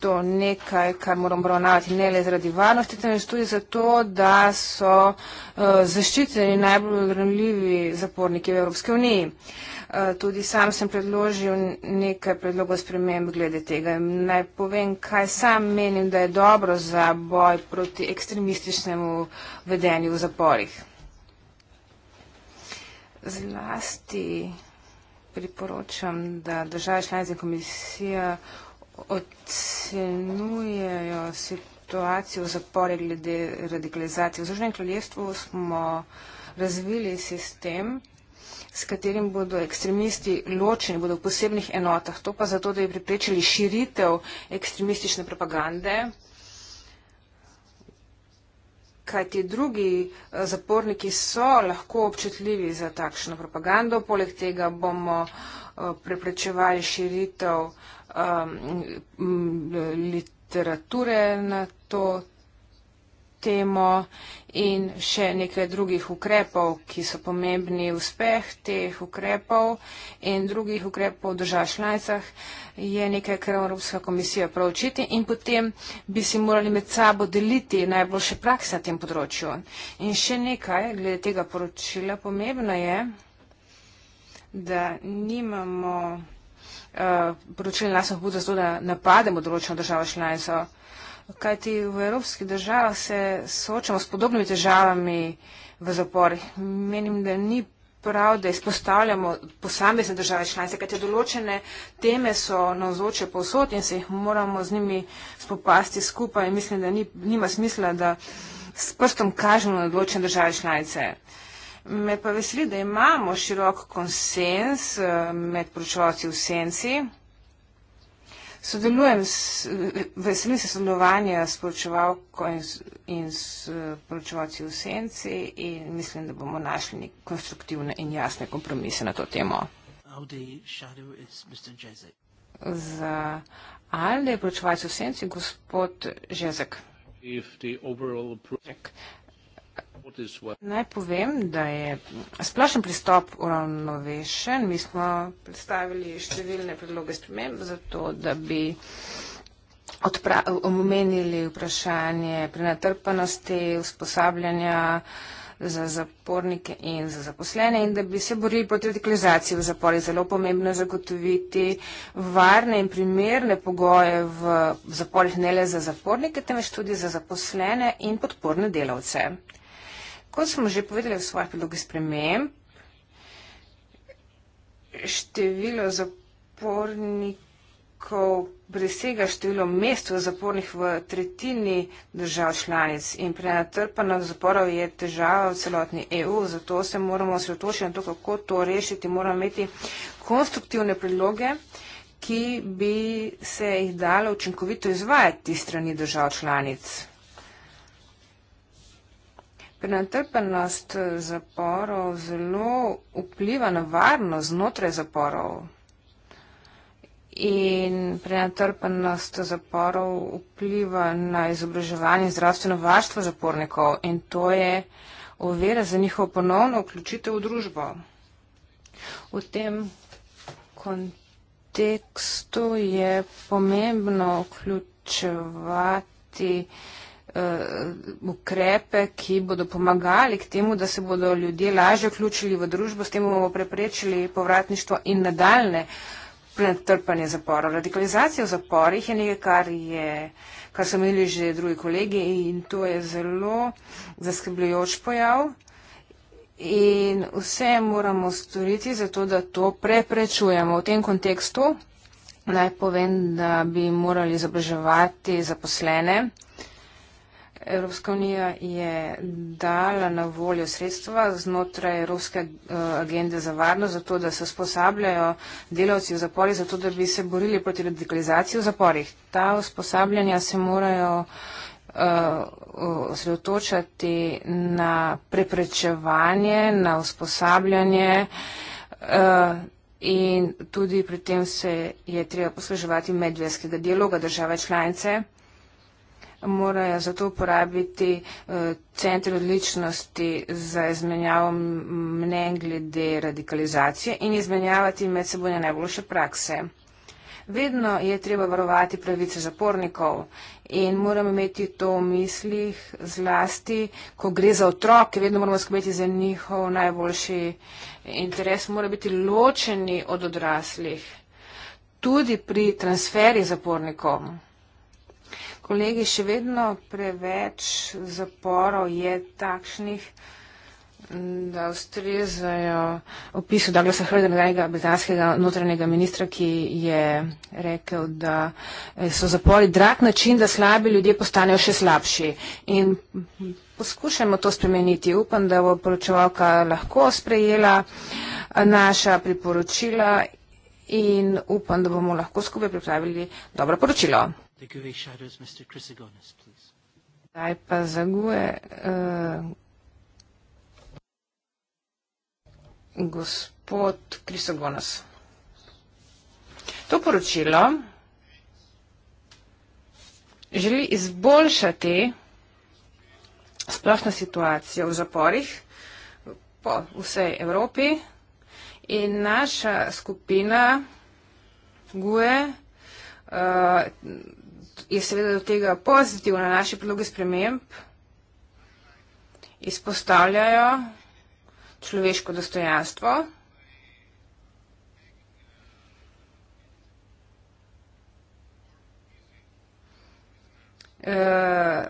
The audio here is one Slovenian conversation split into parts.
to nekaj, kar moramo obravnavati ne le zaradi varnosti, temveč tudi zato, da so uh, zaščiteni najbolj ogranljivi zaporniki v Evropske uniji. Uh, tudi sam sem predložil nekaj predlogov sprememb glede tega. Naj povem, kaj sam menim, da je dobro za boj proti ekstremističnemu vedenju v zaporih. Zlasti priporočam, da država članica komisija ocenjujejo situacijo v zapore glede radikalizacije. V Združenem kraljestvu smo razvili sistem, s katerim bodo ekstremisti ločeni, bodo v posebnih enotah. To pa zato, da bi preprečili širitev ekstremistične propagande kajti drugi eh, zaporniki so lahko občutljivi za takšno propagando. Poleg tega bomo eh, preprečevali širitev um, literature na to temo in še nekaj drugih ukrepov, ki so pomembni uspeh teh ukrepov in drugih ukrepov v državah članicah, je nekaj, kar Evropska komisija pravčiti in potem bi si morali med sabo deliti najboljše prakse na tem področju. In še nekaj glede tega poročila pomembno je, da nimamo uh, eh, poročili nas pobud za to, da napademo določeno državo članico. Kajti v evropskih državah se soočamo s podobnimi težavami v zaporih. Menim, da ni prav, da izpostavljamo posamezne države članice, kajti določene teme so navzoče povsod in se jih moramo z njimi spopasti skupaj. Mislim, da ni, nima smisla, da s prstom kažemo na določene države članice. Me pa veseli, da imamo širok konsens eh, med poročevalci v senci. Sodelujem, veselim se sodelovanja s poročevalko in, in s eh, poročevalci v senci in mislim, da bomo našli konstruktivne in jasne kompromise na to temo. Za Alde je poročevalce v senci gospod Žezek. Naj povem, da je splošen pristop uravnovešen. Mi smo predstavili številne predloge sprememb za to, da bi omenili vprašanje prenatrpanosti, usposabljanja za zapornike in za zaposlene in da bi se borili proti radikalizaciji v zapori. Zelo pomembno je zagotoviti varne in primerne pogoje v zaporih ne le za zapornike, temveč tudi za zaposlene in podporne delavce. Kot smo že povedali v svojih predlogih sprememb, število zapornikov presega število mest v zapornih v tretjini držav članic in prenatrpanost zaporov je težava v celotni EU, zato se moramo osredotočiti na to, kako to rešiti. Moramo imeti konstruktivne predloge, ki bi se jih dalo učinkovito izvajati strani držav članic. Pri natrpenost zaporov zelo vpliva na varnost znotraj zaporov. In prenatrpanost zaporov vpliva na izobraževanje in zdravstveno varstvo zapornikov in to je ovira za njihovo ponovno vključitev v družbo. V tem kontekstu je pomembno vključevati uh, uh, ukrepe, ki bodo pomagali k temu, da se bodo ljudje lažje vključili v družbo, s tem bomo preprečili povratništvo in nadaljne pretrpanje zaporov. Radikalizacija v zaporih je nekaj, kar, je, kar so imeli že drugi kolegi in to je zelo zaskrbljujoč pojav. In vse moramo storiti za to, da to preprečujemo. V tem kontekstu naj povem, da bi morali izobraževati zaposlene, uh, Evropska unija je dala na voljo sredstva znotraj Evropske eh, agende za varnost, zato da se usposabljajo delavci v zaporih, zato da bi se borili proti radikalizaciji v zaporih. Ta usposabljanja se morajo eh, osredotočati na preprečevanje, na usposabljanje eh, in tudi pri tem se je treba posluževati medvedskega dialoga države članice morajo zato uporabiti eh, centri odličnosti za izmenjavo mnen glede radikalizacije in izmenjavati med sebojne najboljše prakse. Vedno je treba varovati pravice zapornikov in moramo imeti to v mislih zlasti, ko gre za otroke, vedno moramo skrbeti za njihov najboljši interes, mora biti ločeni od odraslih. Tudi pri transferi zapornikov kolegi, še vedno preveč zaporov je takšnih, da ustrezajo opisu Douglasa Hrda, nekdanjega britanskega notranjega ministra, ki je rekel, da eh, so zapori drag način, da slabi ljudje postanejo še slabši. In poskušajmo to spremeniti. Upam, da bo poročevalka lahko sprejela eh, naša priporočila in upam, da bomo lahko skupaj pripravili dobro poročilo the grey shadows, Mr. Chrysogonis, please. Dai pa za gue, eh, gospod Chrysogonis. To poročilo želi izboljšati splošno situacijo v zaporih po vsej Evropi in naša skupina GUE eh, je seveda do tega pozitivna naše predloge sprememb, izpostavljajo človeško dostojanstvo, eh,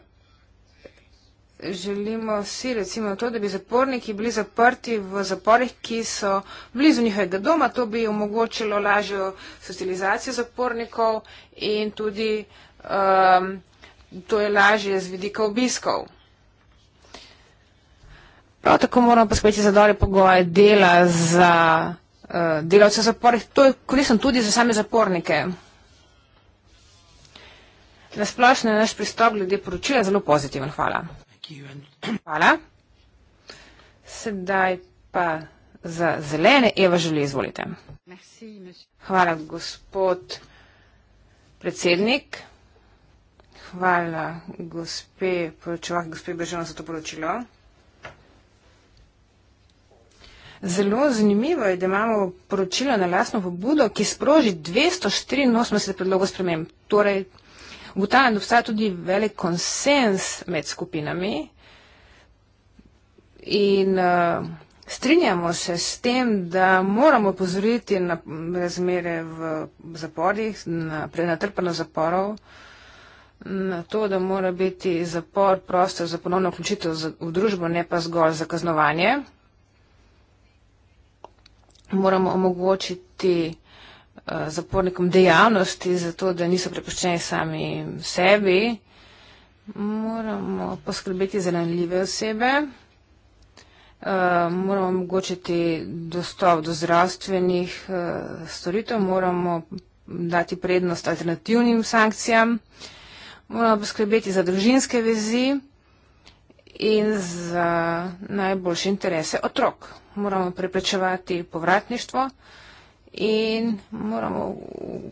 Želimo vsi recimo to, da bi zaporniki bili zaprti v zaporih, ki so blizu njihovega doma. To bi omogočilo lažjo socializacijo zapornikov in tudi uh, um, to je lažje z vidika obiskov. Prav tako moramo poskrbeti za dobre pogoje dela za uh, delavce zaporih. To je koristno tudi za same zapornike. Nasplošno je naš pristop glede poročila zelo pozitiven. Hvala. Hvala. Sedaj pa za zelene Eva želi izvolite. Hvala, gospod predsednik hvala gospe, poročevah gospe Bežano za to poročilo. Zelo zanimivo je, da imamo poročilo na lasno pobudo, ki sproži 284 predlogov sprememb. Torej, ugotavljam, da obstaja tudi velik konsens med skupinami in uh, strinjamo se s tem, da moramo pozoriti na razmere v zaporih, na prenatrpano zaporov na to, da mora biti zapor prostor za ponovno vključitev v družbo, ne pa zgolj za kaznovanje. Moramo omogočiti eh, zapornikom dejavnosti, zato da niso prepuščeni sami sebi. Moramo poskrbeti za ranljive osebe. Eh, moramo omogočiti dostop do zdravstvenih eh, storitev. Moramo dati prednost alternativnim sankcijam moramo poskrbeti za družinske vezi in za najboljše interese otrok. Moramo preprečevati povratništvo in moramo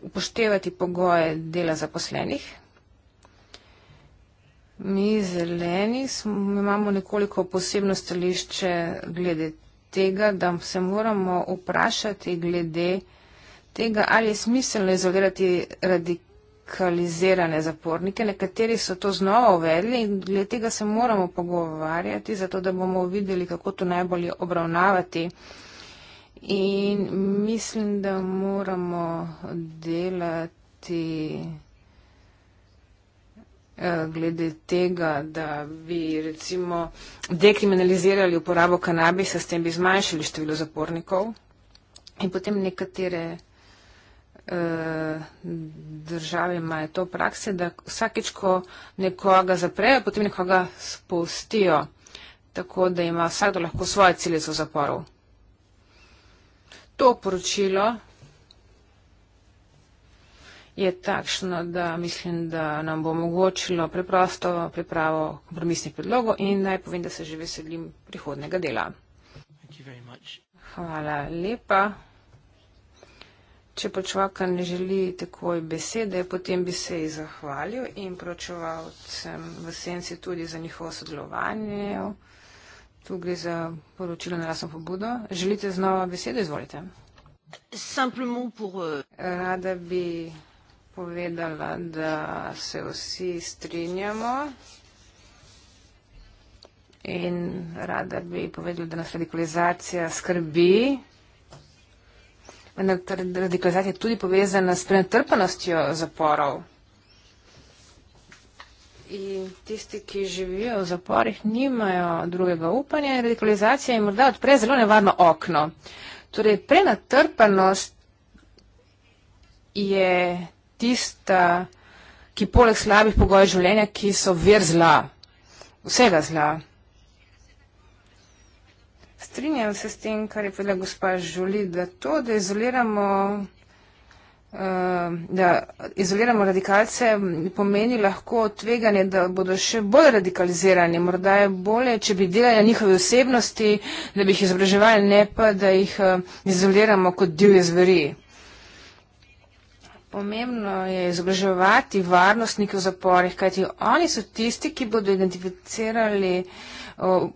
upoštevati pogoje dela zaposlenih. Mi zeleni smo, imamo nekoliko posebno stališče glede tega, da se moramo vprašati glede tega, ali je smiselno izolirati radikalno radikalizirane zapornike, nekateri so to znova uvedli in glede tega se moramo pogovarjati, zato da bomo videli, kako to najbolje obravnavati. In mislim, da moramo delati eh, glede tega, da bi recimo dekriminalizirali uporabo kanabisa, s tem bi zmanjšali število zapornikov in potem nekatere Eh, države imajo to prakse, da vsakeč, ko nekoga zaprejo, potem nekoga spustijo, tako da ima vsakdo lahko svoje cilje za zaporov. To poročilo je takšno, da mislim, da nam bo omogočilo preprosto pripravo kompromisnih predlogov in naj povem, da se že veselim prihodnega dela. Hvala lepa. Če pa človeka ne želi takoj besede, potem bi se ji zahvalil in pročeval v senci tudi za njihovo sodelovanje. Tu gre za poročilo na lasno pobudo. Želite znova besede? Izvolite. Euh, rada bi povedala, da se vsi strinjamo in rada bi povedala, da nas radikalizacija skrbi vendar ta radikalizacija je tudi povezana s prenatrpanostjo zaporov. In tisti, ki živijo v zaporih, nimajo drugega upanja in radikalizacija jim morda odpre zelo nevarno okno. Torej, prenatrpanost je tista, ki poleg slabih pogojev življenja, ki so vir zla, vsega zla. Strinjam se s tem, kar je povedala gospa Žuli, da to, da izoliramo, uh, da izoliramo radikalce, pomeni lahko tveganje, da bodo še bolj radikalizirani. Morda je bolje, če bi delali njihove osebnosti, da bi jih izobraževali, ne pa, da jih uh, izoliramo kot divje zveri. Pomembno je izobraževati varnostnike v zaporih, kajti oni so tisti, ki bodo identificirali. Uh,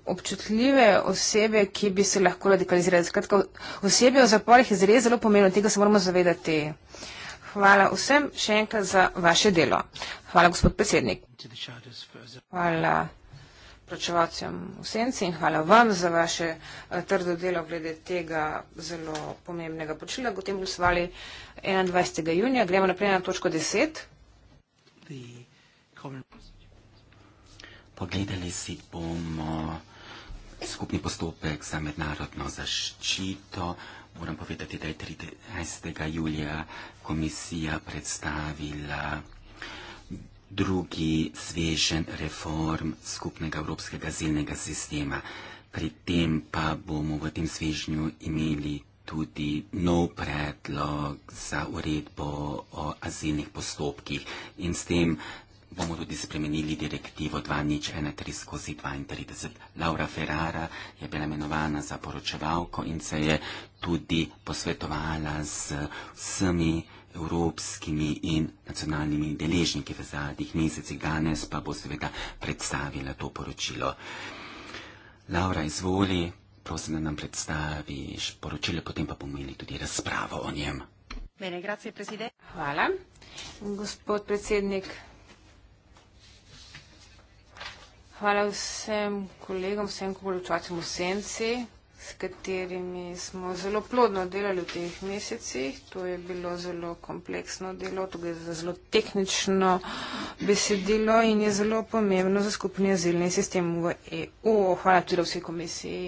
občutljive osebe, ki bi se lahko radikalizirali. Skratka, osebe v zaporih je zres zelo pomembno, tega se moramo zavedati. Hvala vsem še enkrat za vaše delo. Hvala, gospod predsednik. Hvala pročevalcem v senci in hvala vam za vaše eh, trdo delo glede tega zelo pomembnega počila. Potem bomo svali 21. junija. Gremo naprej na točko 10. The... Pogledali si bomo skupni postopek za mednarodno zaščito. Moram povedati, da je 13. julija komisija predstavila drugi svežen reform skupnega evropskega azilnega sistema. Pri tem pa bomo v tem svežnju imeli tudi nov predlog za uredbo o azilnih postopkih in s tem bomo tudi spremenili direktivo 2013 skozi 32. Laura Ferrara je bila imenovana za poročevalko in se je tudi posvetovala z vsemi evropskimi in nacionalnimi deležniki v zadnjih mesecih. Danes pa bo seveda predstavila to poročilo. Laura, izvoli, prosim, da nam predstaviš poročilo, potem pa bomo imeli tudi razpravo o njem. Bene, grazie, Hvala. Gospod predsednik Hvala vsem kolegom, vsem kolučacim v senci, s katerimi smo zelo plodno delali v teh mesecih. To je bilo zelo kompleksno delo, to je za zelo tehnično besedilo in je zelo pomembno za skupni azilni sistem v EU. Hvala tudi vsej komisiji,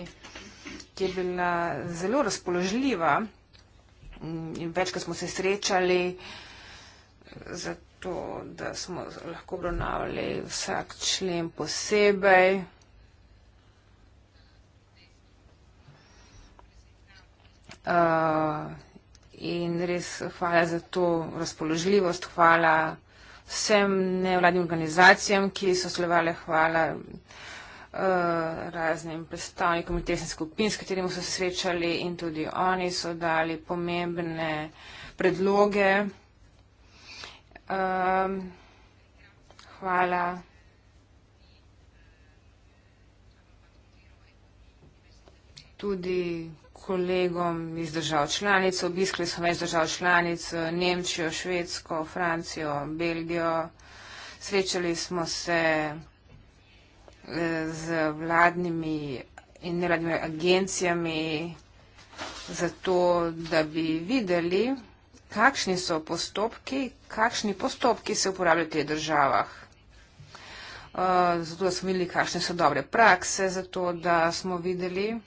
ki je bila zelo razpoložljiva in večkrat smo se srečali. Zato to, da smo lahko obravnavali vsak člen posebej. Uh, in res hvala za to razpoložljivost, hvala vsem nevladnim organizacijam, ki so slovale, hvala uh, raznim predstavnikom interesnih skupin, s katerimi so se srečali in tudi oni so dali pomembne predloge. Um, hvala. Tudi kolegom iz držav članic, obiskli smo več držav članic, Nemčijo, Švedsko, Francijo, Belgijo. Srečali smo se z vladnimi in neradnimi agencijami zato, da bi videli, kakšni so postopki, kakšni postopki se uporabljajo v teh državah. Uh, zato smo videli, kakšne so dobre prakse, zato da smo videli,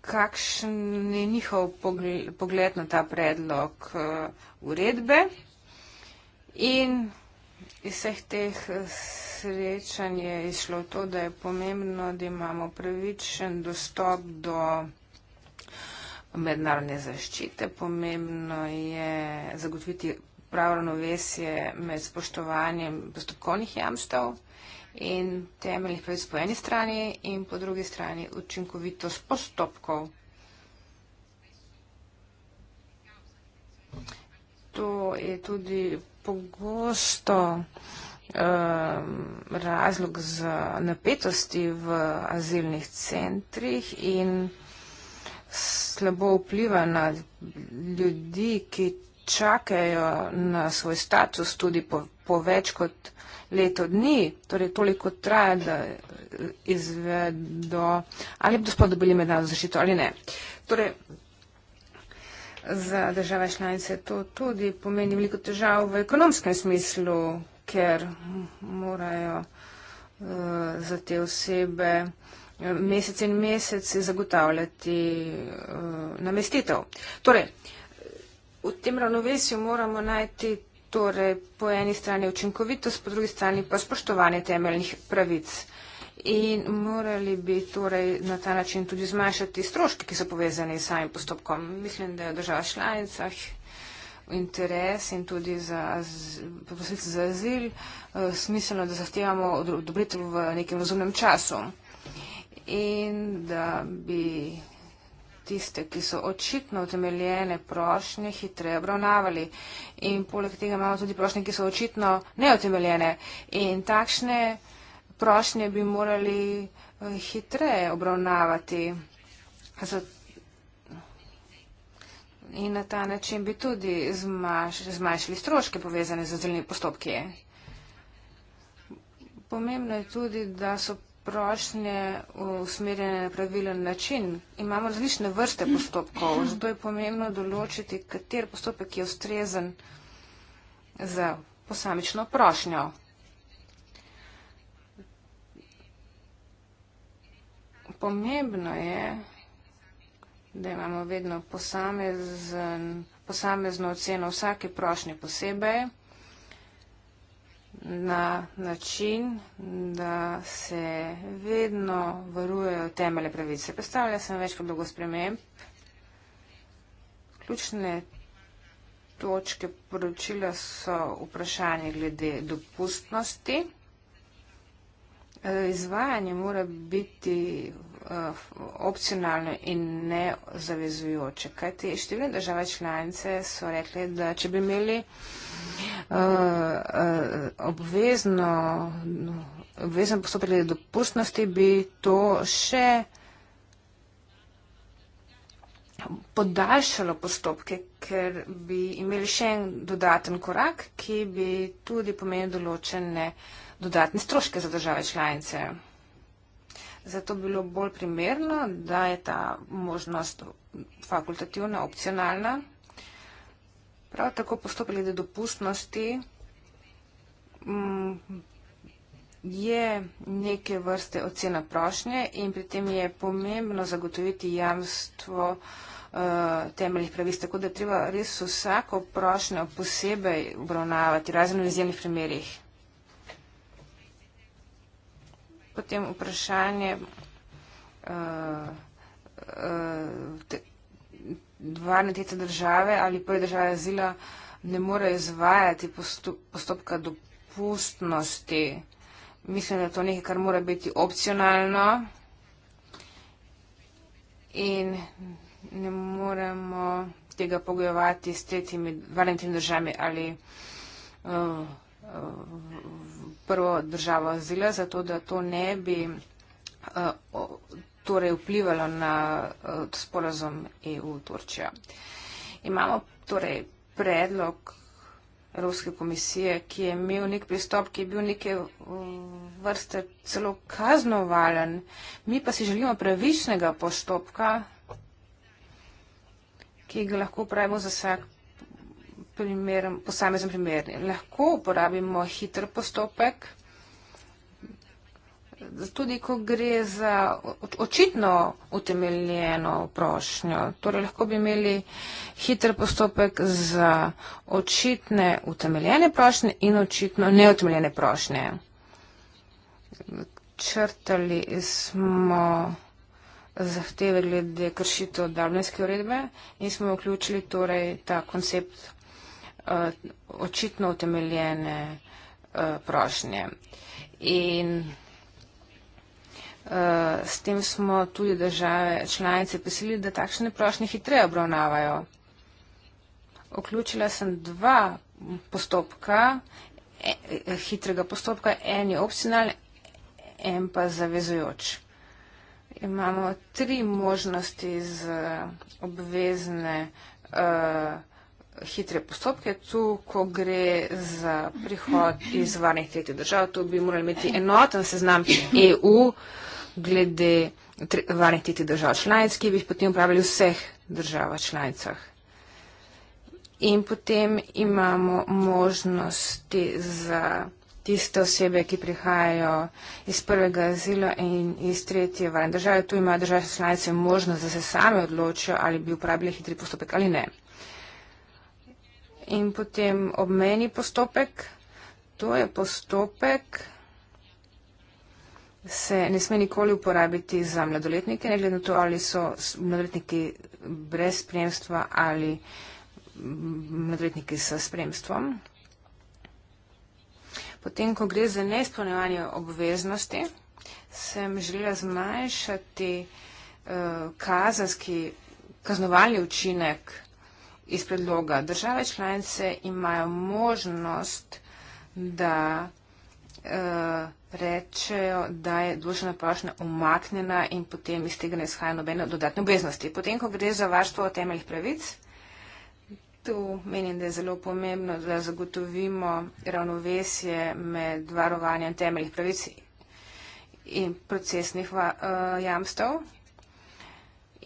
kakšen je njihov pogled na ta predlog uh, uredbe. In iz vseh teh uh, srečanj je izšlo to, da je pomembno, da imamo pravičen dostop do mednarodne zaščite. Pomembno je zagotoviti pravo ravnovesje med spoštovanjem postopkovnih jamstev in temeljnih pravic po eni strani in po drugi strani učinkovitost postopkov. To je tudi pogosto eh, razlog za napetosti v azilnih centrih in slabo vpliva na ljudi, ki čakajo na svoj status tudi po, po več kot leto dni, torej toliko traja, da izvedo, ali bodo sploh dobili mednarodno zaščito ali ne. Torej, za države članice to tudi pomeni veliko težav v ekonomskem smislu, ker morajo uh, za te osebe uh, mesec in mesec zagotavljati uh, namestitev. Torej, v tem ravnovesju moramo najti torej, po eni strani učinkovitost, po drugi strani pa spoštovanje temeljnih pravic. In morali bi torej na ta način tudi zmanjšati stroške, ki so povezani s samim postopkom. Mislim, da je v državah članicah interes in tudi za poslice za azil eh, smiselno, da zahtevamo odobritev v nekem razumnem času in da bi tiste, ki so očitno utemeljene prošnje, hitreje obravnavali. In poleg tega imamo tudi prošnje, ki so očitno neutemeljene. In takšne prošnje bi morali eh, hitreje obravnavati. In na ta način bi tudi zmanjšali stroške povezane z zelenimi postopki. Pomembno je tudi, da so prošnje usmerjene na pravilen način. Imamo različne vrste postopkov, zato je pomembno določiti, kater postopek je ustrezen za posamično prošnjo. Pomembno je, da imamo vedno posamezen, posamezno oceno vsake prošnje posebej na način, da se vedno varujejo temelje pravice. Predstavlja sem več kot dolgo sprememb. Ključne točke poročila so vprašanje glede dopustnosti. Izvajanje mora biti eh, opcionalno in ne zavezujoče, kajti številne države članice so rekli, da če bi imeli Eh, eh, no, obvezen postop glede dopustnosti bi to še podaljšalo postopke, ker bi imeli še en dodaten korak, ki bi tudi pomenil določene dodatne stroške za države članice. Zato bi bilo bolj primerno, da je ta možnost fakultativna, opcionalna. Prav tako postop glede dopustnosti mm, je neke vrste ocena prošnje in pri tem je pomembno zagotoviti jamstvo eh, temeljih pravic, tako da treba res vsako prošnjo posebej obravnavati, razen v izjemnih primerjih. Potem vprašanje eh, eh, varne tete države ali prve države azila ne morejo izvajati postopka dopustnosti. Mislim, da je to nekaj, kar mora biti opcionalno in ne moremo tega pogojevati s tretjimi valentimi državami ali uh, uh, prvo državo azila, zato da to ne bi uh, torej vplivalo na eh, sporazum EU-Turčija. Imamo torej predlog Evropske komisije, ki je imel nek pristop, ki je bil neke eh, vrste celo kaznovalen. Mi pa si želimo pravičnega postopka, ki ga lahko pravimo za vsak primer, posamezen primer. Lahko uporabimo hiter postopek, tudi ko gre za očitno utemeljeno prošnjo. Torej lahko bi imeli hiter postopek za očitne utemeljene prošnje in očitno neutemeljene prošnje. Črtali smo zahteve glede kršitev davljenske uredbe in smo vključili torej ta koncept uh, očitno utemeljene uh, prošnje. In Eh, s tem smo tudi države članice prisili, da takšne prošnje hitreje obravnavajo. Vključila sem dva postopka, e, e, hitrega postopka, en je opcionalen, en pa zavezujoč. Imamo tri možnosti z obvezne. Uh, hitre postopke tu, ko gre za prihod iz varnih tretjih držav. Tu bi morali imeti enoten seznam EU glede varnih tretjih držav članic, ki bi jih potem upravljali v vseh državah članicah. In potem imamo možnosti za tiste osebe, ki prihajajo iz prvega azila in iz tretje varne države. Tu imajo države članice možnost, da se same odločijo, ali bi uporabili hitri postopek ali ne in potem obmeni postopek. To je postopek, se ne sme nikoli uporabiti za mladoletnike, ne glede na to, ali so mladoletniki brez spremstva ali mladoletniki s spremstvom. Potem, ko gre za neizpolnjevanje obveznosti, sem želela zmanjšati uh, kazenski, kaznovalni učinek iz predloga. Države članice imajo možnost, da eh, rečejo, da je dolžna prošnja umaknjena in potem iz tega ne izhaja nobene dodatne obveznosti. Potem, ko gre za varstvo temeljih pravic, tu menim, da je zelo pomembno, da zagotovimo ravnovesje med varovanjem temeljih pravic in procesnih eh, jamstev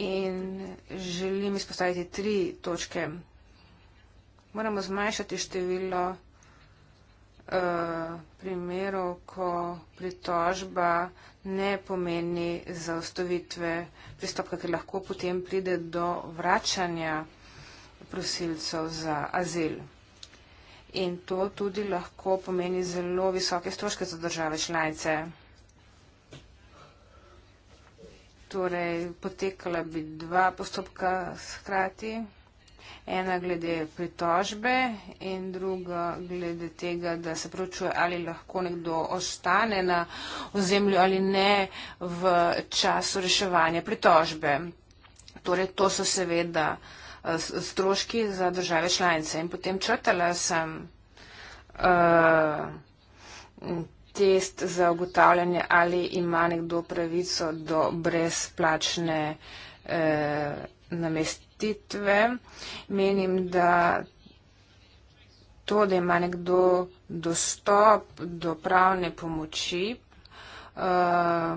in želim izpostaviti tri točke. Moramo zmanjšati število uh, primerov, ko pritožba ne pomeni zaustavitve pristopka, ker lahko potem pride do vračanja prosilcev za azil. In to tudi lahko pomeni zelo visoke stroške za države članice. Torej, potekala bi dva postopka skrati. Ena glede pritožbe in druga glede tega, da se pročuje, ali lahko nekdo ostane na ozemlju ali ne v času reševanja pritožbe. Torej, to so seveda eh, stroški za države članice. In potem črtala sem uh, test za ugotavljanje, ali ima nekdo pravico do brezplačne eh, namestitve. Menim, da to, da ima nekdo dostop do pravne pomoči, eh,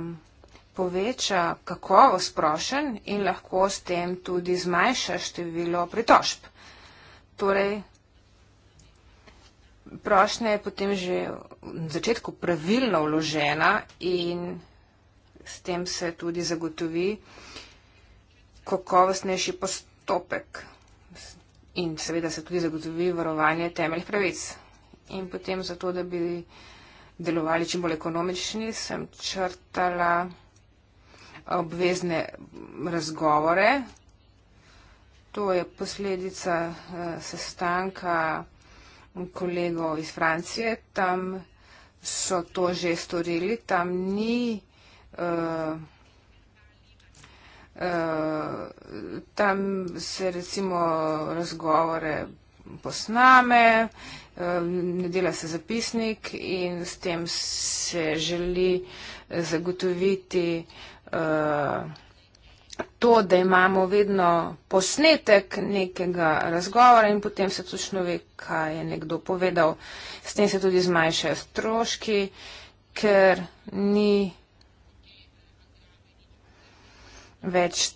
poveča kakovost prošen in lahko s tem tudi zmanjša število pritožb. Torej, prošnja je potem že na začetku pravilno vložena in s tem se tudi zagotovi kakovostnejši postopek in seveda se tudi zagotovi varovanje temeljih pravic. In potem zato, da bi delovali čim bolj ekonomični, sem črtala obvezne razgovore. To je posledica uh, sestanka kolego iz Francije, tam so to že storili, tam ni, uh, uh, tam se recimo razgovore posname, eh, ne dela se zapisnik in s tem se želi zagotoviti uh, to, da imamo vedno posnetek nekega razgovora in potem se točno ve, kaj je nekdo povedal. S tem se tudi zmanjšajo stroški, ker ni več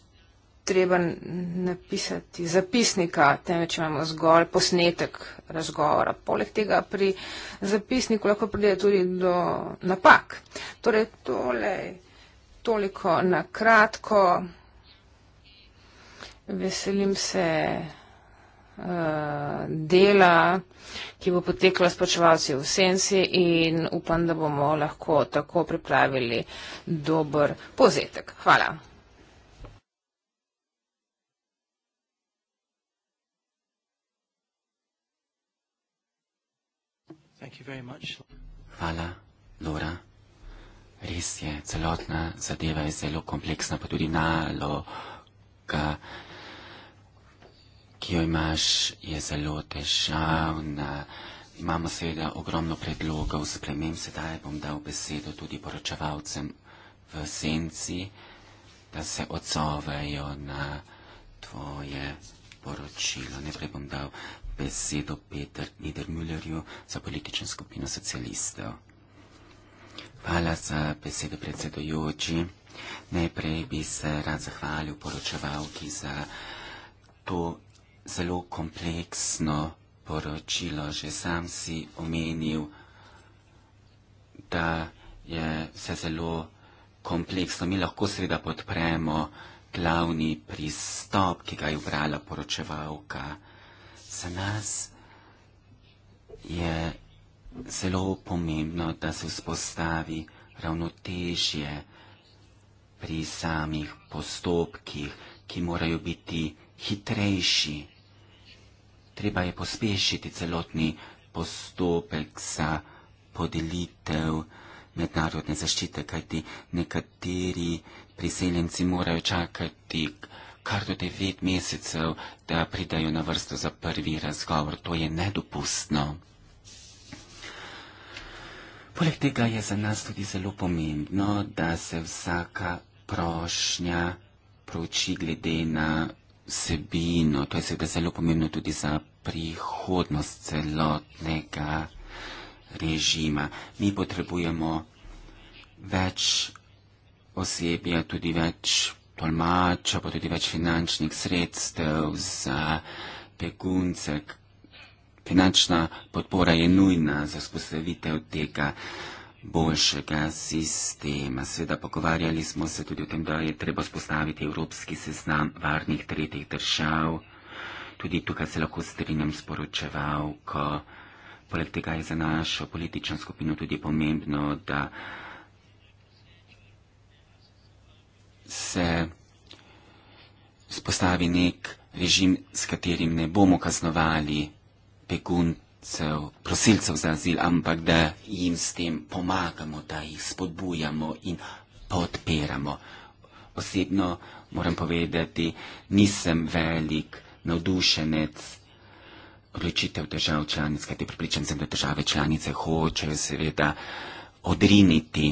treba napisati zapisnika, temveč imamo zgolj posnetek razgovora. Poleg tega pri zapisniku lahko pride tudi do napak. Torej, tole, toliko na kratko veselim se uh, dela, ki bo potekla s počevalci v Sensi in upam, da bomo lahko tako pripravili dober pozetek. Hvala. Hvala, Lora. Res je, celotna zadeva je zelo kompleksna, pa tudi naloga ki jo imaš, je zelo težavna. Imamo seveda ogromno predlogov za premem, sedaj bom dal besedo tudi poročevalcem v senci, da se odzovejo na tvoje poročilo. Najprej bom dal besedo Peter Niedermüllerju za politično skupino socialistov. Hvala za besedo predsedojoči. Najprej bi se rad zahvalil poročevalki za to zelo kompleksno poročilo. Že sam si omenil, da je vse zelo kompleksno. Mi lahko seveda podpremo glavni pristop, ki ga je ubrala poročevalka. Za nas je zelo pomembno, da se vzpostavi ravnotežje pri samih postopkih, ki morajo biti hitrejši treba je pospešiti celotni postopek za podelitev mednarodne zaščite, kajti nekateri priseljenci morajo čakati kar do devet mesecev, da pridajo na vrsto za prvi razgovor. To je nedopustno. Poleg tega je za nas tudi zelo pomembno, da se vsaka prošnja prouči glede na vsebino, to je seveda zelo pomembno tudi za prihodnost celotnega režima. Mi potrebujemo več osebja, tudi več tolmača, pa tudi več finančnih sredstev za begunce. Finančna podpora je nujna za spostavitev tega boljšega sistema. Sveda pogovarjali smo se tudi o tem, da je treba spostaviti evropski seznam varnih tretjih držav. Tudi tukaj se lahko strinjam s poročevalko. Poleg tega je za našo politično skupino tudi pomembno, da se spostavi nek režim, s katerim ne bomo kaznovali begunt prosilcev, prosilcev za azil, ampak da jim s tem pomagamo, da jih spodbujamo in podpiramo. Osebno moram povedati, nisem velik navdušenec odločitev držav članic, kajti pripričan sem, da države članice hočejo seveda odriniti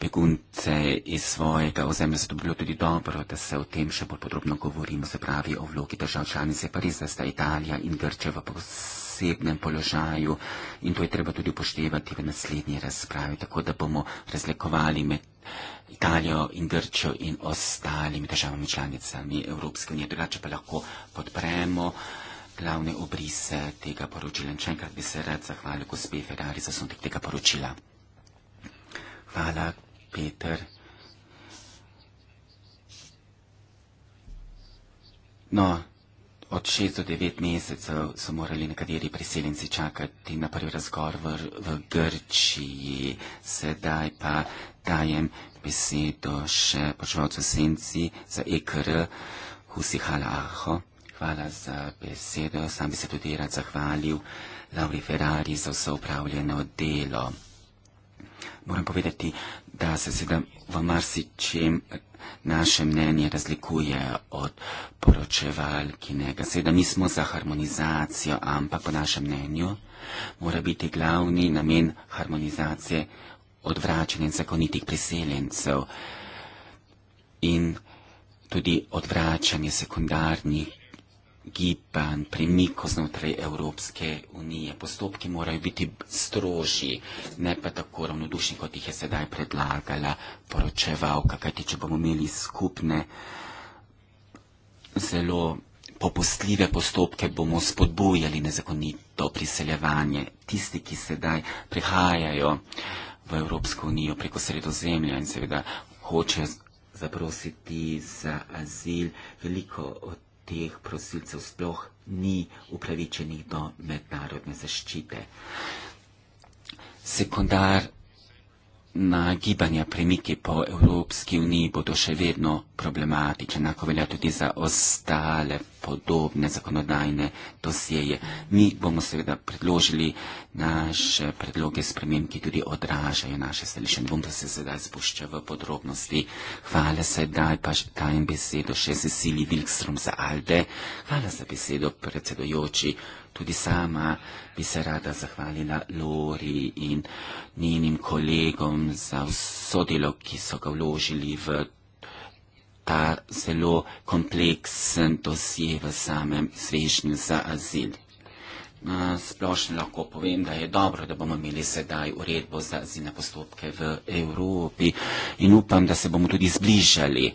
begunce iz svojega ozemlja, zato bi bilo tudi dobro, da se o tem še bolj podrobno govorimo, se pravi o vlogi držav članice, pa res, da sta Italija in Grčeva posebej posebnem položaju in to je treba tudi upoštevati v naslednji razpravi, tako da bomo razlikovali med Italijo in Grčjo in ostalimi državami članicami Evropske unije. Drugače pa lahko podpremo glavne obrise tega poročila. In še enkrat bi se rad zahvalil gospe Ferrari za sontek tega poročila. Hvala, Peter. No, od 6 do 9 mesecev so morali nekateri priseljenci čakati na prvi razgovor v, v Grčiji. Sedaj pa dajem besedo še počevalcu Senci za EKR Husihala Aho. Hvala za besedo. Sam bi se tudi rad zahvalil Lauri Ferrari za vse upravljeno delo moram povedati, da se sedaj v marsičem naše mnenje razlikuje od poročevalkinega. Sedaj nismo za harmonizacijo, ampak po našem mnenju mora biti glavni namen harmonizacije odvračanje zakonitih priseljencev in tudi odvračanje sekundarnih gibanj, premiko znotraj Evropske unije. Postopki morajo biti strožji, ne pa tako ravnodušni, kot jih je sedaj predlagala poročevalka, kajti če bomo imeli skupne zelo popustljive postopke, bomo spodbujali nezakonito priseljevanje. Tisti, ki sedaj prihajajo v Evropsko unijo preko sredozemlja in seveda hočejo zaprositi za azil, veliko od teh prosilcev sploh ni upravičenih do mednarodne zaščite. Sekundar na gibanja premiki po Evropski uniji bodo še vedno problematični, enako velja tudi za ostale podobne zakonodajne dosjeje. Mi bomo seveda predložili naše predloge spremem, ki tudi odražajo naše stališče. Ne bom pa se sedaj spuščal v podrobnosti. Hvala sedaj pa dajem besedo še Cecilij Vilkstrom za Alde. Hvala za besedo, predsedojoči. Tudi sama bi se rada zahvalila Lori in njenim kolegom za vso delo, ki so ga vložili v ta zelo kompleksen dosje v samem svežnju za azil. Na splošno lahko povem, da je dobro, da bomo imeli sedaj uredbo za azilne postopke v Evropi in upam, da se bomo tudi zbližali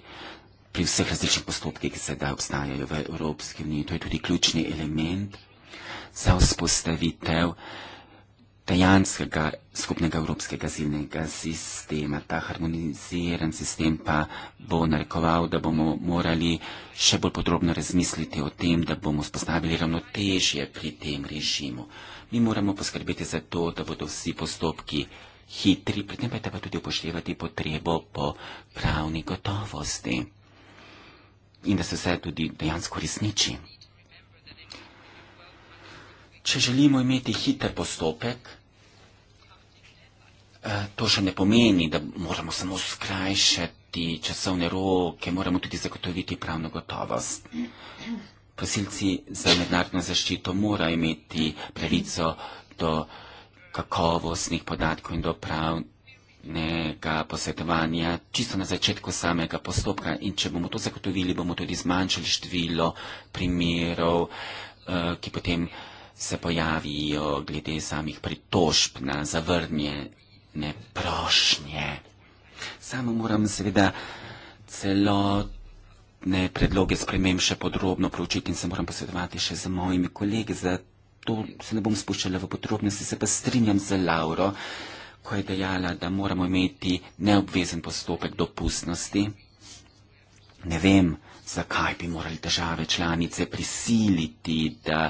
pri vseh različnih postopkih, ki sedaj obstajajo v Evropski uniji. To je tudi ključni element za vzpostavitev dejanskega skupnega evropskega zilnega sistema. Ta harmoniziran sistem pa bo narekoval, da bomo morali še bolj podrobno razmisliti o tem, da bomo spostavili ravnotežje pri tem režimu. Mi moramo poskrbeti za to, da bodo vsi postopki hitri, pri tem pa je treba tudi upoštevati potrebo po pravni gotovosti in da se vse tudi dejansko resniči. Če želimo imeti hiter postopek, eh, to še ne pomeni, da moramo samo skrajšati časovne roke, moramo tudi zagotoviti pravno gotovost. Prosilci za mednarodno zaščito morajo imeti pravico do kakovostnih podatkov in do pravnega posvetovanja čisto na začetku samega postopka. In če bomo to zagotovili, bomo tudi zmanjšali število primerov, eh, ki potem se pojavijo glede samih pritožb na zavrnjene prošnje. Samo moram seveda celotne predloge spremem še podrobno proučiti in se moram posvetovati še z mojimi kolegi, zato se ne bom spuščala v podrobnosti, se pa strinjam z Lauro, ko je dejala, da moramo imeti neobvezen postopek dopustnosti. Ne vem, zakaj bi morali države članice prisiliti, da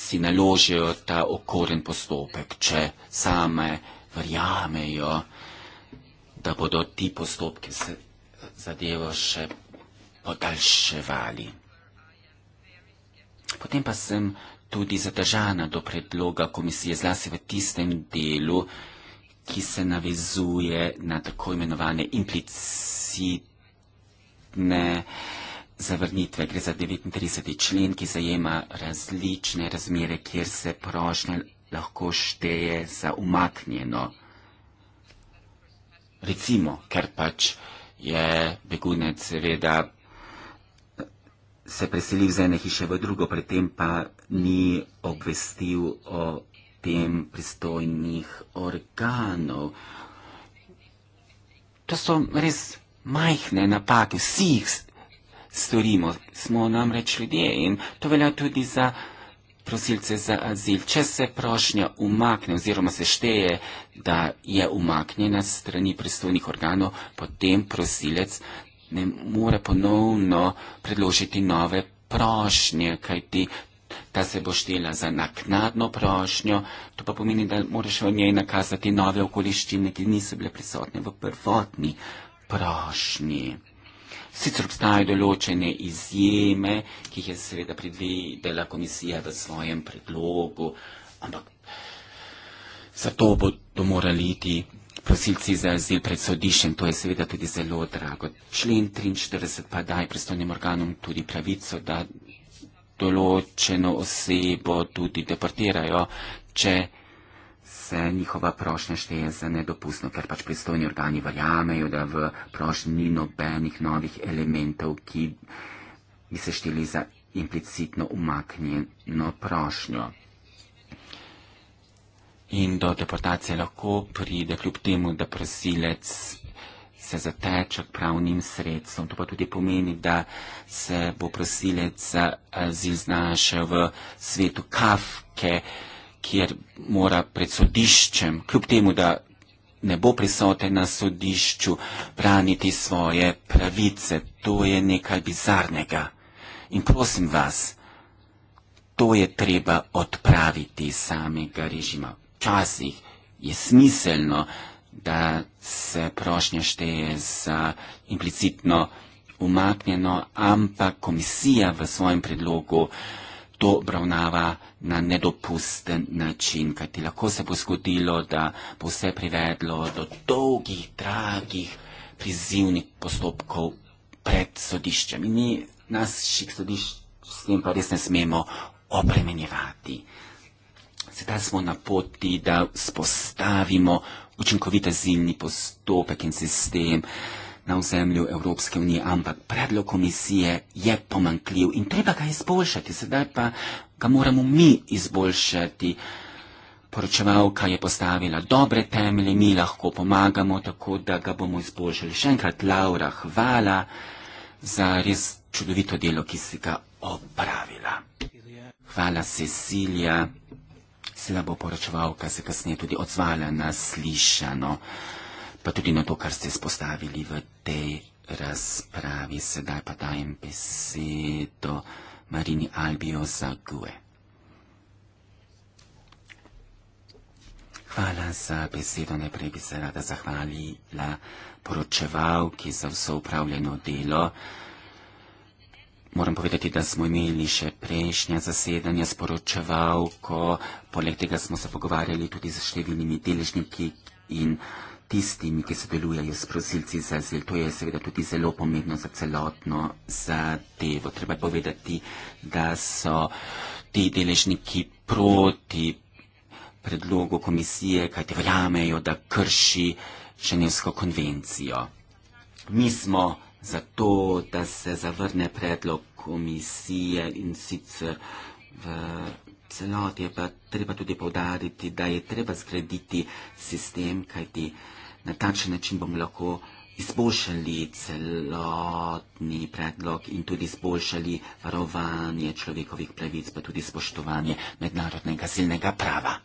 si naložijo ta okoren postopek, če same verjamejo, da bodo ti postopki se zadevo še podaljševali. Potem pa sem tudi zadržana do predloga komisije, zlasti v tistem delu, ki se navezuje na tako imenovane implicitne. Uh, zavrnitve. Gre za 39. člen, ki zajema različne razmere, kjer se prošnja lahko šteje za umaknjeno. Recimo, ker pač je begunec seveda se preselil z ene hiše v drugo, predtem pa ni obvestil o tem pristojnih organov. To so res majhne napake, vsi jih storimo. Smo namreč ljudje in to velja tudi za prosilce za azil. Če se prošnja umakne oziroma se šteje, da je umaknjena strani pristojnih organov, potem prosilec ne more ponovno predložiti nove prošnje, kajti ta se bo štela za naknadno prošnjo, to pa pomeni, da moraš v njej nakazati nove okoliščine, ki niso bile prisotne v prvotni prošnji. Sicer obstajajo določene izjeme, ki jih je seveda predvidela komisija v svojem predlogu, ampak zato bodo morali iti prosilci za azil pred sodiščem, to je seveda tudi zelo drago. Člen 43 pa daje pristojnim organom tudi pravico, da določeno osebo tudi deportirajo, če se njihova prošnja šteje za nedopustno, ker pač pristojni organi verjamejo, da v prošnji ni nobenih novih elementov, ki bi se šteli za implicitno umaknjeno prošnjo. In do deportacije lahko pride, kljub temu, da prosilec se zateče k pravnim sredstvom. To pa tudi pomeni, da se bo prosilec za azil znašel v svetu kafke, kjer mora pred sodiščem, kljub temu, da ne bo prisoten na sodišču, braniti svoje pravice. To je nekaj bizarnega. In prosim vas, to je treba odpraviti samega režima. Včasih je smiselno, da se prošnja šteje za implicitno umaknjeno, ampak komisija v svojem predlogu to obravnava na nedopusten način, kajti lahko se bo zgodilo, da bo vse privedlo do dolgih, dragih, prizivnih postopkov pred sodiščem. In mi naših sodišč s tem pa res ne smemo opremenjevati. Sedaj smo na poti, da spostavimo učinkovit azilni postopek in sistem na ozemlju Evropske unije, ampak predlog komisije je pomankljiv in treba ga izboljšati. Sedaj pa ga moramo mi izboljšati. Poročevalka je postavila dobre temelje, mi lahko pomagamo, tako da ga bomo izboljšali. Še enkrat, Laura, hvala za res čudovito delo, ki si ga opravila. Hvala, Cecilija. Sila bo poročevalka se kasneje tudi odzvala na slišano, pa tudi na to, kar ste spostavili v tej razpravi. Sedaj pa dajem besedo. Marini Albio za Gue. Hvala za besedo. Najprej bi se rada zahvalila poročevalki za vso upravljeno delo. Moram povedati, da smo imeli še prejšnja zasedanja s poročevalko, poleg tega smo se pogovarjali tudi z številnimi deležniki in uh, tistimi, ki sodelujejo s prosilci za azil. To je seveda tudi zelo pomembno za celotno zadevo. Treba povedati, da so ti deležniki proti predlogu komisije, kajti verjamejo, da krši Ženevsko konvencijo. Mi smo zato, da se zavrne predlog komisije in sicer v celoti, pa treba tudi povdariti, da je treba zgraditi sistem, kajti uh, na takšen način bomo lahko izboljšali celotni predlog in tudi izboljšali varovanje človekovih pravic, pa tudi spoštovanje mednarodnega silnega prava.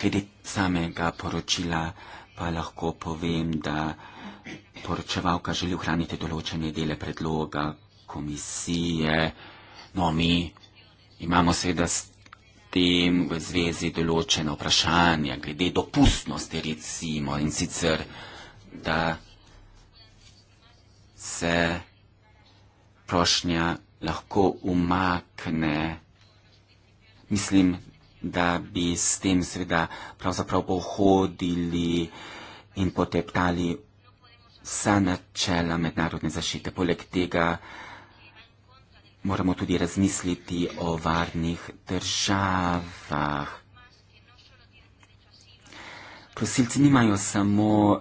Glede samega poročila pa lahko povem, da poročevalka želi ohraniti določene dele predloga komisije. No, mi imamo seveda potem v zvezi določena vprašanja glede dopustnosti recimo in sicer, da se prošnja lahko umakne. Mislim, da bi s tem seveda pravzaprav pohodili in poteptali vsa načela mednarodne zašite. Poleg tega, da Moramo tudi razmisliti o varnih državah. Prosilci nimajo samo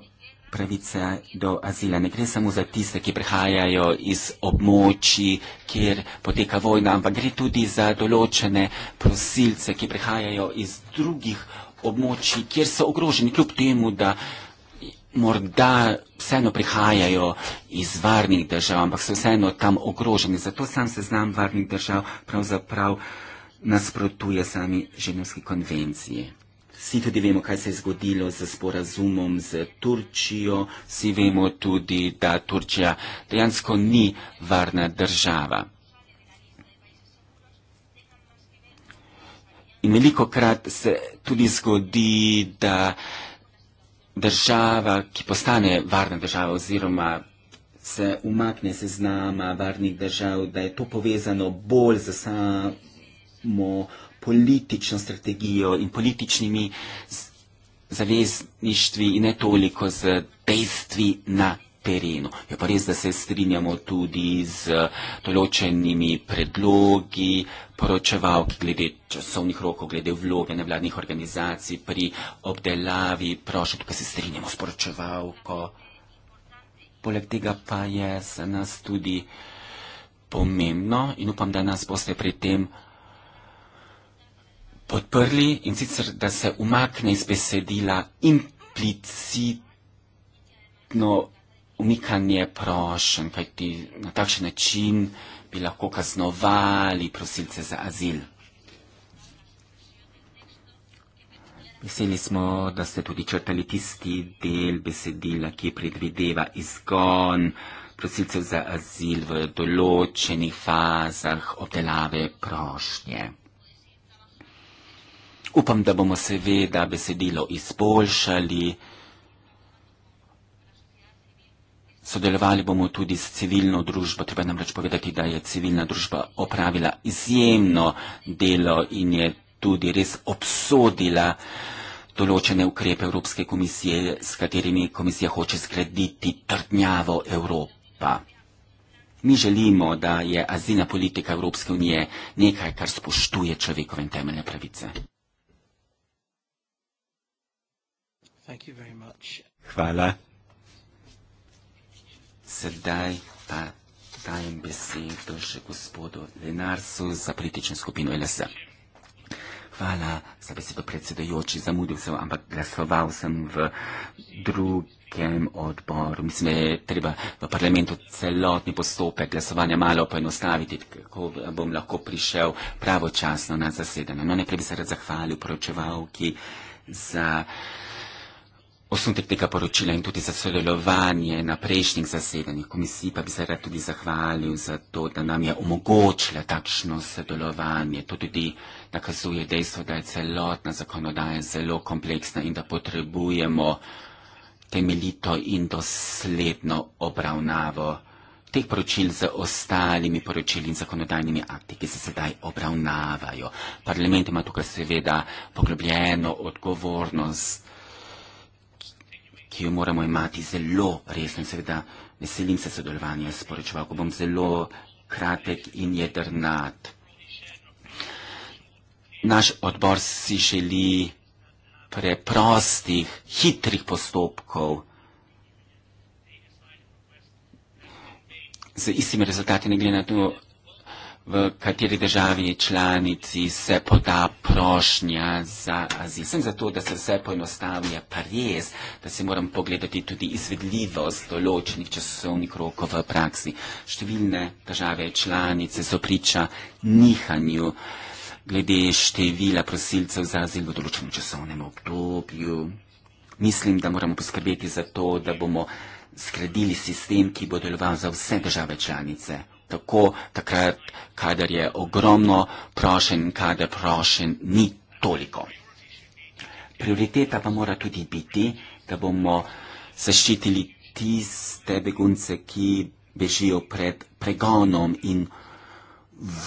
pravice do azila. Ne gre samo za tiste, ki prihajajo iz območji, kjer poteka vojna, ampak gre tudi za določene prosilce, ki prihajajo iz drugih območji, kjer so ogroženi, kljub temu, da morda vseeno prihajajo iz varnih držav, ampak so vseeno tam ogroženi. Zato sam seznam varnih držav pravzaprav nasprotuje sami ženevski konvenciji. Vsi tudi vemo, kaj se je zgodilo z sporazumom z Turčijo, vsi vemo tudi, da Turčija dejansko ni varna država. In veliko krat se tudi zgodi, da država, ki postane varna država oziroma se umakne se z nama varnih držav, da je to povezano bolj z samo politično strategijo in političnimi zavezništvi in ne toliko z dejstvi na terenu. Je pa res, da se strinjamo tudi z eh, določenimi predlogi, poročevalki glede časovnih rokov, glede vloge nevladnih organizacij pri obdelavi prošlj, tukaj se strinjamo s poročevalko. Poleg tega pa je za nas tudi pomembno in upam, da nas boste pri tem podprli in sicer, da se umakne iz besedila implicitno umikanje prošenj, kaj ti na takšen način bi lahko kaznovali prosilce za azil. Veseli smo, da ste tudi črtali tisti del besedila, ki predvideva izgon prosilcev za azil v določenih fazah obdelave prošnje. Upam, da bomo seveda besedilo izboljšali in Sodelovali bomo tudi s civilno družbo, treba nam reč povedati, da je civilna družba opravila izjemno delo in je tudi res obsodila določene ukrepe Evropske komisije, s katerimi komisija hoče zgraditi trdnjavo Evropa. Mi želimo, da je azilna politika Evropske unije nekaj, kar spoštuje človekove in temeljne pravice. Hvala sedaj pa dajem besedo še gospodu Lenarsu za politično skupino LS. Hvala za besedo predsedojoči, zamudil sem, ampak glasoval sem v drugem odboru. Mislim, da je treba v parlamentu celotni postopek glasovanja malo poenostaviti, kako bom lahko prišel pravočasno na zasedanje. No, najprej bi se rad zahvalil poročevalki za uh, osnutek tega poročila in tudi za sodelovanje na prejšnjih zasedanjih komisij, pa bi se rad tudi zahvalil za to, da nam je omogočila takšno sodelovanje. To tudi nakazuje dejstvo, da je celotna zakonodaja zelo kompleksna in da potrebujemo temeljito in dosledno obravnavo teh poročil z ostalimi poročili in zakonodajnimi akti, ki se sedaj obravnavajo. Parlament ima tukaj seveda poglobljeno odgovornost ki jo moramo imeti zelo resno in seveda veselim se sodelovanja s poročevalko. Bom zelo kratek in jedrnat. Naš odbor si želi preprostih, hitrih postopkov z istimi rezultati, ne glede na to, v kateri državi članici se poda prošnja za azil. Sem zato, da se vse poenostavlja, pa res, da se moram pogledati tudi izvedljivost določenih časovnih rokov v praksi. Številne države članice so priča nihanju glede števila prosilcev za azil v določenem časovnem obdobju. Mislim, da moramo poskrbeti za to, da bomo zgradili sistem, ki bo deloval za vse države članice tako takrat, kadar je ogromno prošen, kadar prošen ni toliko. Prioriteta pa mora tudi biti, da bomo zaščitili tiste begunce, ki bežijo pred pregonom in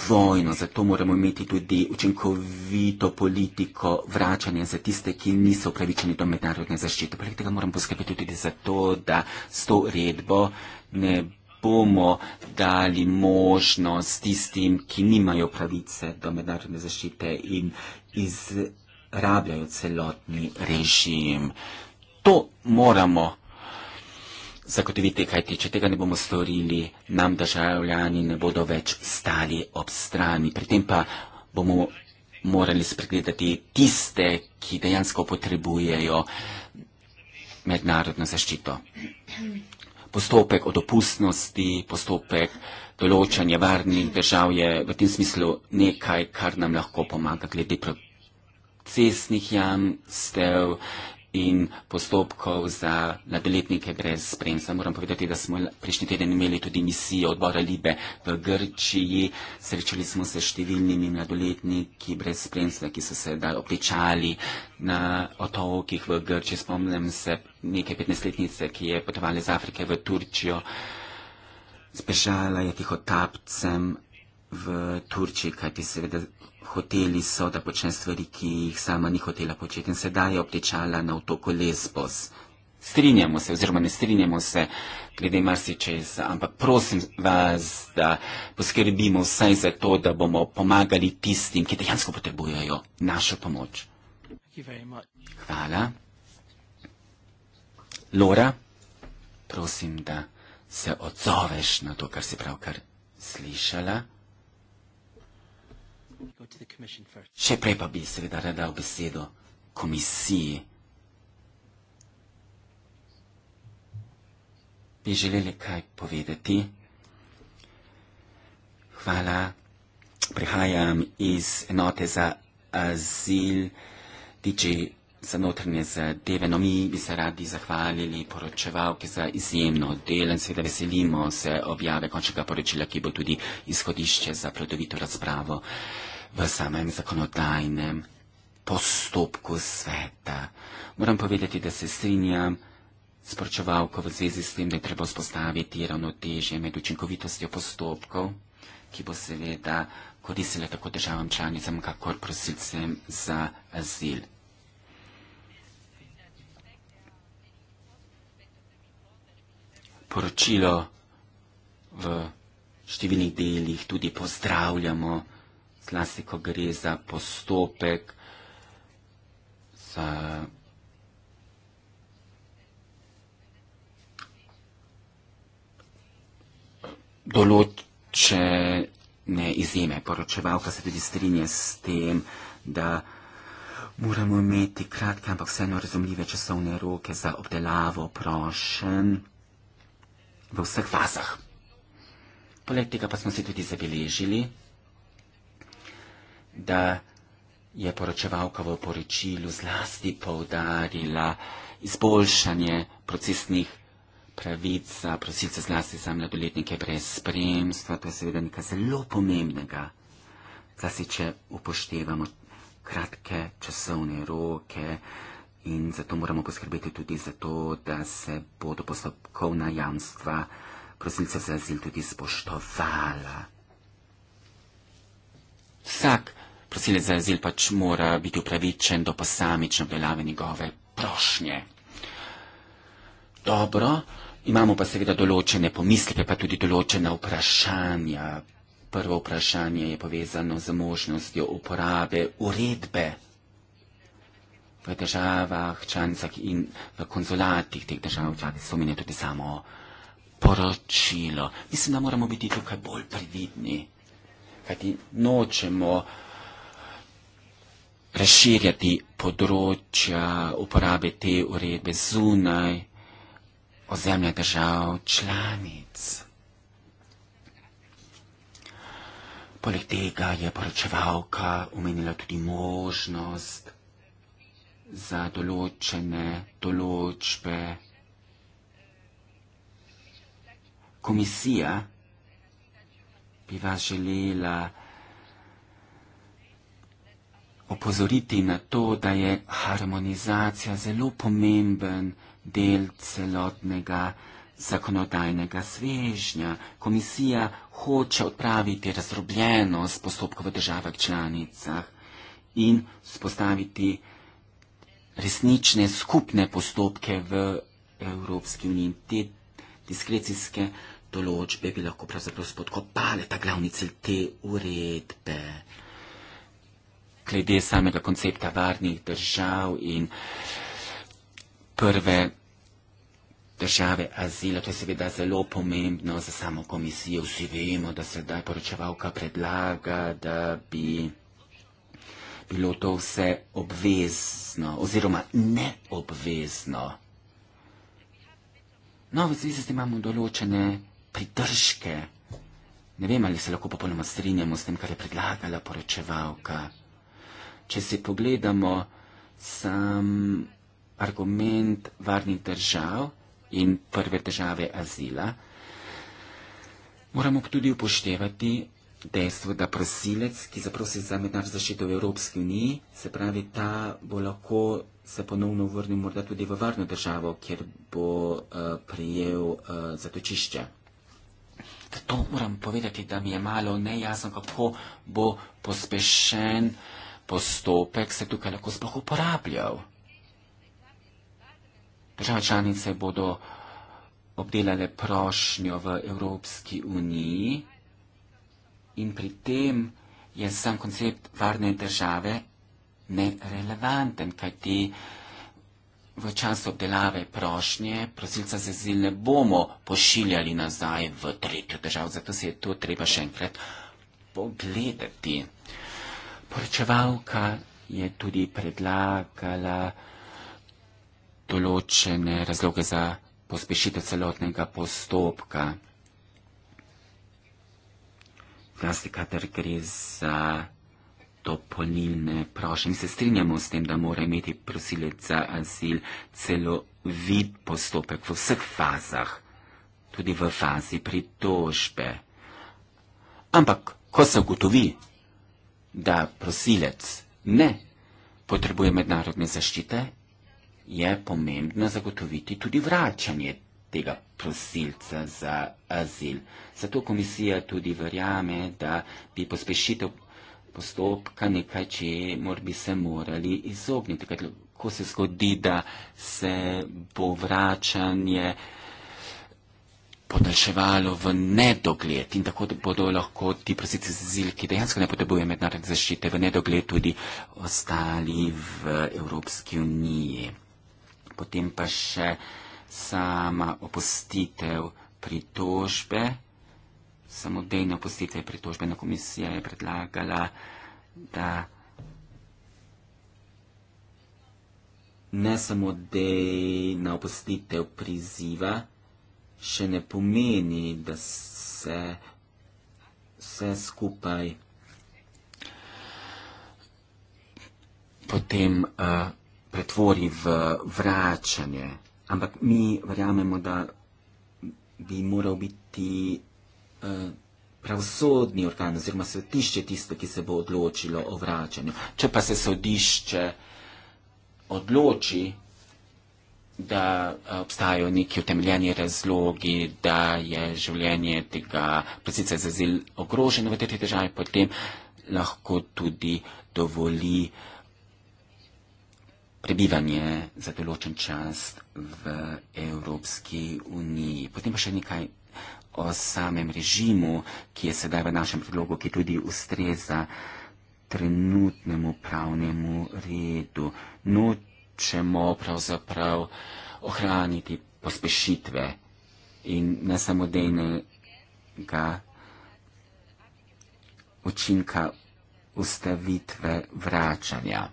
vojno. Zato moramo imeti tudi učinkovito politiko vračanja za tiste, ki niso upravičeni do mednarodne zaščite. Poleg tega moramo poskrbeti tudi za to, da s to redbo ne bo bomo dali možnost tistim, ki nimajo pravice do mednarodne zaščite in izrabljajo celotni režim. To moramo zagotoviti, kajti če tega ne bomo storili, nam državljani ne bodo več stali ob strani. Pri tem pa bomo morali spregledati tiste, ki dejansko potrebujejo mednarodno zaščito postopek odopustnosti, postopek določanja varnih držav je v tem smislu nekaj, kar nam lahko pomaga glede procesnih jamstev in postopkov za nadaletnike brez spremstva. Moram povedati, da smo prejšnji teden imeli tudi misijo odbora Libe v Grčiji. Srečali smo se s številnimi mladoletniki brez spremstva, ki so se opečali na otokih v Grčiji. Spomnim se neke 15-letnice, ki je potovala iz Afrike v Turčijo. Zbežala je tiho tapcem v Turčiji, kajti seveda hoteli so, da počne stvari, ki jih sama ni hotela početi in sedaj je obtečala na otoku Lesbos. Strinjamo se oziroma ne strinjamo se glede marsičesa, ampak prosim vas, da poskrbimo vsaj za to, da bomo pomagali tistim, ki dejansko potrebujejo našo pomoč. Hvala. Lora, prosim, da se odzoveš na to, kar si pravkar slišala. Še prej pa bi seveda rad dal besedo komisiji. Bi želeli kaj povedati? Hvala. Prihajam iz enote za azil DJ za notranje zadeve. No, mi bi se radi zahvalili poročevalki za izjemno delo in seveda veselimo se objave končnega poročila, ki bo tudi izhodišče za predovito razpravo. Uh, v samem zakonodajnem postopku sveta. Moram povedati, da se strinjam s pročevalko v zvezi s tem, da je treba vzpostaviti ravnotežje med učinkovitostjo postopkov, ki bo seveda koristile tako državam članicam, kakor prosilcem za azil. Poročilo v številnih delih tudi pozdravljamo zlasti, ko gre za postopek, za določene izjeme. Poročevalka se tudi strinja s tem, da moramo imeti kratke, ampak vseeno razumljive časovne roke za obdelavo prošen v vseh fazah. Poleg tega pa smo si tudi zabeležili, da je poročevalkovo poročilo zlasti poudarila izboljšanje procesnih pravic za prosilce zlasti za mladoletnike brez spremstva. To je seveda nekaj zelo pomembnega, zlasti če upoštevamo kratke časovne roke in zato moramo poskrbeti tudi za to, da se bodo postopkovna jamstva prosilcev za azil tudi spoštovala. Vsak Prosilec za azil pač mora biti upravičen do posamične obdelave njegove prošnje. Dobro, imamo pa seveda določene pomisleke, pa tudi določena vprašanja. Prvo vprašanje je povezano z možnostjo uporabe uredbe v državah, članicah in v konzulatih teh držav, tudi spominja tudi samo poročilo. Mislim, da moramo biti tukaj bolj previdni, kajti nočemo razširjati področja uporabe te uredbe zunaj ozemlja držav članic. Poleg tega je poročevalka omenila tudi možnost za določene določbe komisija bi vas želela opozoriti na to, da je harmonizacija zelo pomemben del celotnega zakonodajnega svežnja. Komisija hoče odpraviti razrobljenost postopkov v državah članicah in spostaviti resnične skupne postopke v Evropski uniji. Te diskrecijske določbe bi lahko pravzaprav spodkopale ta glavni cilj te uredbe glede samega koncepta varnih držav in prve države azila, to je seveda zelo pomembno za samo komisijo. Vsi vemo, da se da poročevalka predlaga, da bi bilo to vse obvezno oziroma neobvezno. No, v zvezi s tem imamo določene pridržke. Ne vem, ali se lahko popolnoma strinjamo s tem, kar je predlagala poročevalka če si pogledamo sam argument varnih držav in prve države azila, moramo tudi upoštevati dejstvo, da prosilec, ki zaprosi za mednarodno zaščito v Evropski uniji, se pravi, ta bo lahko se ponovno vrnil morda tudi v varno državo, kjer bo uh, eh, prijel uh, eh, zatočišče. Zato moram povedati, da mi je malo nejasno, kako bo pospešen uh, postopek se tukaj lahko sploh uporabljal. Države članice bodo obdelale prošnjo v Evropski uniji in pri tem je sam koncept varne države nerelevanten, kajti v času obdelave prošnje prosilca za zil ne bomo pošiljali nazaj v tretjo državo, zato se je to treba še enkrat pogledati. Poročevalka je tudi predlagala določene razloge za pospešitev celotnega postopka. Zlasti, kater gre za dopolnilne prošnje. Mi se strinjamo s tem, da mora imeti prosilec za azil celovit postopek v vseh fazah, tudi v fazi pritožbe. Ampak, ko se ugotovi, da prosilec ne potrebuje mednarodne zaščite, je pomembno zagotoviti tudi vračanje tega prosilca za azil. Zato komisija tudi verjame, da bi pospešitev postopka nekaj, če mor bi se morali izogniti, ko se zgodi, da se bo vračanje eh, podaljševalo v nedogled in tako bodo lahko ti prosici z zil, ki dejansko ne potrebuje mednarodne zaščite, v nedogled tudi ostali v Evropski uniji. Potem pa še sama opustitev pritožbe, samodejna opustitev pritožbe na no, komisija je predlagala, da ne samodejna opustitev priziva, še ne pomeni, da se vse skupaj potem uh, pretvori v vračanje. Ampak mi verjamemo, da bi moral biti uh, pravosodni organ oziroma svetišče tisto, ki se bo odločilo o vračanju. Če pa se sodišče odloči, da eh, obstajajo neki utemeljeni razlogi, da je življenje tega prosilca za zil ogroženo v tej državi, potem lahko tudi dovoli prebivanje za določen čas v Evropski uniji. Potem pa še nekaj o samem režimu, ki je sedaj v našem predlogu, ki tudi ustreza trenutnemu pravnemu redu. Not hočemo pravzaprav ohraniti pospešitve in ne samo dejnega učinka ustavitve vračanja.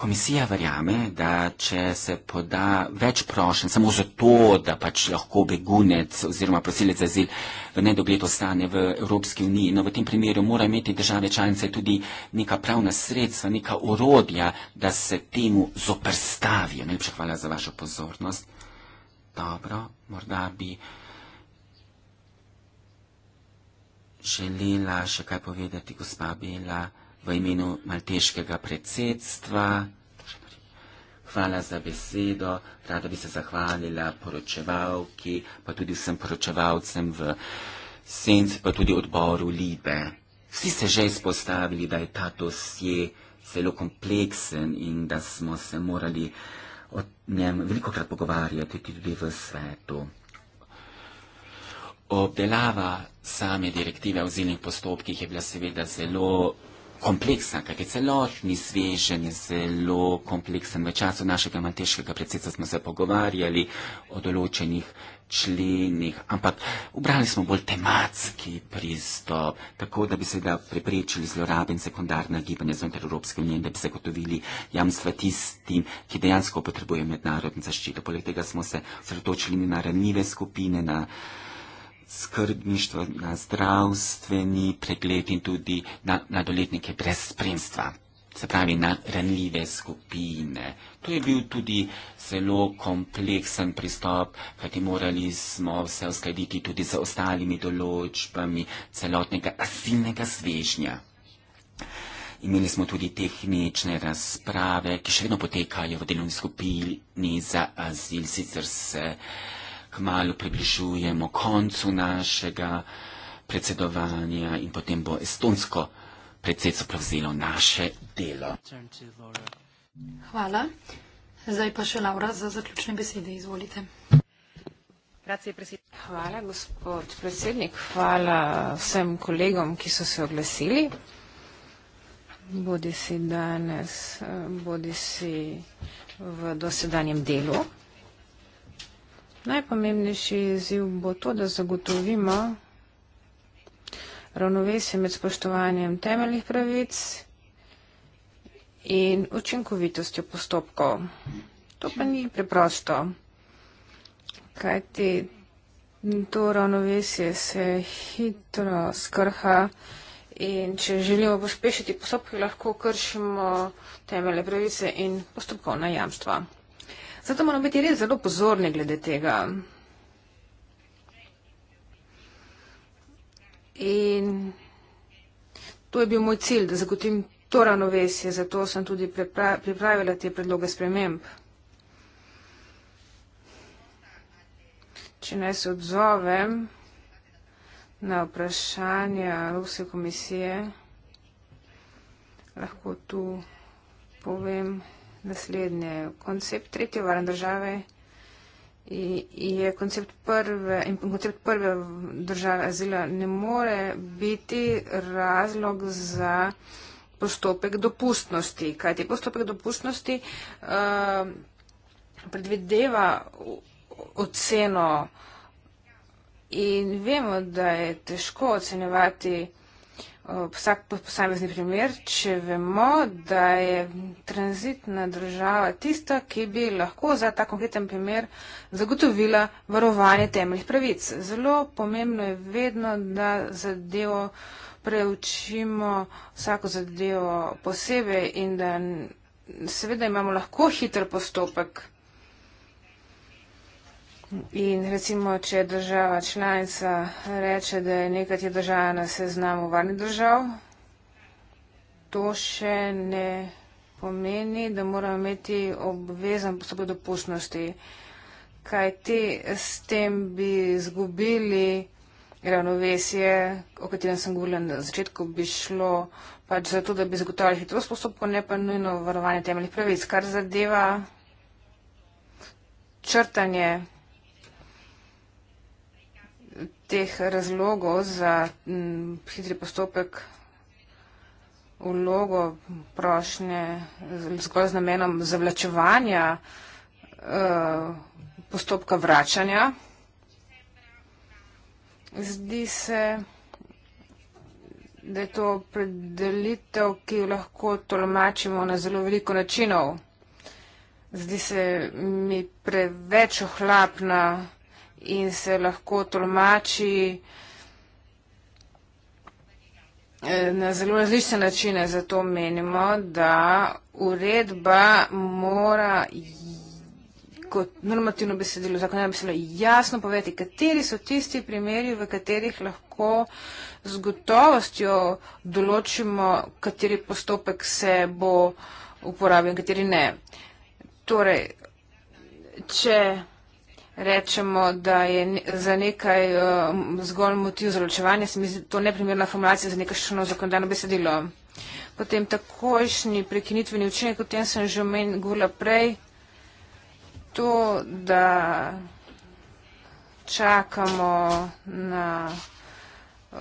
Komisija verjame, da če se poda več prošen samo zato, da pač lahko begunec oziroma prosilec za zil v nedogled ostane v Evropski uniji. No, v tem primeru mora imeti države članice tudi neka pravna sredstva, neka orodja, da se temu zoprstavijo. Najlepša hvala za vašo pozornost. Dobro, morda bi želela še kaj povedati, gospa Bela v imenu malteškega predsedstva. Hvala za besedo. Rada bi se zahvalila poročevalki, pa tudi vsem poročevalcem v Senci, pa tudi odboru Libe. Vsi ste že izpostavili, da je ta dosje zelo kompleksen in da smo se morali o njem veliko krat pogovarjati tudi v svetu. Obdelava same direktive o zelenih postopkih je bila seveda zelo kompleksen, kajti celotni zvežen je zelo kompleksen. V času našega manteškega predsedstva smo se pogovarjali o določenih členih, ampak ubrali smo bolj tematski pristop, tako da bi se da preprečili zlorabe in sekundarne gibanje znotraj Evropske unije in da bi zagotovili jamstva tistim, ki dejansko potrebujejo mednarodno zaščito. Poleg tega smo se sredotočili na ranjive skupine, na skrbništvo na zdravstveni pregled in tudi na nadoletnike brez spremstva, se pravi na ranljive skupine. To je bil tudi zelo kompleksen pristop, kajti morali smo vse uskladiti tudi z ostalimi določbami celotnega asilnega svežnja. Imeli smo tudi tehnične razprave, ki še vedno potekajo v delovni skupini za azil, sicer se uh, kmalo približujemo koncu našega predsedovanja in potem bo estonsko predsedstvo prevzelo naše delo. Hvala. Zdaj pa še Laura za zaključne besede. Izvolite. Hvala, gospod predsednik. Hvala vsem kolegom, ki so se oglasili. Bodi si danes, eh, bodi si v dosedanjem delu. Najpomembnejši izziv bo to, da zagotovimo ravnovesje med spoštovanjem temeljnih pravic in učinkovitostjo postopkov. To pa ni preprosto, kajti to ravnovesje se hitro skrha in če želimo pospešiti postopke, lahko kršimo temeljne pravice in postopkovna jamstva. Zato moramo biti res zelo pozorni glede tega. In to je bil moj cilj, da zagotovim to ravnovesje, zato sem tudi pripravila te predloge sprememb. Če ne se odzovem na vprašanja Evropske komisije, lahko tu povem naslednje. Koncept tretje varne države je koncept prve, koncept prve države azila ne more biti razlog za postopek dopustnosti. Kaj ti postopek dopustnosti uh, predvideva oceno in vemo, da je težko ocenjevati Eh, vsak posamezni primer, če vemo, da je tranzitna država tista, ki bi lahko za ta konkreten primer zagotovila varovanje temeljih pravic. Zelo pomembno je vedno, da zadevo preučimo vsako zadevo posebej in da seveda imamo lahko hiter postopek In recimo, če država članica reče, da je nekaj država na seznamu varnih držav, to še ne pomeni, da moramo imeti obvezen postopek dopustnosti. Kaj ti s tem bi zgubili ravnovesje, o katerem sem govorila na začetku, bi šlo pač zato, da bi zagotavljali hitrost postopkov, ne pa nujno varovanje temeljnih pravic, kar zadeva črtanje teh razlogov za m, hitri postopek vlogo prošnje zgolj z namenom zavlačevanja e, postopka vračanja. Zdi se, da je to predelitev, ki jo lahko tolmačimo na zelo veliko načinov. Zdi se mi preveč ohlapna in se lahko tolmači eh, na zelo različne načine. Zato menimo, da uredba mora kot normativno besedilo zakona besedilo jasno povedati, kateri so tisti primeri, v katerih lahko z gotovostjo določimo, kateri postopek se bo uporabil in kateri ne. Torej, če rečemo, da je za nekaj uh, zgolj motiv zaločevanja, se mi zdi to neprimerna formulacija za nekaj šeno zakonodajno besedilo. Potem takojšnji prekinitveni učinek, o tem sem že omen govorila prej, to, da čakamo na uh,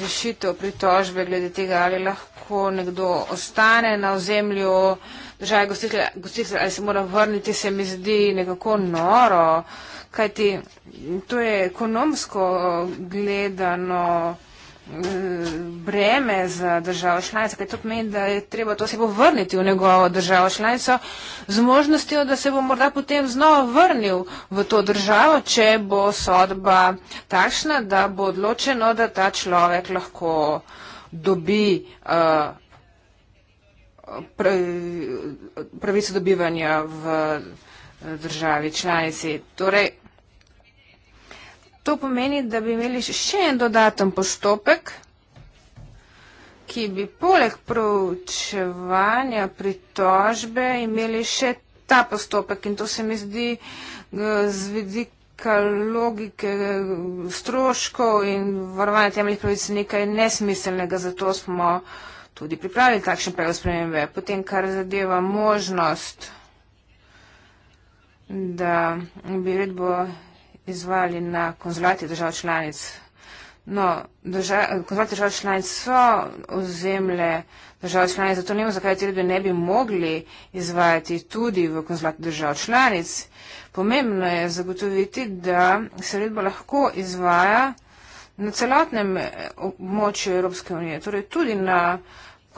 rešitev pritožbe glede tega, ali lahko nekdo ostane na ozemlju, uh, države gostitelj ali se mora vrniti, se mi zdi nekako noro, kajti to je ekonomsko eh, gledano eh, breme za državo članico, kaj to pomeni, da je treba to se bo vrniti v njegovo državo članico z možnostjo, da se bo morda potem znova vrnil v to državo, če bo sodba takšna, da bo odločeno, da ta človek lahko dobi uh, pravico dobivanja v eh, državi članici. Torej, to pomeni, da bi imeli še en dodaten postopek, ki bi poleg proučevanja pritožbe imeli še ta postopek in to se mi zdi eh, z vidika logike eh, stroškov in varovanja temeljih pravic nekaj nesmiselnega, zato smo uh, tudi pripravili takšne prav spremembe. Potem, kar zadeva možnost, da bi redbo izvali na konzulati držav članic. No, konzulati držav članic so ozemlje držav članic, zato nemo, zakaj te redbe ne bi mogli izvajati tudi v konzulati držav članic. Pomembno je zagotoviti, da se redbo lahko izvaja na celotnem eh, območju Evropske unije, torej tudi na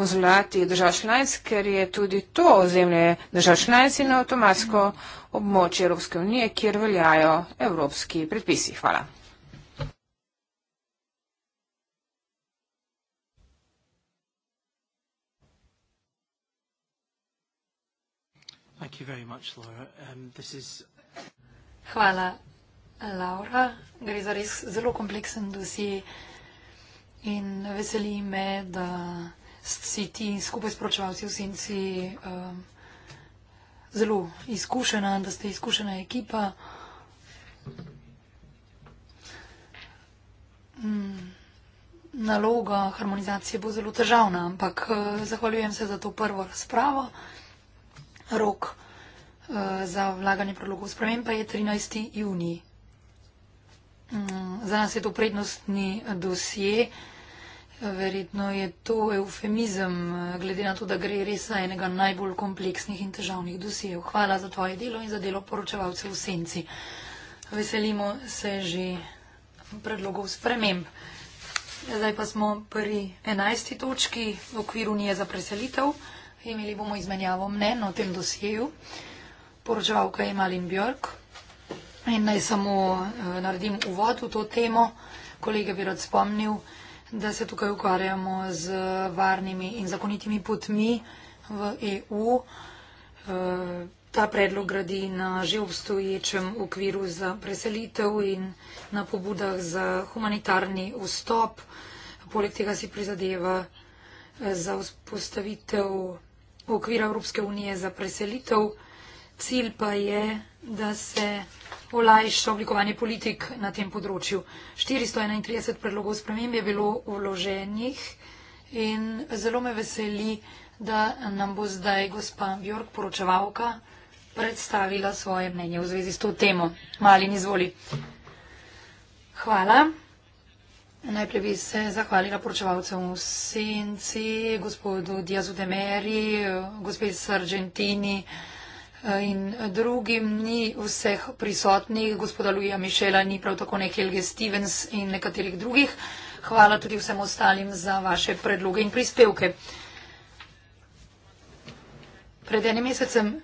konzulati držav članic, ker je tudi to ozemlje držav članic in avtomatsko območje Evropske unije, kjer veljajo evropski predpisi. Hvala. Um, Hvala, Laura. Gre za res zelo kompleksen dosje in veseli me, da si ti skupaj s pročevalci v senci um, zelo izkušena, da ste izkušena ekipa. Mm, naloga harmonizacije bo zelo težavna, ampak uh, zahvaljujem se za to prvo razpravo. Rok uh, za vlaganje predlogov sprememb pa je 13. junij. Mm, za nas je to prednostni dosje. Verjetno je to eufemizem, glede na to, da gre res za enega najbolj kompleksnih in težavnih dosijev. Hvala za tvoje delo in za delo poročevalcev v senci. Veselimo se že predlogov sprememb. Zdaj pa smo pri 11. točki v okviru nje za preselitev. Imeli bomo izmenjavo mnen o tem dosijeju. Poročevalka je Malin Björk. In naj samo eh, naredim uvod v to temo. Kolega bi rad spomnil, da se tukaj ukvarjamo z varnimi in zakonitimi potmi v EU. Eh, ta predlog gradi na že obstoječem okviru za preselitev in na pobudah za humanitarni vstop. Poleg tega si prizadeva eh, za vzpostavitev okvira Evropske unije za preselitev. Cilj pa je, da se olajša oblikovanje politik na tem področju. 431 predlogov sprememb je bilo vloženih in zelo me veseli, da nam bo zdaj gospa Bjork, poročevalka, predstavila svoje mnenje v zvezi s to temo. Malin, izvoli. Hvala. Najprej bi se zahvalila poročevalcem v Senci, gospodu Diazu Demeri, gospe iz Argentini, in drugim ni vseh prisotnih, gospoda Luija Mišela ni prav tako ne Helge Stevens in nekaterih drugih. Hvala tudi vsem ostalim za vaše predloge in prispevke. Pred enim mesecem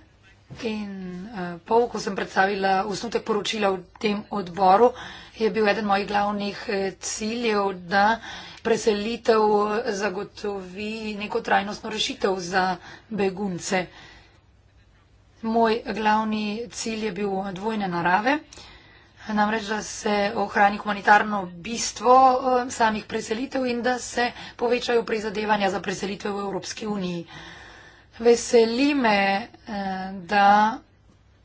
in eh, pol, ko sem predstavila osnutek poročila v tem odboru, je bil eden mojih glavnih eh, ciljev, da preselitev zagotovi neko trajnostno rešitev za begunce moj glavni cilj je bil dvojne narave, namreč, da se ohrani humanitarno bistvo eh, samih preselitev in da se povečajo prizadevanja za preselitve v Evropski uniji. Veseli me, eh, da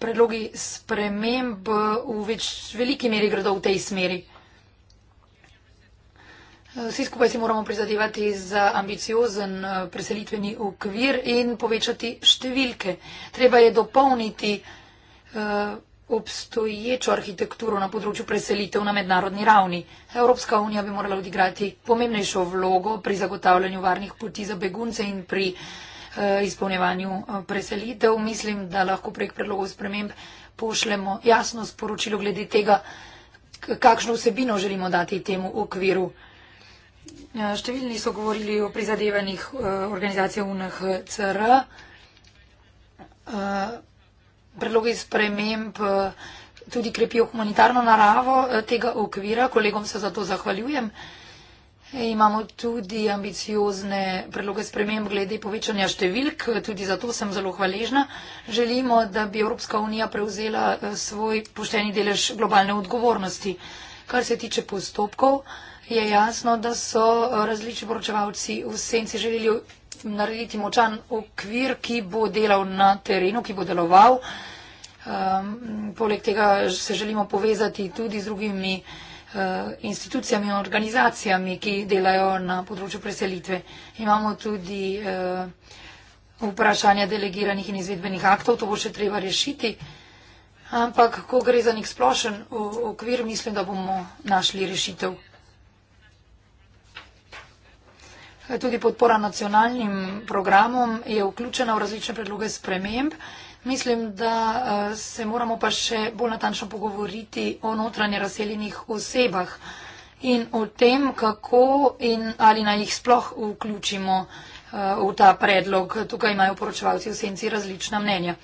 predlogi sprememb v več, veliki meri gredo v tej smeri. Vsi skupaj si moramo prizadevati za ambiciozen eh, preselitveni okvir in povečati številke. Treba je dopolniti eh, obstoječo arhitekturo na področju preselitev na mednarodni ravni. Evropska unija bi morala odigrati pomembnejšo vlogo pri zagotavljanju varnih poti za begunce in pri eh, izpolnjevanju preselitev. Mislim, da lahko prek predlogov sprememb pošljemo jasno sporočilo glede tega, kakšno vsebino želimo dati temu okviru. Eh, številni so govorili o prizadevanjih eh, organizacije UNHCR. Eh, predlogi sprememb tudi krepijo humanitarno naravo tega okvira. Kolegom se za to zahvaljujem. Imamo tudi ambiciozne predloge sprememb glede povečanja številk, tudi zato sem zelo hvaležna. Želimo, da bi Evropska unija prevzela svoj pošteni delež globalne odgovornosti. Kar se tiče postopkov, je jasno, da so eh, različni poročevalci v senci želeli narediti močan okvir, ki bo delal na terenu, ki bo deloval. Um, poleg tega se želimo povezati tudi z drugimi uh, institucijami in organizacijami, ki delajo na področju preselitve. Imamo tudi uh, vprašanja delegiranih in izvedbenih aktov, to bo še treba rešiti. Ampak, ko gre za nek splošen okvir, mislim, da bomo našli rešitev. Eh, tudi podpora nacionalnim programom je vključena v različne predloge sprememb. Mislim, da eh, se moramo pa še bolj natančno pogovoriti o notranje razseljenih osebah in o tem, kako in ali naj jih sploh vključimo eh, v ta predlog. Tukaj imajo poročevalci v senci različna mnenja.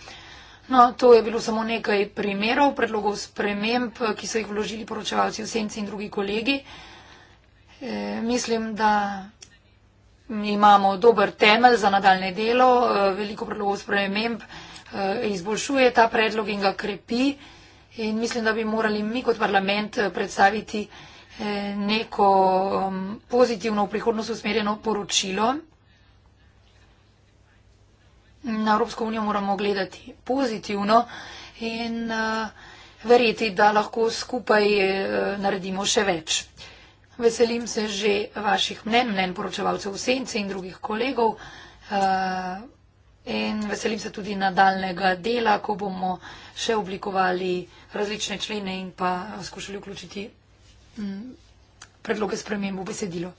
No, to je bilo samo nekaj primerov, predlogov sprememb, ki so jih vložili poročevalci v senci in drugi kolegi. E, mislim, da imamo dober temelj za nadaljne delo, eh, veliko predlogov sprememb eh, izboljšuje ta predlog in ga krepi in mislim, da bi morali mi kot parlament eh, predstaviti neko um, pozitivno v prihodnost usmerjeno poročilo. Na Evropsko unijo moramo gledati pozitivno in verjeti, da lahko skupaj naredimo še več. Veselim se že vaših mnen, mnen poročevalcev v Senci in drugih kolegov. Uh, in veselim se tudi nadaljnega dela, ko bomo še oblikovali različne člene in pa skušali vključiti m, mm, predloge spremembo besedilo.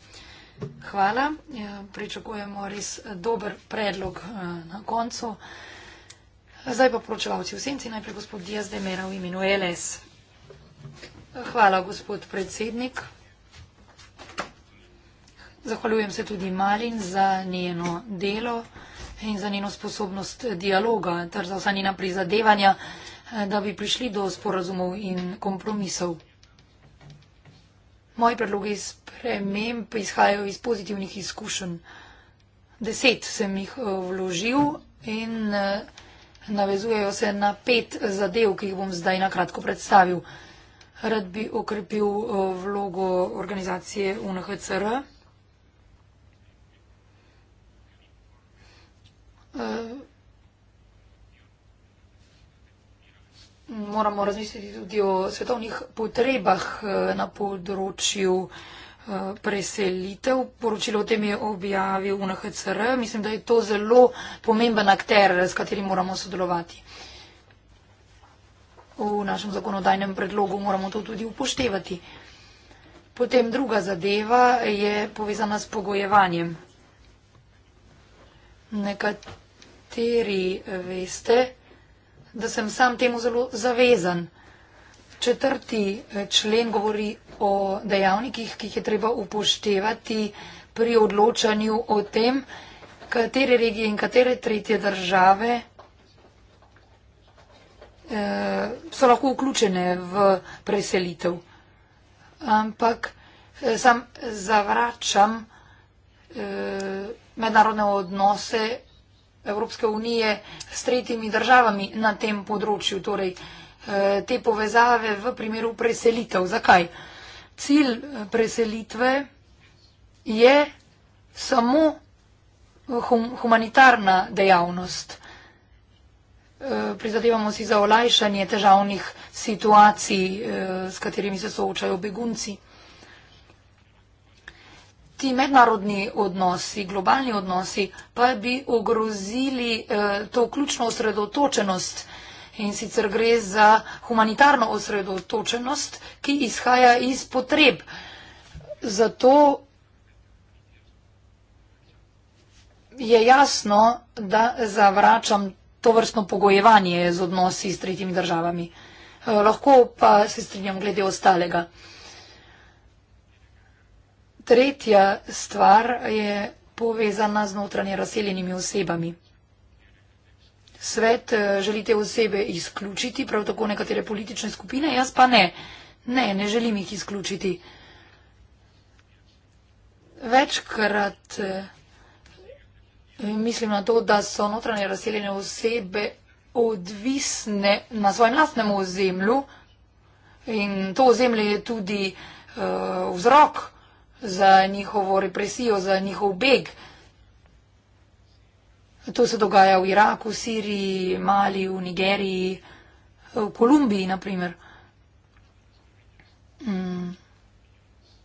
Hvala. Ja, pričakujemo res dober predlog uh, na koncu. Zdaj pa poročevalci v Senci, najprej gospod Diaz Demera v imenu LS. Hvala, gospod predsednik. Zahvaljujem se tudi Malin za njeno delo in za njeno sposobnost dialoga ter za vsa njena prizadevanja, da bi prišli do sporazumov in kompromisov. Moji predlogi sprememb izhajajo iz pozitivnih izkušenj. Deset sem jih eh, vložil in eh, navezujejo se na pet zadev, ki jih bom zdaj nakratko predstavil. Rad bi okrepil eh, vlogo organizacije UNHCR. moramo razmisliti tudi o svetovnih potrebah eh, na področju eh, preselitev. Poročilo o tem je objavil UNHCR. Mislim, da je to zelo pomemben akter, s katerim moramo sodelovati. V našem zakonodajnem predlogu moramo to tudi upoštevati. Potem druga zadeva je povezana s pogojevanjem. Nekateri nekateri eh, veste, da sem sam temu zelo zavezan. Četrti eh, člen govori o dejavnikih, ki jih je treba upoštevati pri odločanju o tem, katere regije in katere tretje države eh, so lahko vključene v preselitev. Ampak sam zavračam mednarodne odnose Evropske unije s tretjimi državami na tem področju, torej eh, te povezave v primeru preselitev. Zakaj? Cilj eh, preselitve je samo eh, humanitarna dejavnost. Prizadevamo si za olajšanje težavnih situacij, s katerimi se soočajo begunci ti mednarodni odnosi, globalni odnosi, pa bi ogrozili eh, to ključno osredotočenost in sicer gre za humanitarno osredotočenost, ki izhaja iz potreb. Zato je jasno, da zavračam to vrstno pogojevanje z odnosi s tretjimi državami. Eh, lahko pa se strinjam glede ostalega tretja stvar je povezana z notranje razseljenimi osebami. Svet eh, želi te osebe izključiti, prav tako nekatere politične skupine, jaz pa ne. Ne, ne želim jih izključiti. Večkrat eh, mislim na to, da so notranje razseljene osebe odvisne na svojem lastnem ozemlju in to ozemlje je tudi uh, vzrok za njihovo represijo, za njihov beg. To se dogaja v Iraku, v Siriji, Mali, v Nigeriji, v Kolumbiji naprimer. Mm.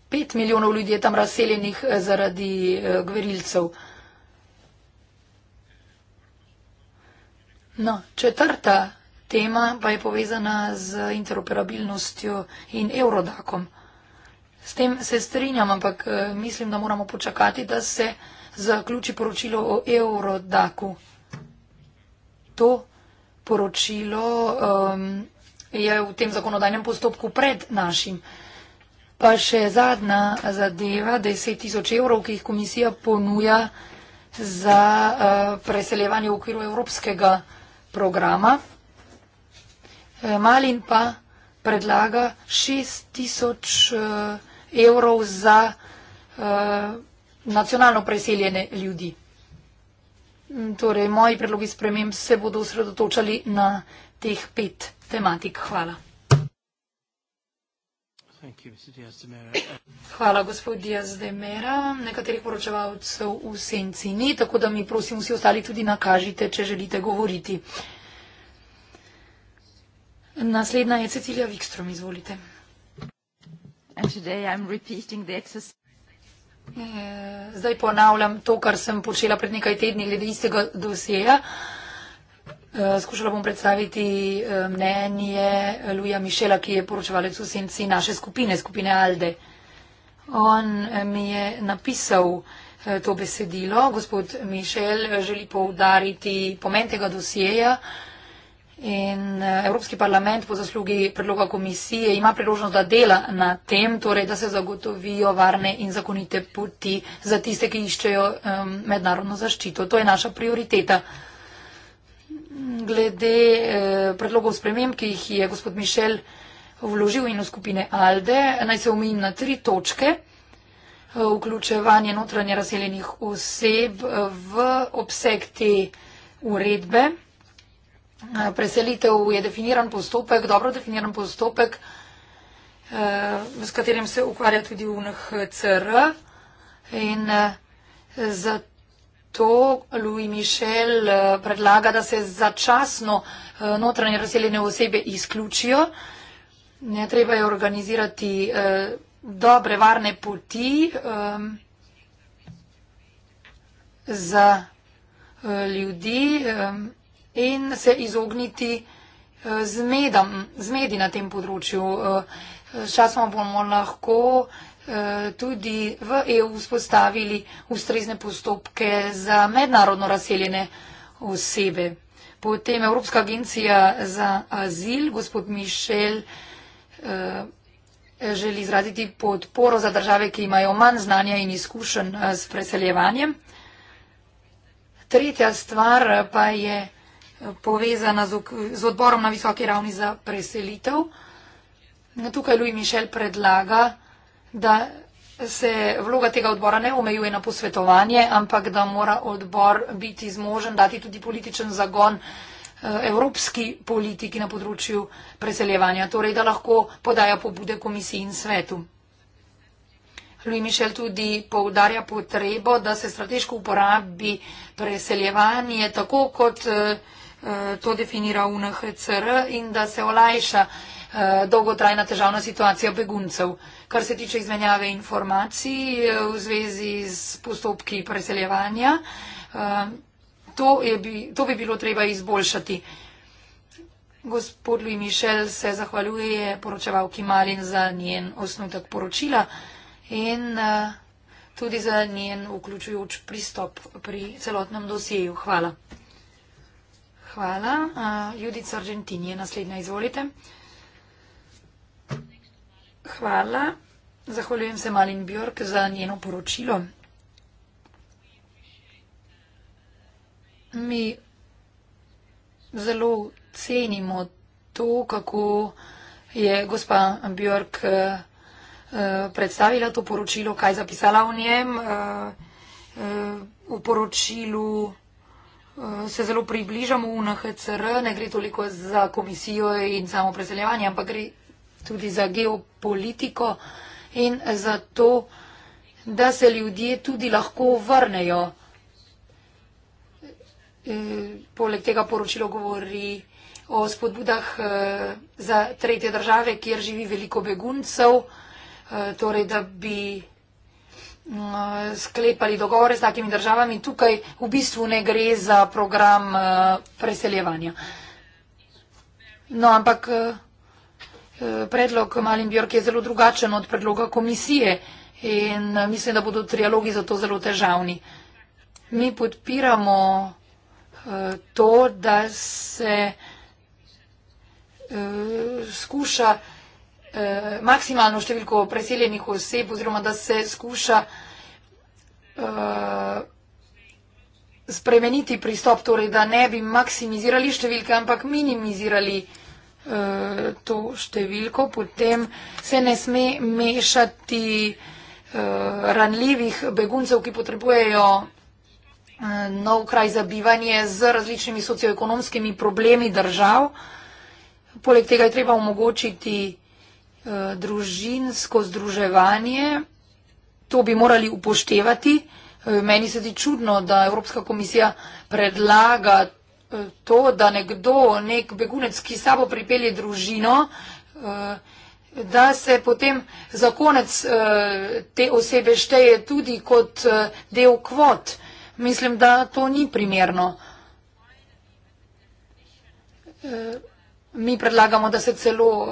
Pet milijonov ljudi je tam razseljenih eh, zaradi eh, gverilcev. No, četrta tema pa je povezana z interoperabilnostjo in eurodakom. S tem se strinjam, ampak eh, mislim, da moramo počakati, da se zaključi poročilo o Eurodaku. To poročilo um, je v tem zakonodajnem postopku pred našim. Pa še zadnja zadeva, 10 tisoč evrov, ki jih komisija ponuja za uh, preseljevanje v okviru evropskega programa. Eh, Malin pa predlaga 6 tisoč evrov evrov za uh, nacionalno preseljene ljudi. Mm, torej, moji predlogi sprememb se bodo osredotočali na teh pet tematik. Hvala. Hvala, gospod Diaz de Mera. Nekaterih poročevalcev v senci ni, tako da mi prosim vsi ostali tudi nakažite, če želite govoriti. Naslednja je Cecilija Vikstrom, izvolite. Eh, zdaj ponavljam to, kar sem počela pred nekaj tedni glede istega dosjeja. Eh, skušala bom predstaviti eh, mnenje Luja Mišela, ki je poročevalec v senci naše skupine, skupine Alde. On mi je napisal to besedilo. Gospod Mišel želi poudariti pomen tega dosjeja. In eh, Evropski parlament po zaslugi predloga komisije ima priložnost, da dela na tem, torej da se zagotovijo varne in zakonite poti za tiste, ki iščejo um, mednarodno zaščito. To je naša prioriteta. Glede eh, predlogov sprememb, ki jih je gospod Mišel vložil in v skupine ALDE, naj se omenim na tri točke. Eh, vključevanje notranje razseljenih oseb eh, v obseg te uredbe. Preselitev je definiran postopek, dobro definiran postopek, eh, s katerim se ukvarja tudi UNHCR. In eh, zato Louis Michel eh, predlaga, da se začasno notranje razseljene osebe izključijo. Ne, treba je organizirati dobre, varne poti za ljudi in se izogniti eh, zmedam, zmedi na tem področju. Eh, Sčasoma bomo lahko eh, tudi v EU vzpostavili ustrezne postopke za mednarodno razseljene osebe. Potem Evropska agencija za azil, gospod Mišel, želi izraziti podporo za države, ki imajo manj znanja in izkušenj s preseljevanjem. Tretja stvar pa je povezana z, z odborom na visoki ravni za preselitev. Tukaj Louis Michel predlaga, da se vloga tega odbora ne omejuje na posvetovanje, ampak da mora odbor biti zmožen dati tudi političen zagon eh, evropski politiki na področju preseljevanja, torej da lahko podaja pobude komisiji in svetu. Louis Michel tudi poudarja potrebo, da se strateško uporabi preseljevanje tako kot eh, Eh, to definira UNHCR in da se olajša eh, dolgotrajna težavna situacija beguncev. Kar se tiče izmenjave informacij eh, v zvezi s postopki preseljevanja, to, je, to bi bilo treba izboljšati. Gospod Louis Michel se zahvaljuje poročevalki Malin za njen osnutek poročila in tudi za njen vključujoč pristop pri celotnem dosjeju. Hvala. Hvala. Uh, Judica Argentini je naslednja, izvolite. Hvala. Zahvaljujem se Malin Bjork za njeno poročilo. Mi zelo cenimo to, kako je gospa Bjork uh, eh, eh, predstavila to poročilo, kaj zapisala v njem. Uh, uh, v poročilu Eh, se zelo približamo v NHCR, ne gre toliko za komisijo in samo preseljevanje, ampak gre tudi za geopolitiko in za to, da se ljudje tudi lahko vrnejo. Eh, poleg tega poročilo govori o spodbudah eh, za tretje države, kjer živi veliko beguncev, torej da bi Eh, sklepali dogovore z takimi državami. Tukaj v bistvu ne gre za program eh, preseljevanja. No, ampak eh, predlog Malin Björk je zelo drugačen od predloga komisije in mislim, da bodo trialogi zato zelo težavni. Mi podpiramo to, da se skuša vsega, Eh, maksimalno številko preseljenih oseb oziroma da se skuša eh, spremeniti pristop, torej da ne bi maksimizirali številke, ampak minimizirali eh, to številko, potem se ne sme mešati ranljivih beguncev, ki potrebujejo nov kraj za bivanje z različnimi socioekonomskimi problemi držav. Poleg tega je treba omogočiti vsega, Eh, družinsko združevanje, to bi morali upoštevati. Eh, meni se ti čudno, da Evropska komisija predlaga eh, to, da nekdo, nek begunec, ki sabo pripelje družino, da se potem za konec te osebe šteje tudi kot del kvot. Mislim, da to ni primerno. Uh... Mi predlagamo, da se celo uh,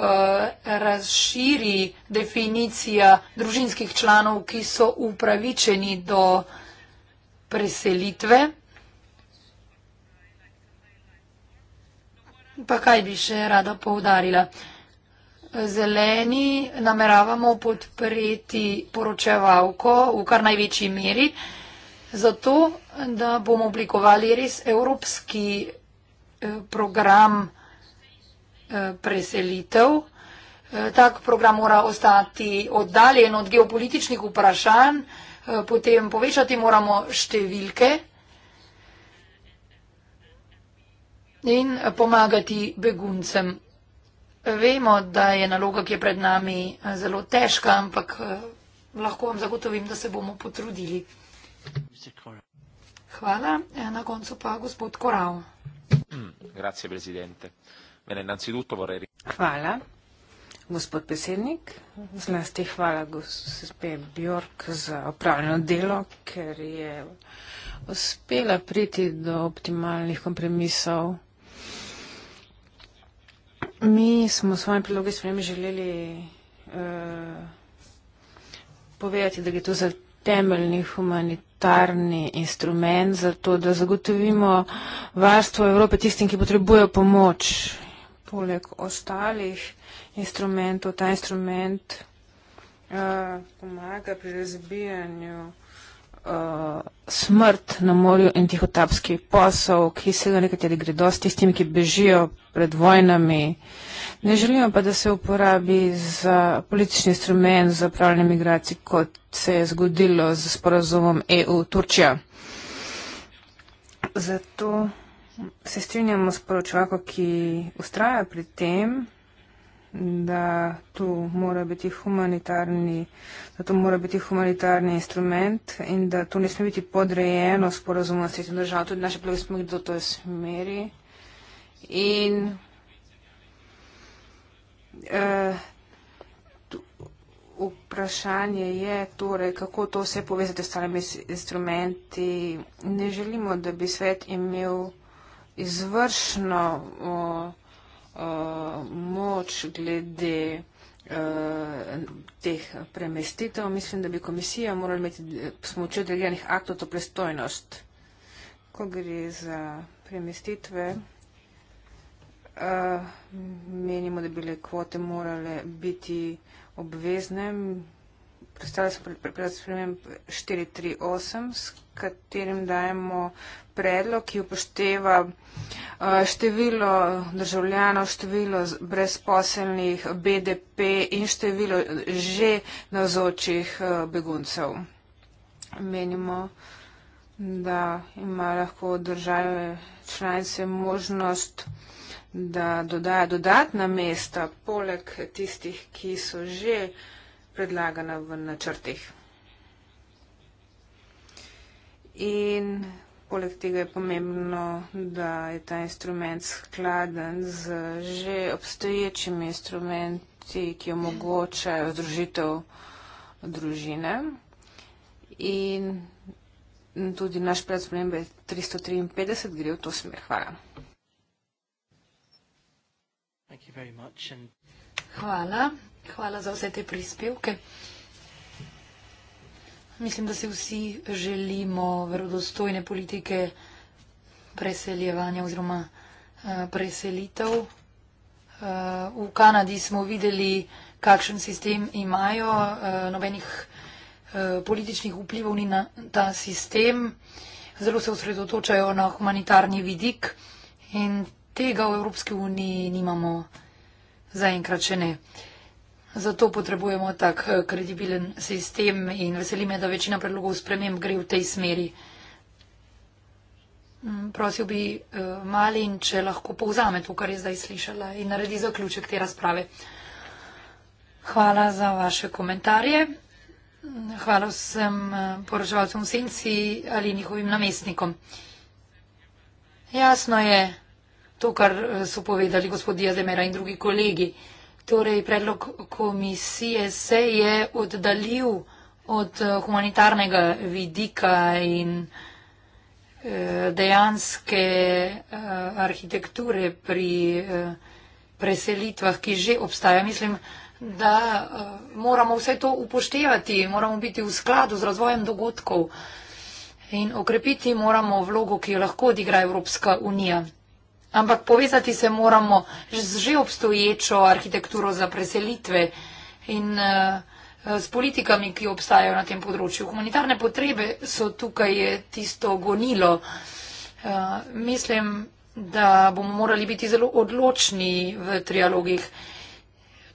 razširi definicija družinskih članov, ki so upravičeni do preselitve. Pa kaj bi še rada poudarila? Zeleni nameravamo podpreti poročevalko v kar največji meri, zato da bomo oblikovali res evropski eh, program, Eh, preselitev. Eh, tak program mora ostati oddaljen od geopolitičnih vprašanj, eh, potem povečati moramo številke in pomagati beguncem. Vemo, da je naloga, ki je pred nami, zelo težka, ampak lahko vam zagotovim, da se bomo potrudili. Hvala. Na koncu pa gospod Korav. Grazie, predsednik. Mene innanzitutto vorrei Hvala, gospod Pesednik. Zlasti hvala, gospe Bjork, za opravljeno delo, ker je uspela priti do optimalnih kompromisov. Mi smo svoje priloge s vami želeli uh, povedati, da je to za temeljni humanitarni instrument, zato da zagotovimo varstvo Evrope tistim, ki potrebujejo pomoč poleg ostalih instrumentov, ta instrument uh, pomaga pri razbijanju uh, smrt na morju in tihotapski posel, ki se ga nekateri gredo s tistimi, ki bežijo pred vojnami. Ne želimo pa, da se uporabi za politični instrument za upravljanje migracij, kot se je zgodilo z sporazumom EU-Turčija. Zato. Se strinjamo s poročvako, ki ustraja pri tem, da tu mora biti humanitarni, da tu mora biti humanitarni instrument in da tu ne sme biti podrejeno sporozum s tretjim državam. Tudi naše plovi smo jih do toj smeri. In uh, vprašanje je torej, kako to vse povezati s starimi instrumenti. Ne želimo, da bi svet imel izvršno uh, moč glede e, teh premestitev. Mislim, da bi komisija morala imeti s pomočjo delegiranih aktov to pristojnost. Ko gre za premestitve, e, menimo, da bi le kvote morale biti obvezne. Predstavljamo se pred spremem 438, s katerim dajemo predlog, ki upošteva eh, število državljanov, število brezposelnih, BDP in število že navzočih eh, beguncev. Menimo, da ima lahko države članice možnost, da dodaja dodatna mesta poleg tistih, ki so že predlagana v načrtih. In Poleg tega je pomembno, da je ta instrument skladen z že obstoječimi instrumenti, ki omogočajo združitev družine. In tudi naš predsprememb je 353, gre v to smer. Hvala. Hvala. Hvala za vse te prispevke. Mislim, da se vsi želimo verodostojne politike preseljevanja oziroma uh, preselitev. Uh, v Kanadi smo videli, kakšen sistem imajo, uh, nobenih uh, političnih vplivov ni na ta sistem. Zelo se osredotočajo na humanitarni vidik in tega v Evropski uniji nimamo zaenkrat še ne. Uh, Zato potrebujemo tak eh, kredibilen sistem in veseli me, da večina predlogov sprememb gre v tej smeri. Mm, prosil bi eh, Malin, če lahko povzame to, kar je zdaj slišala in naredi zaključek te razprave. Hvala za vaše komentarje. Hvala vsem eh, poročevalcem v senci ali njihovim namestnikom. Jasno je to, kar so povedali gospod Diazemera in drugi kolegi. Torej, predlog komisije se je oddaljil od eh, humanitarnega vidika in eh, dejanske eh, arhitekture pri preselitvah, ki že obstaja. Mislim, da moramo vse to upoštevati, moramo biti v skladu z razvojem dogodkov in okrepiti moramo vlogo, ki jo lahko odigra Evropska unija. Ampak povezati se moramo z že obstoječo arhitekturo za preselitve in eh, s politikami, ki obstajajo na tem področju. Humanitarne potrebe so tukaj tisto gonilo. Eh, mislim, da bomo morali biti zelo odločni v trialogih.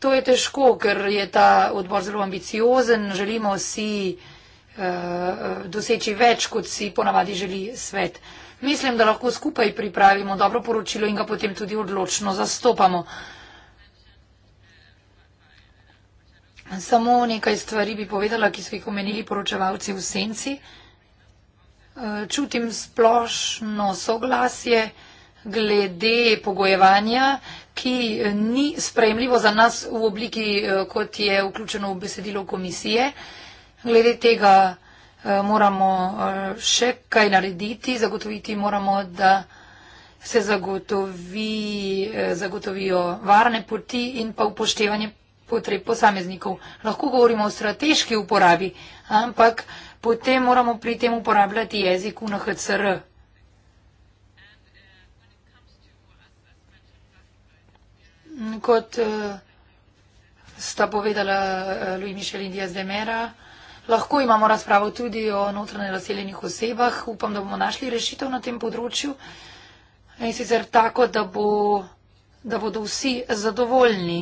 To je težko, ker je ta odbor zelo ambiciozen, želimo si eh, doseči več, kot si ponavadi želi svet. Mislim, da lahko skupaj pripravimo dobro poročilo in ga potem tudi odločno zastopamo. Samo nekaj stvari bi povedala, ki so jih omenili poročevalci v senci. Eh, čutim splošno soglasje glede pogojevanja, ki ni sprejemljivo za nas v obliki, eh, kot je vključeno v besedilo komisije. Glede tega Eh, moramo eh, še kaj narediti, zagotoviti moramo, da se zagotovi, eh, zagotovijo varne poti in pa upoštevanje potreb posameznikov. Lahko govorimo o strateški uporabi, ampak potem moramo pri tem uporabljati jezik UNHCR. Kot sta povedala Louis Michel in Diaz de Mera, Lahko imamo razpravo tudi o notranje razseljenih osebah. Upam, da bomo našli rešitev na tem področju. In sicer tako, da, bo, da bodo vsi zadovoljni.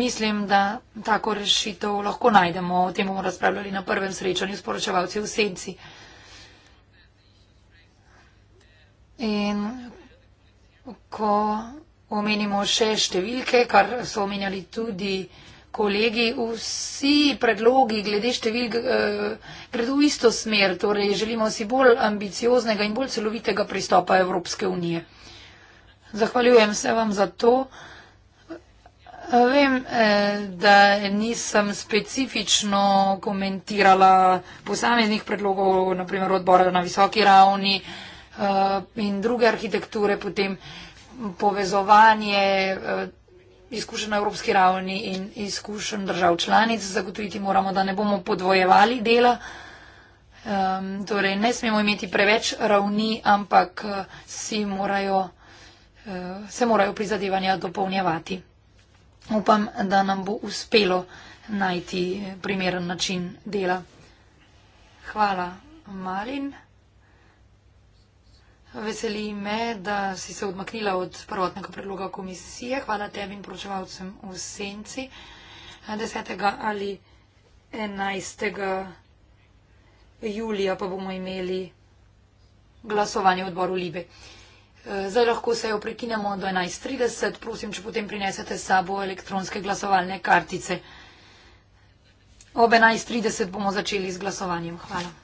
Mislim, da tako rešitev lahko najdemo. O tem bomo razpravljali na prvem srečanju s poročevalci v Senci. In ko omenimo še številke, kar so omenjali tudi kolegi, vsi predlogi glede števil eh, gredo v isto smer, torej želimo si bolj ambicioznega in bolj celovitega pristopa Evropske unije. Zahvaljujem se vam za to. Vem, eh, da nisem specifično komentirala posameznih predlogov, naprimer odbora na visoki ravni eh, in druge arhitekture, potem povezovanje izkušen na evropski ravni in izkušen držav članic, zagotoviti moramo, da ne bomo podvojevali dela. Um, torej, ne smemo imeti preveč ravni, ampak eh, si morajo, uh, se morajo prizadevanja dopolnjevati. Upam, da nam bo uspelo najti eh, primeren način dela. Hvala, Malin. Veseli me, da si se odmaknila od prvotnega predloga komisije. Hvala tebi in poročevalcem v senci 10. ali 11. julija pa bomo imeli glasovanje v odboru Libe. Zdaj lahko se jo prekinemo do 11.30. Prosim, če potem prinesete sabo elektronske glasovalne kartice. Ob 11.30 bomo začeli z glasovanjem. Hvala.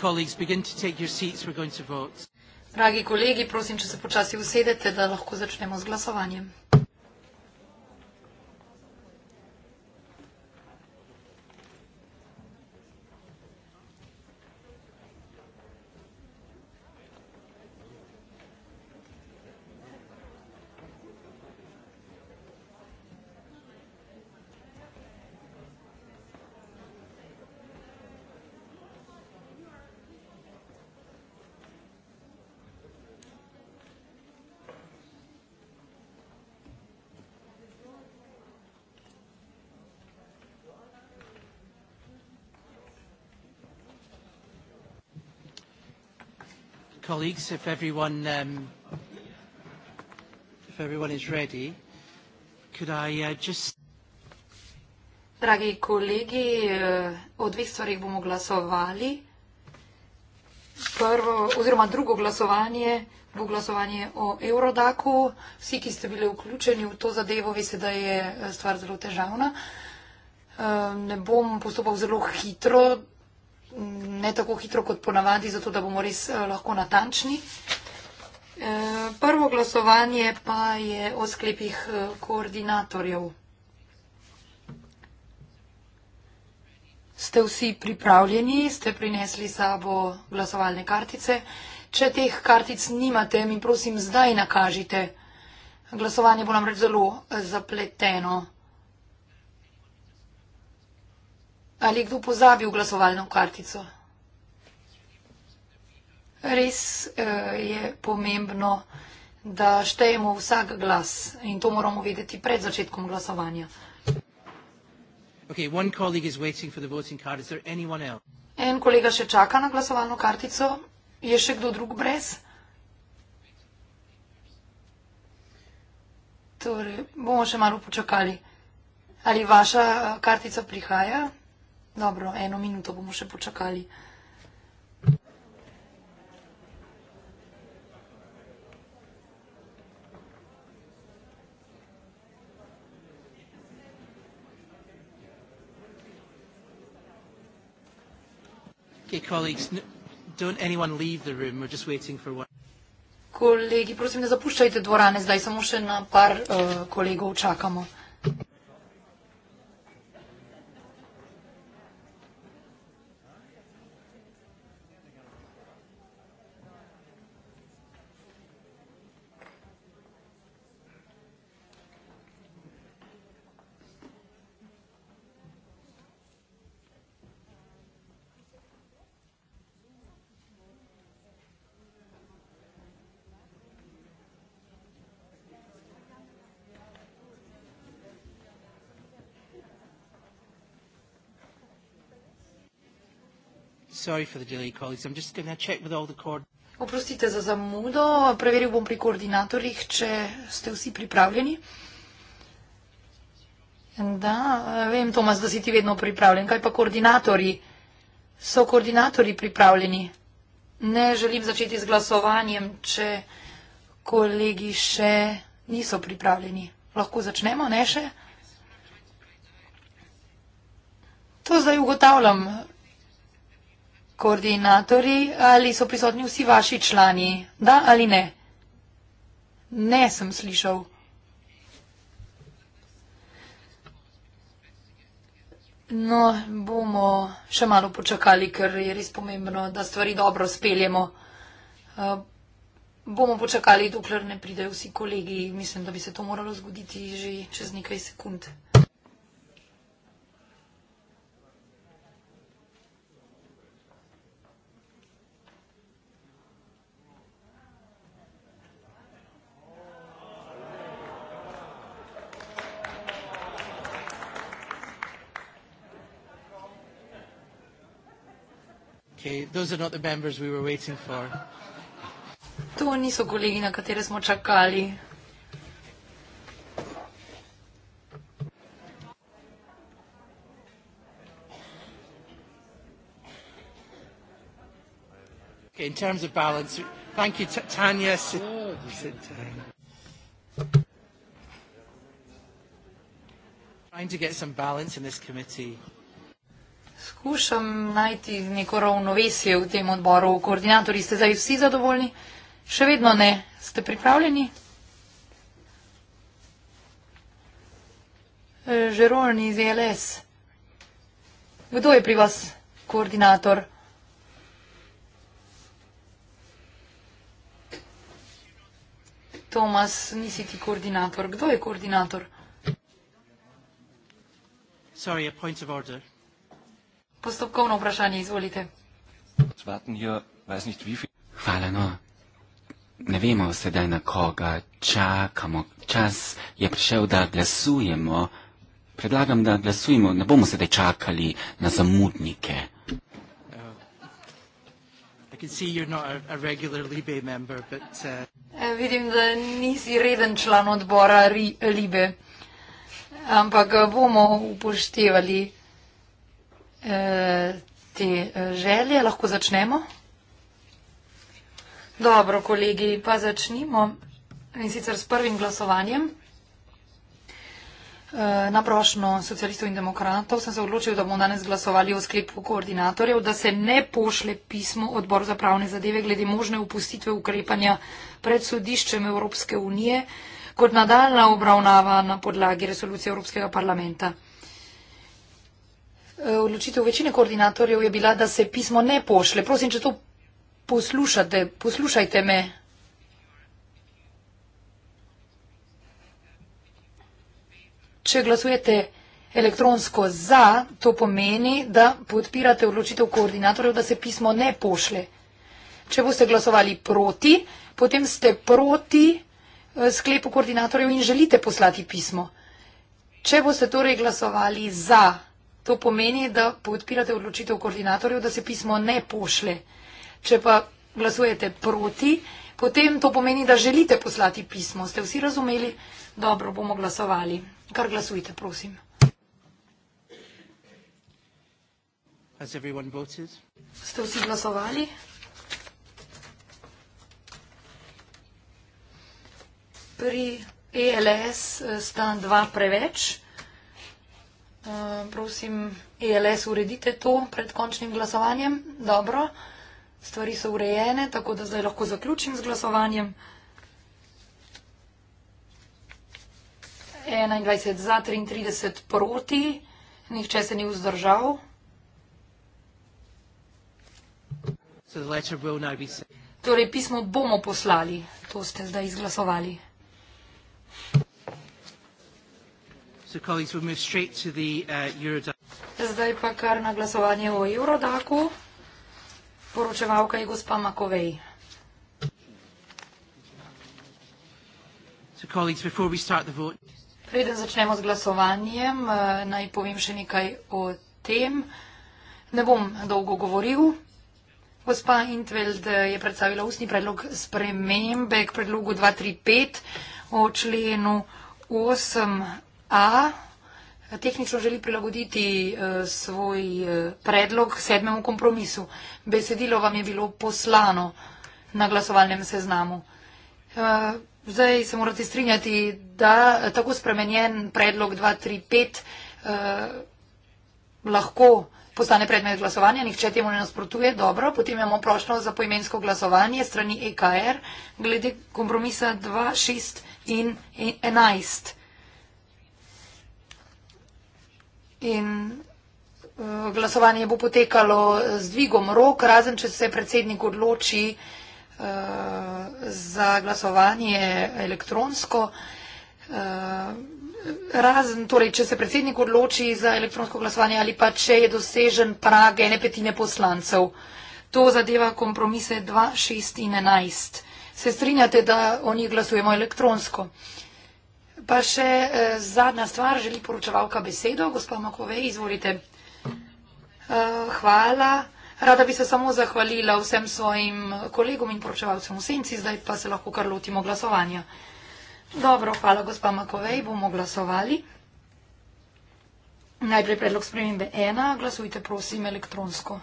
colleagues, begin to take your seats. We're going to vote. Dragi kolegi, prosim, če se počasi usedete, da lahko začnemo z glasovanjem. colleagues, if everyone, um, if everyone is ready, could I uh, just... Dragi kolegi, eh, o dveh stvarih bomo glasovali. Prvo oziroma drugo glasovanje bo glasovanje o Eurodaku. Vsi, ki ste bili vključeni v to zadevo, veste, da je eh, stvar zelo težavna. Eh, ne bom postopal zelo hitro, ne tako hitro kot ponavadi, zato da bomo res eh, lahko natančni. Eh, prvo glasovanje pa je o sklepih eh, koordinatorjev. Ste vsi pripravljeni, ste prinesli sabo glasovalne kartice. Če teh kartic nimate, mi prosim zdaj nakažite. Glasovanje bo namreč zelo zapleteno. Ali je kdo pozabil glasovalno kartico? Res uh, je pomembno, da štejemo vsak glas in to moramo vedeti pred začetkom glasovanja. Okay, en kolega še čaka na glasovalno kartico. Je še kdo drug brez? Torej, bomo še malo počakali. Ali vaša eh, kartica prihaja? Dobro, eno minuto bomo še počakali. Okay, colleagues, don't anyone leave the room. We're just waiting for one. Kolegi, prosim, ne zapuščajte dvorane. Zdaj samo še na par uh, kolegov čakamo. sorry for the delay, colleagues. I'm just going to check with all the cord. Oprostite za zamudo, preveril bom pri koordinatorjih, če ste vsi pripravljeni. Da, vem, Tomas, da si ti vedno pripravljen. Kaj pa koordinatorji? So koordinatorji pripravljeni? Ne želim začeti z glasovanjem, če kolegi še niso pripravljeni. Lahko začnemo, ne še? To zdaj ugotavljam koordinatorji ali so prisotni vsi vaši člani? Da ali ne? Ne sem slišal. No, bomo še malo počakali, ker je res pomembno, da stvari dobro speljemo. Eh, bomo počakali, dokler ne pridejo vsi kolegi. Mislim, da bi se to moralo zgoditi že čez nekaj sekund. Okay, those are not the members we were waiting for. To niso kolegi, na katere smo čakali. Okay, in terms of balance, thank you, Tanya. Trying to get some balance in this committee skušam najti neko ravnovesje v tem odboru. Koordinatorji ste zdaj vsi zadovoljni? Še vedno ne. Ste pripravljeni? E, Žeron iz e LS. Kdo je pri vas koordinator? Tomas, nisi ti koordinator. Kdo je koordinator? Sorry, a point of order. Postopkovno vprašanje, izvolite. Hvala, no. Ne vemo sedaj, na koga čakamo. Čas je prišel, da glasujemo. Predlagam, da glasujemo. Ne bomo sedaj čakali na zamudnike. Uh, uh, eh, vidim, da nisi reden član odbora Libe. Ampak eh, bomo upoštevali. E, te e, želje, lahko začnemo. Dobro, kolegi, pa začnimo in sicer s prvim glasovanjem. E, na prošnjo socialistov in demokratov sem se odločil, da bomo danes glasovali o sklepu koordinatorjev, da se ne pošle pismo odbor za pravne zadeve glede možne upustitve ukrepanja pred sodiščem Evropske unije kot nadaljna obravnava na podlagi resolucije Evropskega parlamenta. Eh, odločitev večine koordinatorjev je bila, da se pismo ne pošle. Prosim, če to poslušate, poslušajte me. Če glasujete elektronsko za, to pomeni, da podpirate odločitev koordinatorjev, da se pismo ne pošle. Če boste glasovali proti, potem ste proti eh, sklepu koordinatorjev in želite poslati pismo. Če boste torej glasovali za, To pomeni, da podpirate odločitev koordinatorjev, da se pismo ne pošle. Če pa glasujete proti, potem to pomeni, da želite poslati pismo. Ste vsi razumeli? Dobro, bomo glasovali. Kar glasujte, prosim. Ste vsi glasovali? Pri ELS eh, sta dva preveč. Eh, prosim, ELS uredite to pred končnim glasovanjem. Dobro, stvari so urejene, tako da zdaj lahko zaključim z glasovanjem. 21 za, 33 proti, nihče se ni vzdržal. Torej pismo bomo poslali, to ste zdaj izglasovali. Uh, Zdaj pa kar na glasovanje o Eurodaku. Poročevalka je gospa Makovej. Preden začnemo z glasovanjem, uh, naj povem še nekaj o tem. Ne bom dolgo govoril. Gospa Intveld uh, je predstavila ustni predlog spremembe k predlogu 235 o členu 8 A tehnično želi prilagoditi eh, svoj eh, predlog sedmemu kompromisu. Besedilo vam je bilo poslano na glasovalnem seznamu. Eh, zdaj se morate strinjati, da tako spremenjen predlog 235 eh, lahko postane predmet glasovanja, nihče temu ne nasprotuje, dobro, potem imamo prošlo za poimensko glasovanje strani EKR glede kompromisa 26 in 11. in eh, glasovanje bo potekalo z dvigom rok, razen če se predsednik odloči eh, za glasovanje elektronsko. Eh, razen, torej, če se predsednik odloči za elektronsko glasovanje ali pa če je dosežen prag ene petine poslancev. To zadeva kompromise 2, 6 in 11. Se strinjate, da o njih glasujemo elektronsko? Uh, Pa še uh, zadnja stvar, želi poročevalka besedo, gospod Makovej, izvolite. Uh, hvala. Rada bi se samo zahvalila vsem svojim kolegom in poročevalcem v senci, zdaj pa se lahko kar lotimo glasovanja. Dobro, hvala gospa Makovej, bomo glasovali. Najprej predlog spremembe ena, glasujte prosim elektronsko.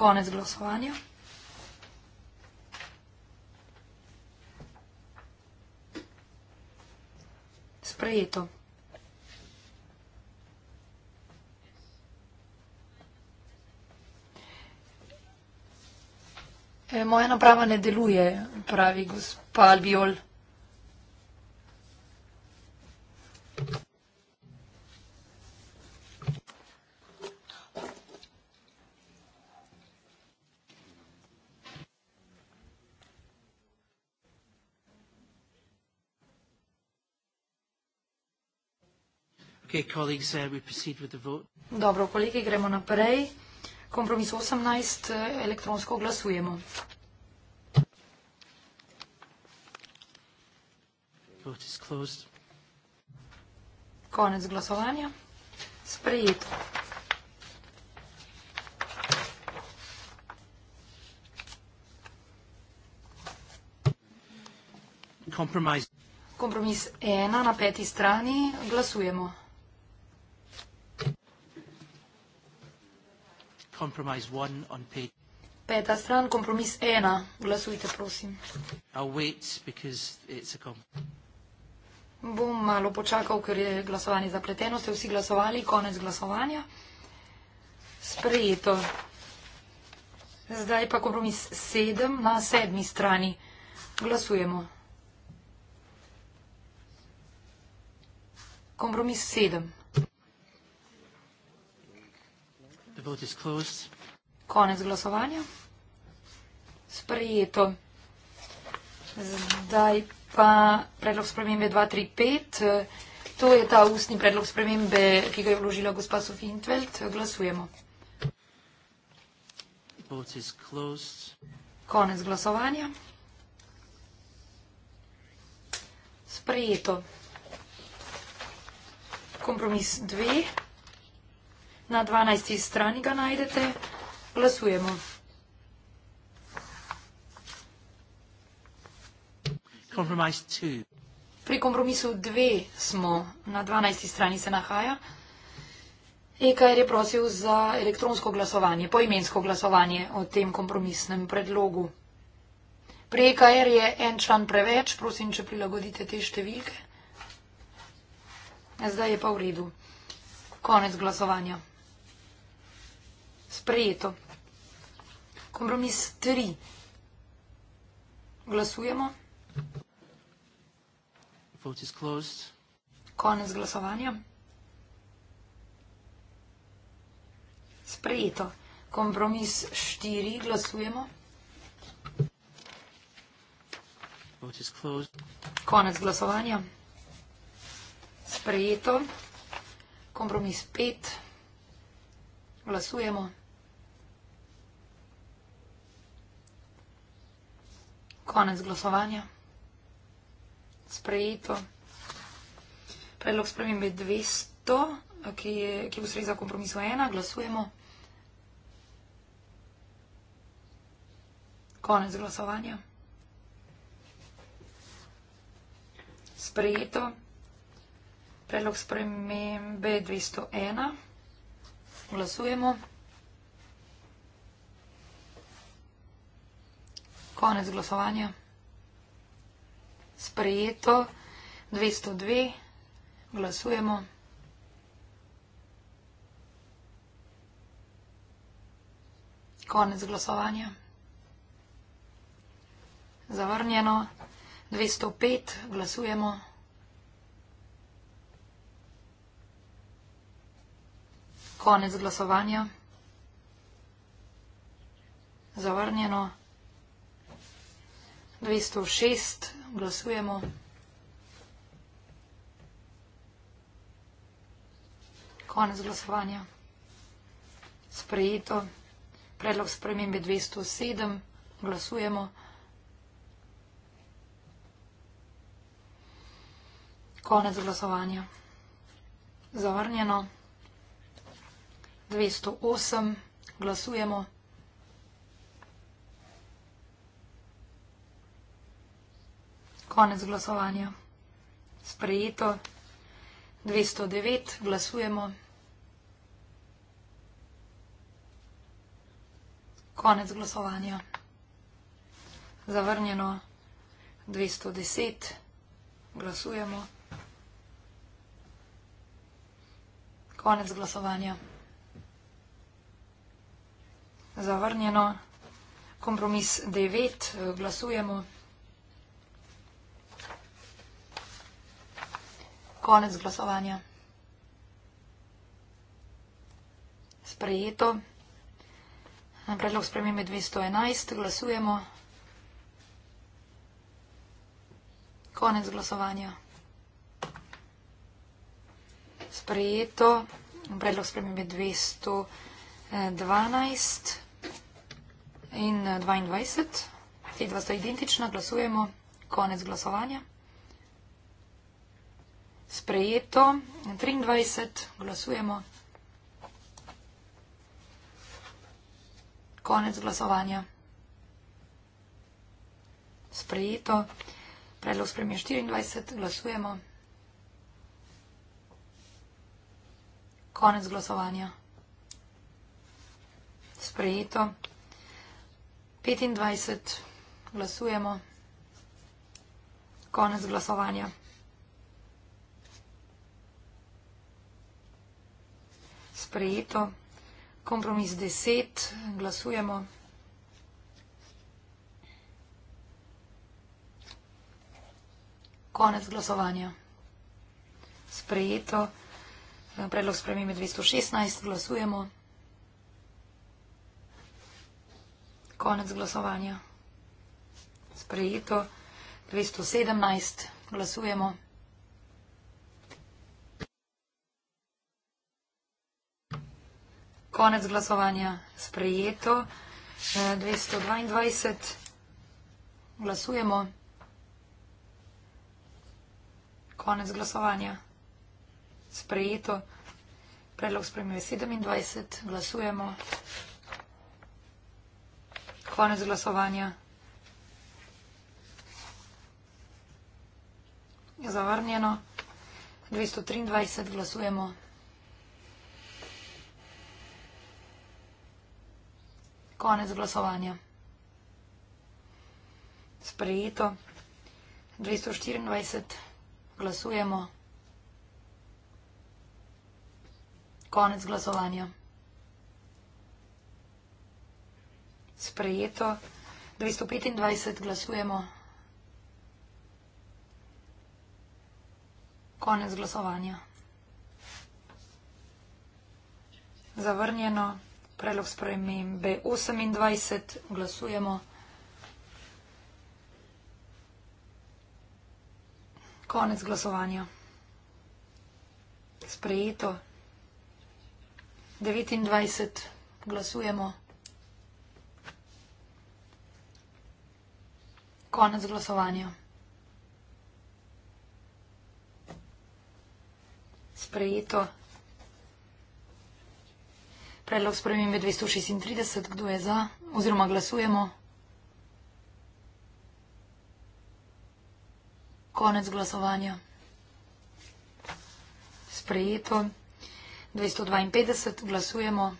Konec glasovanja. sprejeto. E, moja naprava ne deluje, pravi gospa Albiol. Okay, colleagues, uh, we proceed with the vote. Dobro, kolegi, gremo naprej. Kompromis 18, eh, elektronsko glasujemo. Vote is closed. Konec glasovanja. Sprejeto. Kompromis ena na peti strani glasujemo. Compromise one on page. Peta stran, kompromis ena. Glasujte, prosim. Bom malo počakal, ker je glasovanje zapleteno. Ste vsi glasovali? Konec glasovanja. Sprejeto. Zdaj pa kompromis sedem na sedmi strani. Glasujemo. Kompromis sedem. Konec glasovanja. Sprejeto. Zdaj pa predlog spremembe 235. To je ta ustni predlog spremembe, ki ga je vložila gospa Sofintveld. Glasujemo. Konec glasovanja. Sprejeto. Kompromis 2. Na 12. strani ga najdete. Glasujemo. Pri kompromisu 2 smo na 12. strani se nahaja. EKR je prosil za elektronsko glasovanje, poimensko glasovanje o tem kompromisnem predlogu. Pri EKR je en član preveč, prosim, če prilagodite te številke. Zdaj je pa v redu. Konec glasovanja. Sprejeto. Kompromis tri. Glasujemo. Konec glasovanja. Sprejeto. Kompromis štiri. Glasujemo. Konec glasovanja. Sprejeto. Kompromis pet. Glasujemo. Konec glasovanja. Sprejeto. Predlog spremembe 200, ki je, ki je ustrezal kompromisu 1, glasujemo. Konec glasovanja. Sprejeto. Predlog spremembe 201. Glasujemo. Konec glasovanja. Sprejeto. 202. Glasujemo. Konec glasovanja. Zavrnjeno. 205. Glasujemo. Konec glasovanja. Zavrnjeno. 206, glasujemo. Konec glasovanja. Sprejeto. Predlog spremembe 207, glasujemo. Konec glasovanja. Zavrnjeno. 208, glasujemo. 208. Konec glasovanja. Sprejeto. 209. Glasujemo. Konec glasovanja. Zavrnjeno. 210. Glasujemo. Konec glasovanja. Zavrnjeno. Kompromis 9. Glasujemo. Konec glasovanja. Sprejeto. Na predlog spremembe 211 glasujemo. Konec glasovanja. Sprejeto. Na predlog spremembe 212 in 22. Ti dva sta identična. Glasujemo. Konec glasovanja sprejeto. 23, glasujemo. Konec glasovanja. Sprejeto. Predlog spremenja 24, glasujemo. Konec glasovanja. Sprejeto. 25, glasujemo. Konec glasovanja. sprejeto. Kompromis 10. Glasujemo. Konec glasovanja. Sprejeto. Predlog spremembe 216. Glasujemo. Konec glasovanja. Sprejeto. 217. Glasujemo. Konec glasovanja sprejeto. 222. E, Glasujemo. Konec glasovanja sprejeto. Predlog spremljuje 27. Glasujemo. Konec glasovanja. Zavrnjeno. 223. Glasujemo. Konec glasovanja. Sprejeto. 224 glasujemo. Konec glasovanja. Sprejeto. 225 glasujemo. Konec glasovanja. Zavrnjeno. Predlog spremembe 28. Glasujemo. Konec glasovanja. Sprejeto. 29. Glasujemo. Konec glasovanja. Sprejeto. Predlog spremem je 236. Kdo je za? Oziroma glasujemo. Konec glasovanja. Sprejeto. 252. Glasujemo.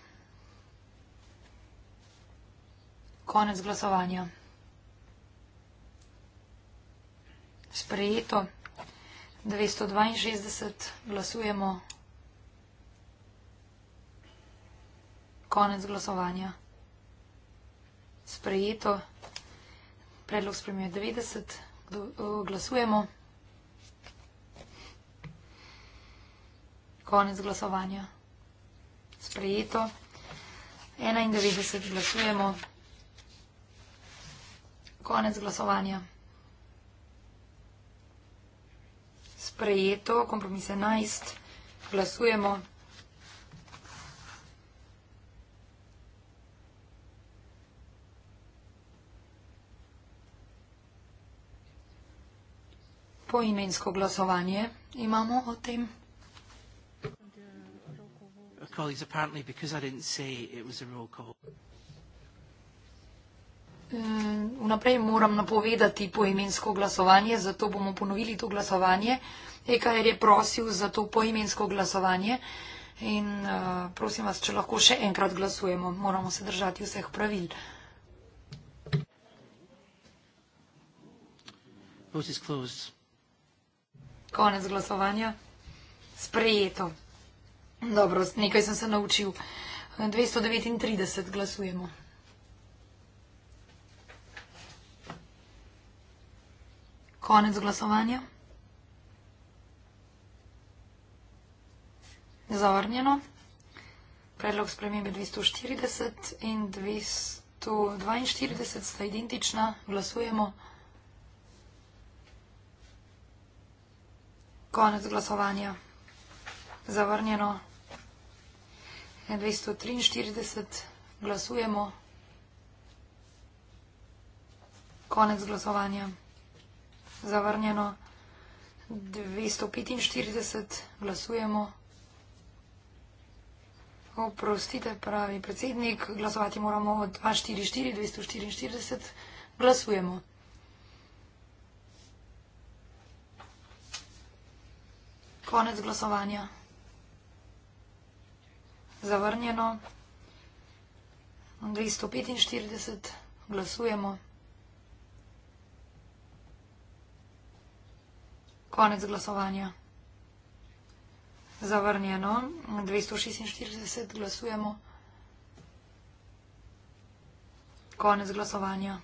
Konec glasovanja. Sprejeto. 262. Glasujemo. Konec glasovanja. Sprejeto. Predlog spremije 90. Kdo, uh, glasujemo. Konec glasovanja. Sprejeto. 91 glasujemo. Konec glasovanja. Sprejeto. Kompromis 11. Glasujemo. poimensko glasovanje imamo o tem. Eh, vnaprej moram napovedati poimensko glasovanje, zato bomo ponovili to glasovanje. EKR er je prosil za to poimensko glasovanje in eh, prosim vas, če lahko še enkrat glasujemo. Moramo se držati vseh pravil. Vote is closed konec glasovanja. Sprejeto. Dobro, nekaj sem se naučil. 239 glasujemo. Konec glasovanja. Zavrnjeno. Predlog spremembe 240 in 242 sta identična. Glasujemo. Glasujemo. Konec glasovanja. Zavrnjeno. 243 glasujemo. Konec glasovanja. Zavrnjeno. 245 glasujemo. Oprostite, pravi predsednik, glasovati moramo od 244, 244 glasujemo. Konec glasovanja. Zavrnjeno. Andrej 145. Glasujemo. Konec glasovanja. Zavrnjeno. 246. Glasujemo. Konec glasovanja.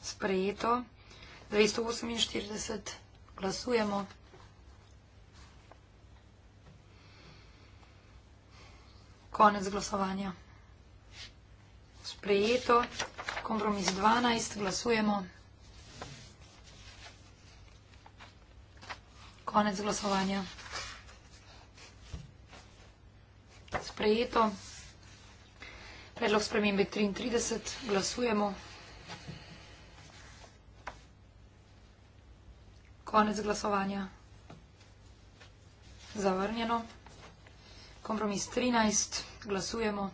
Sprejeto. Sprejeto. 248, glasujemo. Konec glasovanja. Sprejeto. Kompromis 12, glasujemo. Konec glasovanja. Sprejeto. Predlog spremembe 33, glasujemo. Konec glasovanja. Zavrnjeno. Kompromis 13. Glasujemo.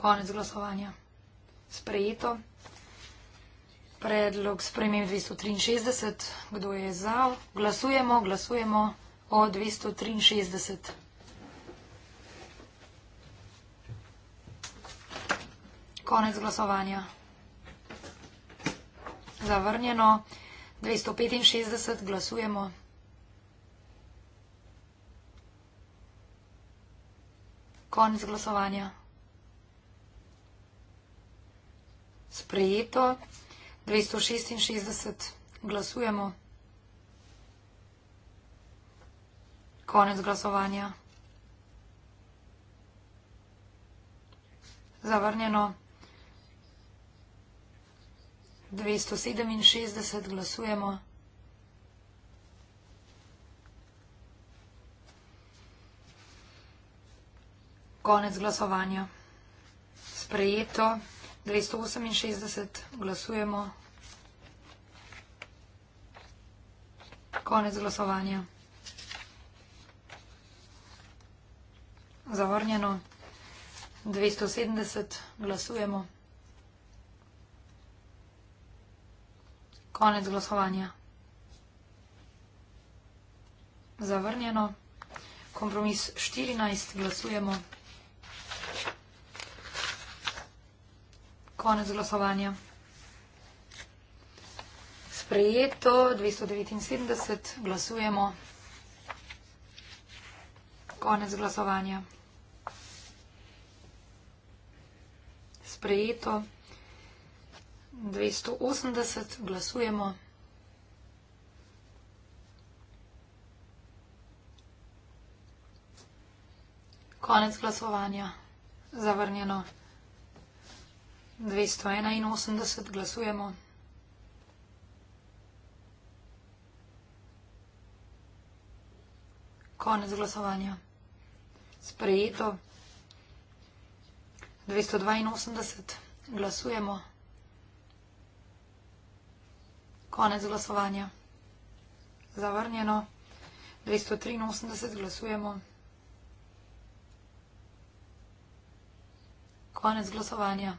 Konec glasovanja. Sprejeto. Predlog spremem 263. Kdo je za? Glasujemo, glasujemo o 263. Konec glasovanja. Zavrnjeno 265, glasujemo. Konec glasovanja. Sprejeto 266, glasujemo. Konec glasovanja. Zavrnjeno 265. 267 glasujemo. Konec glasovanja. Sprejeto. 268 glasujemo. Konec glasovanja. Zavrnjeno. 270 glasujemo. Konec glasovanja. Zavrnjeno. Kompromis 14. Glasujemo. Konec glasovanja. Sprejeto 279. Glasujemo. Konec glasovanja. Sprejeto 279. 280, glasujemo. Konec glasovanja. Zavrnjeno. 281, glasujemo. Konec glasovanja. Sprejeto. 282, glasujemo. 282. Konec glasovanja. Zavrnjeno. 283 glasujemo. Konec glasovanja.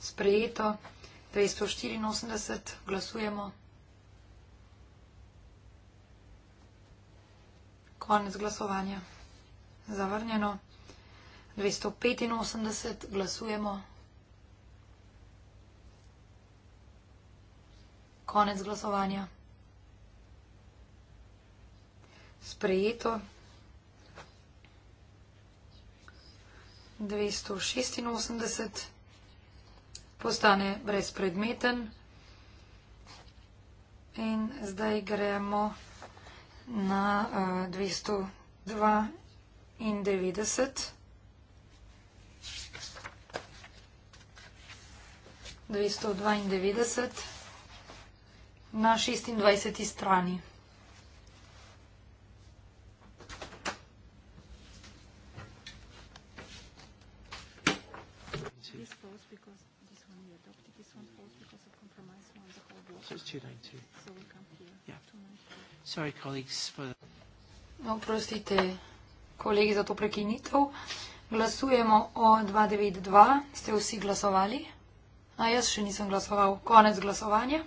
Sprejeto. 284 glasujemo. Konec glasovanja. Zavrnjeno. 285 glasujemo. Konec glasovanja. Sprejeto. 286 postane brezpredmeten. In zdaj gremo na 292. Eh, 292 na 26. strani. No, oprostite, kolegi, za to prekinitev. Glasujemo o 292. Ste vsi glasovali? A jaz še nisem glasoval. Konec glasovanja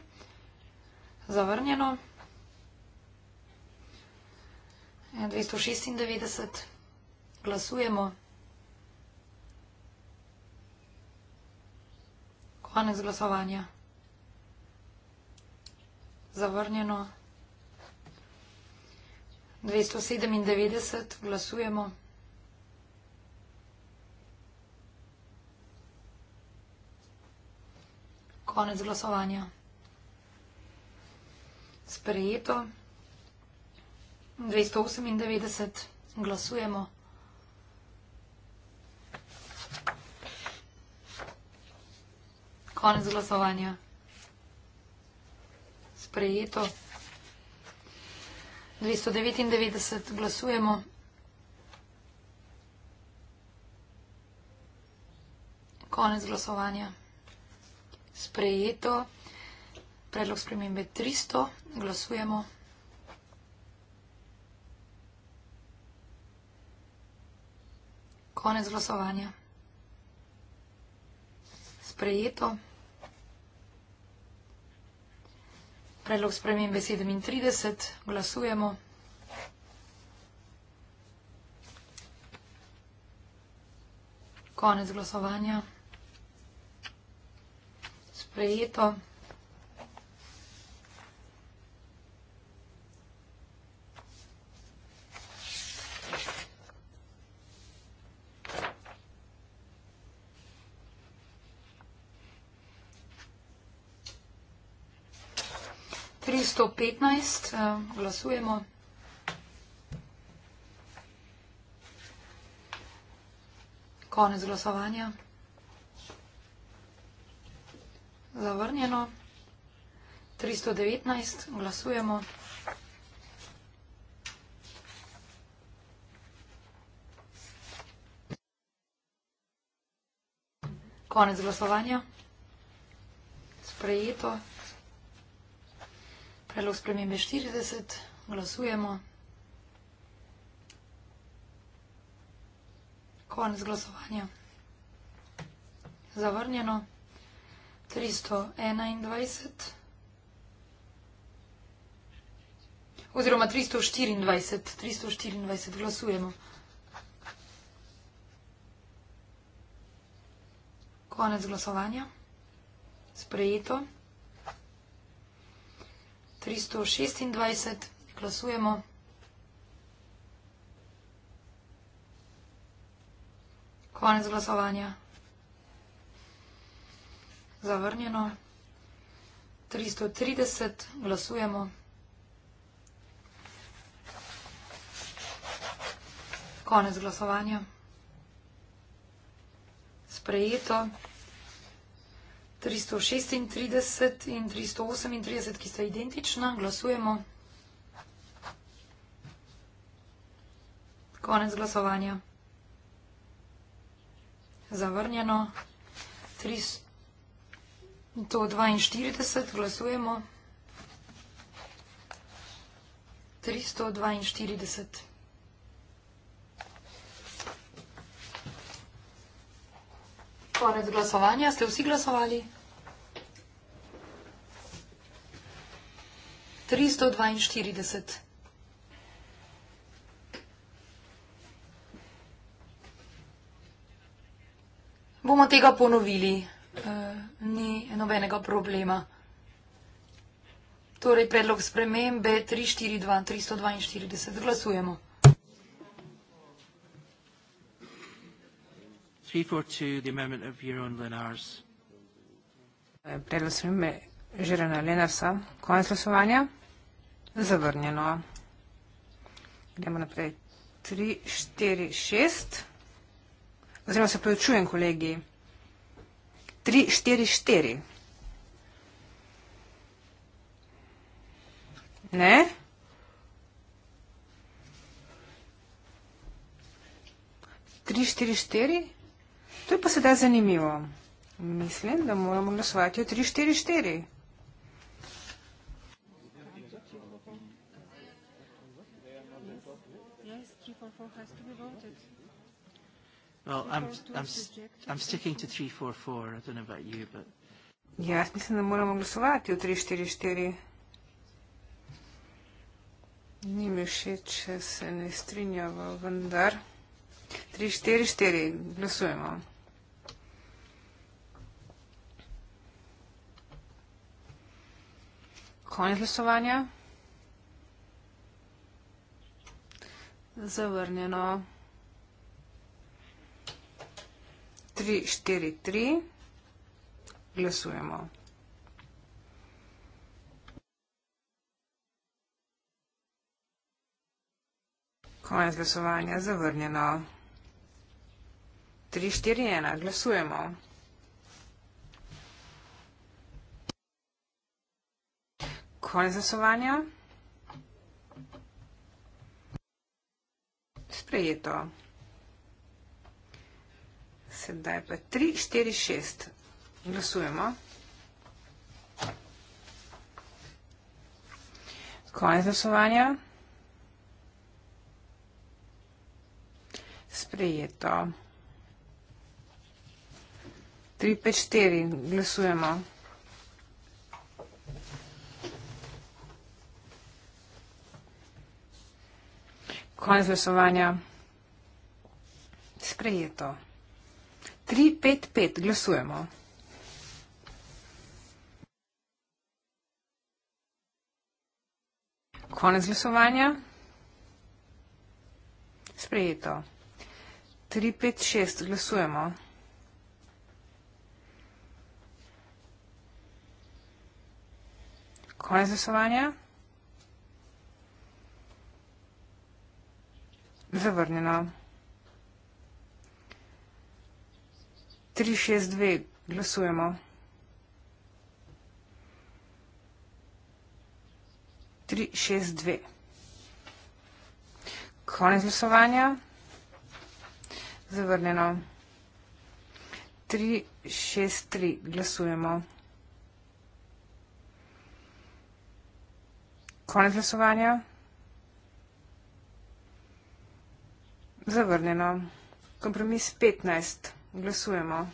zavrnjeno. 296 ja, glasujemo. Konec glasovanja. Zavrnjeno. 297 glasujemo. Konec glasovanja sprejeto. 298 glasujemo. Konec glasovanja. Sprejeto. 299 glasujemo. Konec glasovanja. Sprejeto. Predlog spremembe 300. Glasujemo. Konec glasovanja. Sprejeto. Predlog spremembe 37. Glasujemo. Konec glasovanja. Sprejeto. 115, eh, glasujemo. Konec glasovanja. Zavrnjeno. 319, glasujemo. Konec glasovanja. Sprejeto. Predlog spremembe 40, glasujemo. Konec glasovanja. Zavrnjeno. 321. Oziroma 324. 324 glasujemo. Konec glasovanja. Sprejeto. 326, glasujemo. Konec glasovanja. Zavrnjeno. 330, glasujemo. Konec glasovanja. Sprejeto. 336 in 338, ki sta identična, glasujemo. Konec glasovanja. Zavrnjeno. 342, glasujemo. 342. Konec glasovanja. Ste vsi glasovali? 342. Bomo tega ponovili. E, ni nobenega problema. Torej, predlog spremembe 342. 342. Glasujemo. 342, the amendment of Jeroen Lenars. Eh, predlog spremembe Žirana Lenarsa. Konec glasovanja. Zavrnjeno. Gremo naprej. 3, 4, 6. Oziroma se pojučujem, kolegi. 3, 4, 4. Ne? Tri, štiri, štiri? To je pa sedaj zanimivo. Mislim, da moramo glasovati o 3-4-4. Well, I'm, I'm, I'm sticking to 344. I don't know about you, but. Yes, ja, mislim, da moramo glasovati o 344. Ni mi všeč, če se ne strinjava, vendar. 344, glasujemo. Konec glasovanja. Zavrnjeno. 3, 4, 3. Glasujemo. Konec glasovanja. Zavrnjeno. 3, 4, 1. Glasujemo. Konec glasovanja. Sprejeto. Sedaj pa 3, 4, 6. Glasujemo. Konec glasovanja. Sprejeto. 3, 5, 4. Glasujemo. Konec glasovanja. Sprejeto. 355 glasujemo. Konec glasovanja. Sprejeto. 356 glasujemo. Konec glasovanja. Zavrnjeno. 3-6-2. Glasujemo. Tri, šest, dve. Konec glasovanja. Zavrnjeno. Tri, šest, tri. Glasujemo. Konec glasovanja. Zavrnjeno. Kompromis 15. Glasujemo.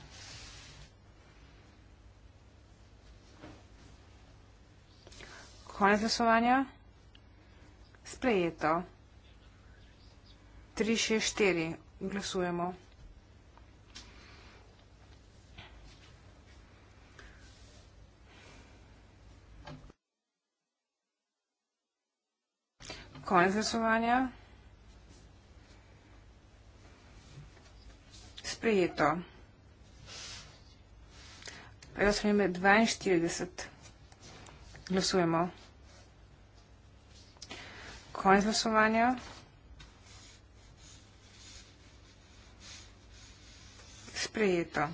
Konec glasovanja. Sprejeto. 3, 6, 4. Glasujemo. Konec glasovanja. sprejeto. Jaz sem ime 42. Glasujemo. Konj glasovanja. Sprejeto.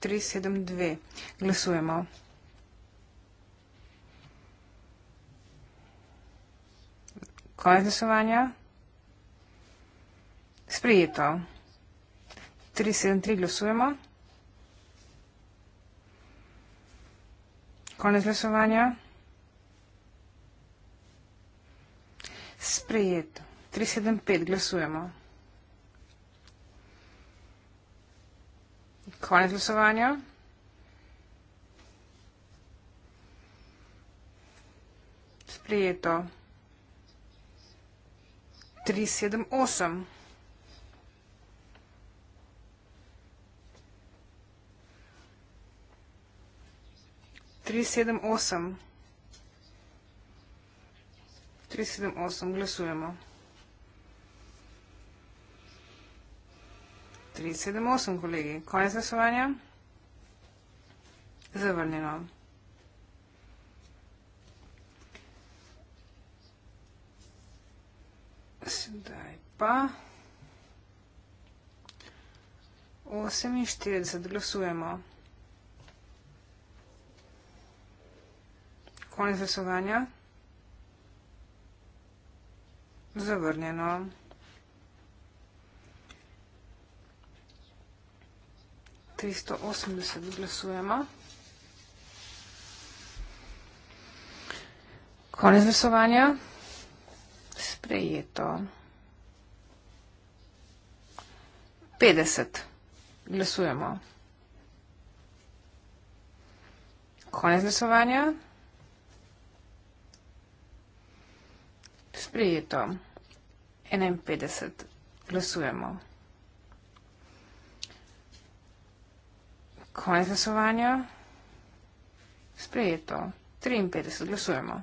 372. Glasujemo. Konj glasovanja. Sprejeto. 373 glasujemo. Konec glasovanja. Sprejet. 375 glasujemo. Konec glasovanja. Sprejeto. 378. 378. Glasujemo. 378, kolegi. Konec glasovanja. Zavrnjeno. Sedaj pa 48 glasujemo. Konec glasovanja. Zavrnjeno. Tristo osemdeset glasujemo. Konec glasovanja. Sprejeto. Petdeset glasujemo. Konec glasovanja. Sprejeto. 51. Glasujemo. Konec glasovanja. Sprejeto. 53. Glasujemo.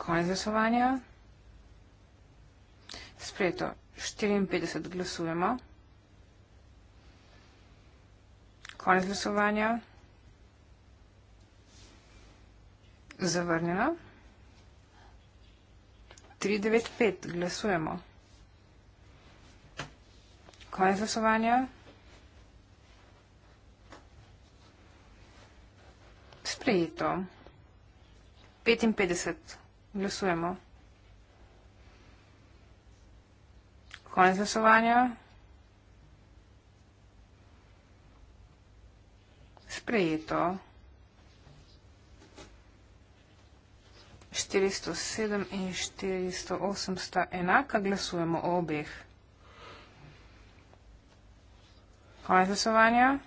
Konec glasovanja. Sprejeto. 54. Glasujemo. Konec glasovanja. Sprejeto. zavrnjeno. 395, glasujemo. Konec glasovanja. 55. Glasujemo. Konec glasovanja. Sprejeto. 407 in 408 sta enaka, glasujemo o obeh. Konec glasovanja.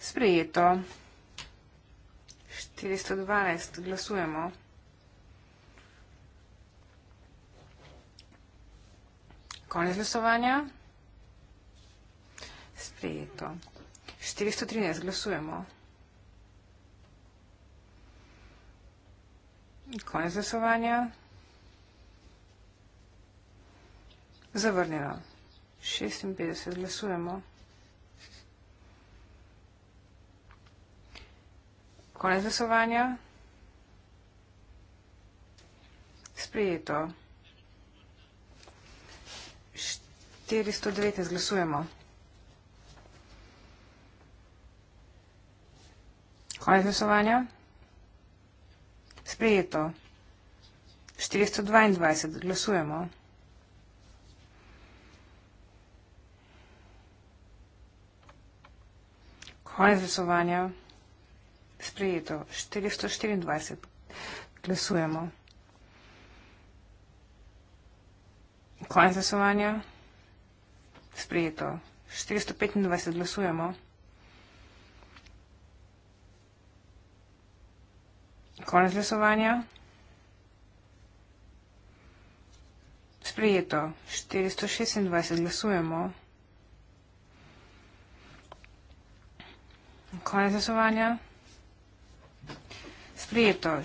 Sprejeto. 412, glasujemo. Konec glasovanja. Sprejeto. 413, glasujemo. 413, glasujemo. Konec glasovanja. Zavrnjeno. 56 glasujemo. Konec glasovanja. Sprijeto. 419 glasujemo. Konec glasovanja. Sprejeto. 422. Glasujemo. Konec glasovanja. Sprejeto. 424. Glasujemo. Konec glasovanja. Sprejeto. 425. Glasujemo. Konec glasovanja. Sprejeto. 426 glasujemo. Konec glasovanja. Sprejeto.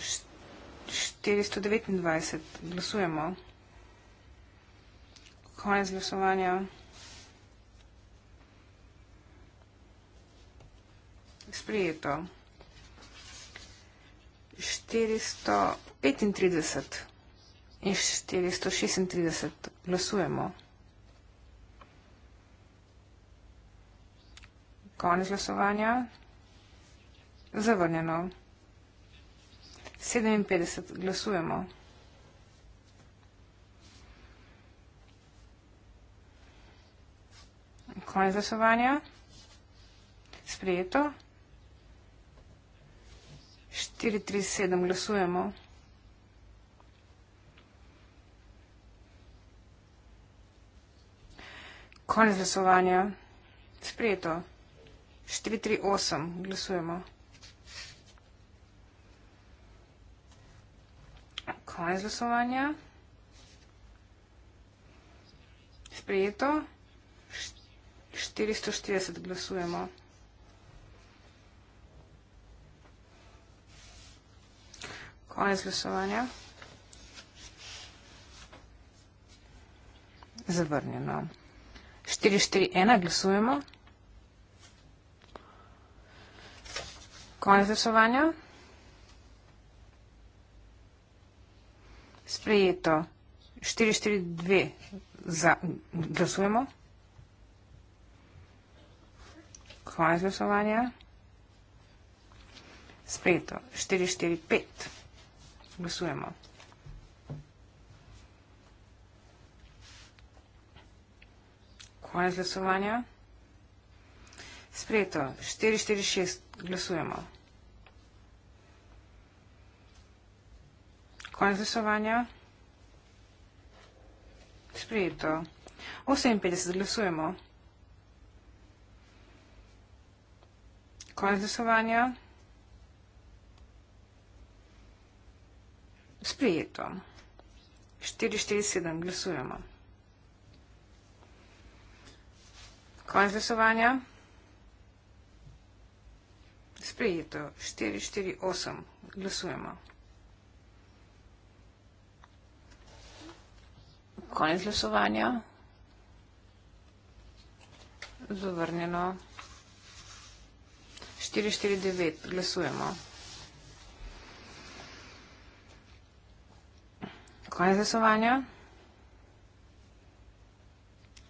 429 glasujemo. Konec glasovanja. Sprejeto. 435 in 436 glasujemo. Konec glasovanja. Zavrnjeno. 57 glasujemo. Konec glasovanja. Sprejeto. 437 glasujemo. Konec glasovanja. Sprejeto. 438 glasujemo. Konec glasovanja. Sprejeto. 440 glasujemo. 440 glasujemo. Konec glasovanja. Zavrnjeno. 4-4-1, glasujemo. Konec glasovanja. Sprejeto. 4-4-2, glasujemo. Konec glasovanja. Sprejeto. 4-4-5. Glasujemo. Konec glasovanja. Sprejeto. 446. Glasujemo. Konec glasovanja. Sprejeto. 58. Glasujemo. Konec glasovanja. Sprejeto. 447 glasujemo. Konec glasovanja. Sprejeto. 448 glasujemo. Konec glasovanja. Zavrnjeno. 449 glasujemo. Kaj je zasovanja?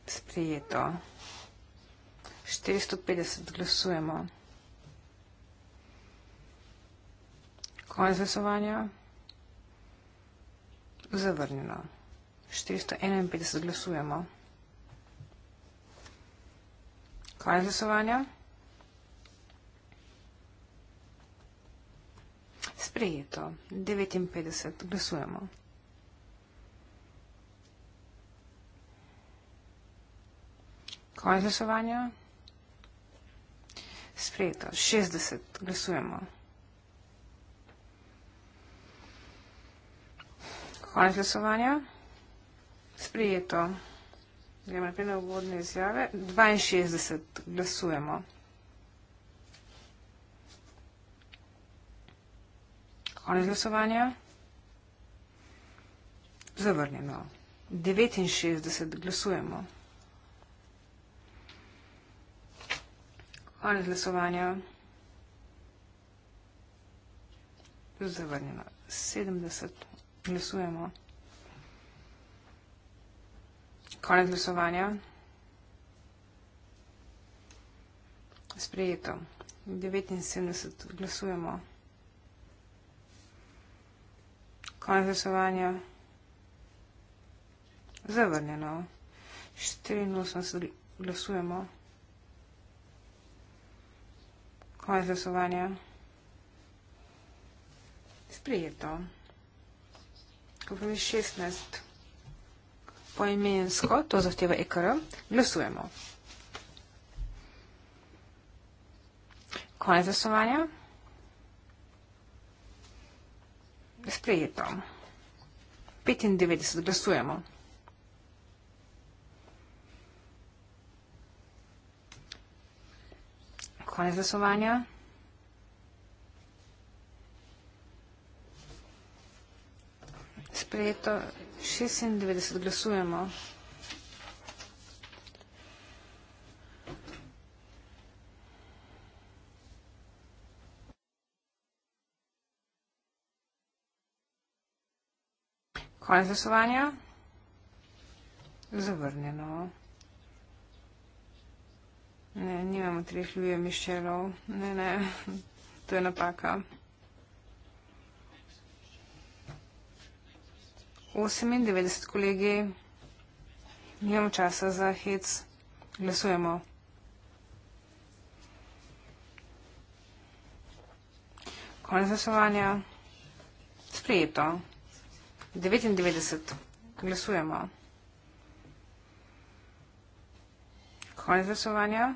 Sprijeto. 450 glasujemo. Kaj je zasovanja? Zavrnjeno. 451 glasujemo. Kaj je zasovanja? Sprijeto. 59 glasujemo. Konec glasovanja. Sprejeto. 60. Glasujemo. Konec glasovanja. Sprejeto. Gremo naprej na uvodne izjave. 62. Glasujemo. Konec glasovanja. Zavrnjeno. 69. Glasujemo. Glasujemo. Ali izglasovanja. Zavrnjeno. 70. Glasujemo. Konec glasovanja. Sprejeto. 79. Glasujemo. Konec glasovanja. Zavrnjeno. 84. Glasujemo. Glasujemo. Koniec losowania. Sprijeto. Kupujemy 16 poimiensko, to zahtiewa ekr. Losujemy. Koniec losowania. Sprijeto. 95 glasujemo. konec glasovanja. Sprejeto 96 glasujemo. Konec glasovanja. Zavrnjeno. Ne, nimamo treh ljubje mišelov. Ne, ne, to je napaka. 98 kolegi, nimamo časa za hec, glasujemo. Konec glasovanja, sprejeto. 99, glasujemo. Konec glasovanja.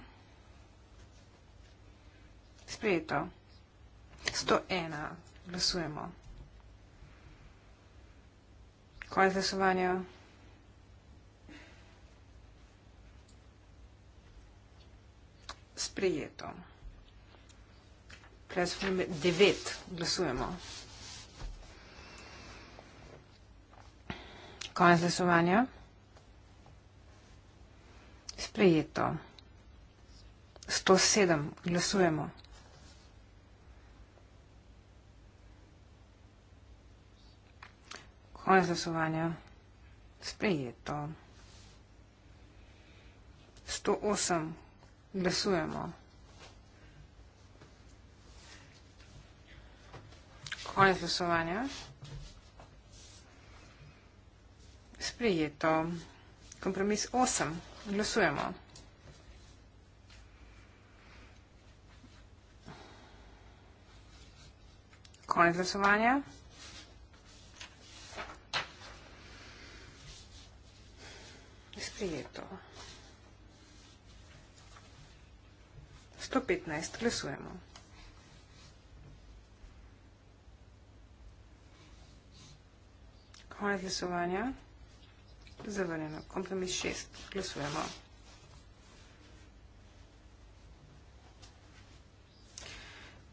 Sprejeto. 101. Glasujemo. Konec glasovanja. Sprejeto. Glasovanje 9. Glasujemo. Konec glasovanja. Sprejeto. 107. Glasujemo. Konec glasovanja. Sprejeto. 108. Glasujemo. Konec glasovanja. Sprejeto. Kompromis 8. Glasujemo. Konec glasovanja. Sprijeto. 115. Glasujemo. Konec glasovanja. Glasujemo. Zavrnjeno. Kompromis 6. Glasujemo.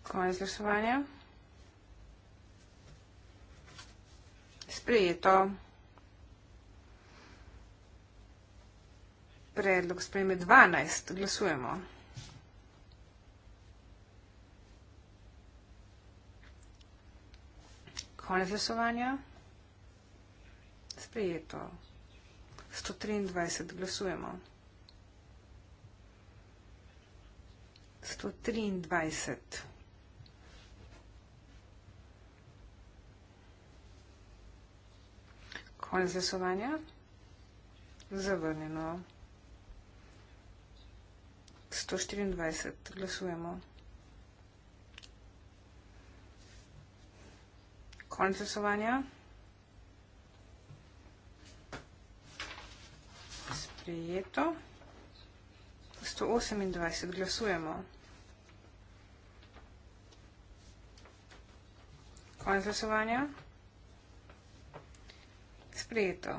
Konec glasovanja. Sprejeto. Predlog sprejme 12. Glasujemo. Konec glasovanja. Sprejeto. Sprejeto. 123 glasujemo. 123. Konec glasovanja. Zavrnjeno. 124 glasujemo. Konec glasovanja. sprejeto. 128 glasujemo. Konec glasovanja. Sprejeto.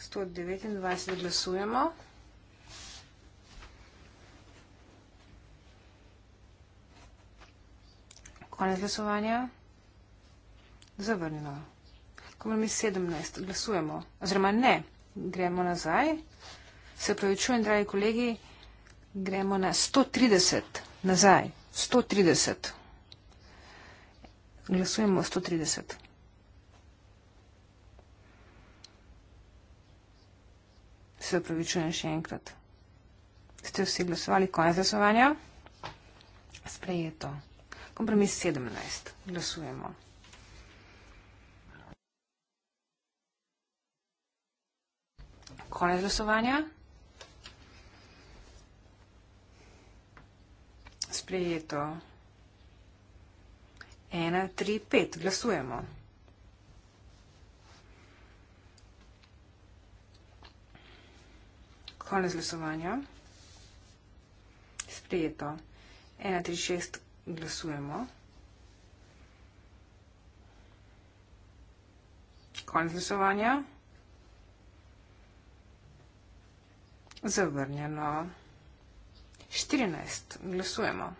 129 glasujemo. Konec glasovanja. Zavrnjeno. Ko imamo mi 17, glasujemo. Oziroma ne, gremo nazaj. Se pravičujem, dragi kolegi, gremo na 130 nazaj. 130. Glasujemo 130. Se upravičujem še enkrat. Ste vsi glasovali? Konec glasovanja? Sprejeto. Kompromis 17. Glasujemo. Konec glasovanja? sprejeto. 1, 3, 5. Glasujemo. Konec glasovanja. Sprejeto. 1, 3, 6. Glasujemo. Konec glasovanja. Zavrnjeno. 14. Glasujemo.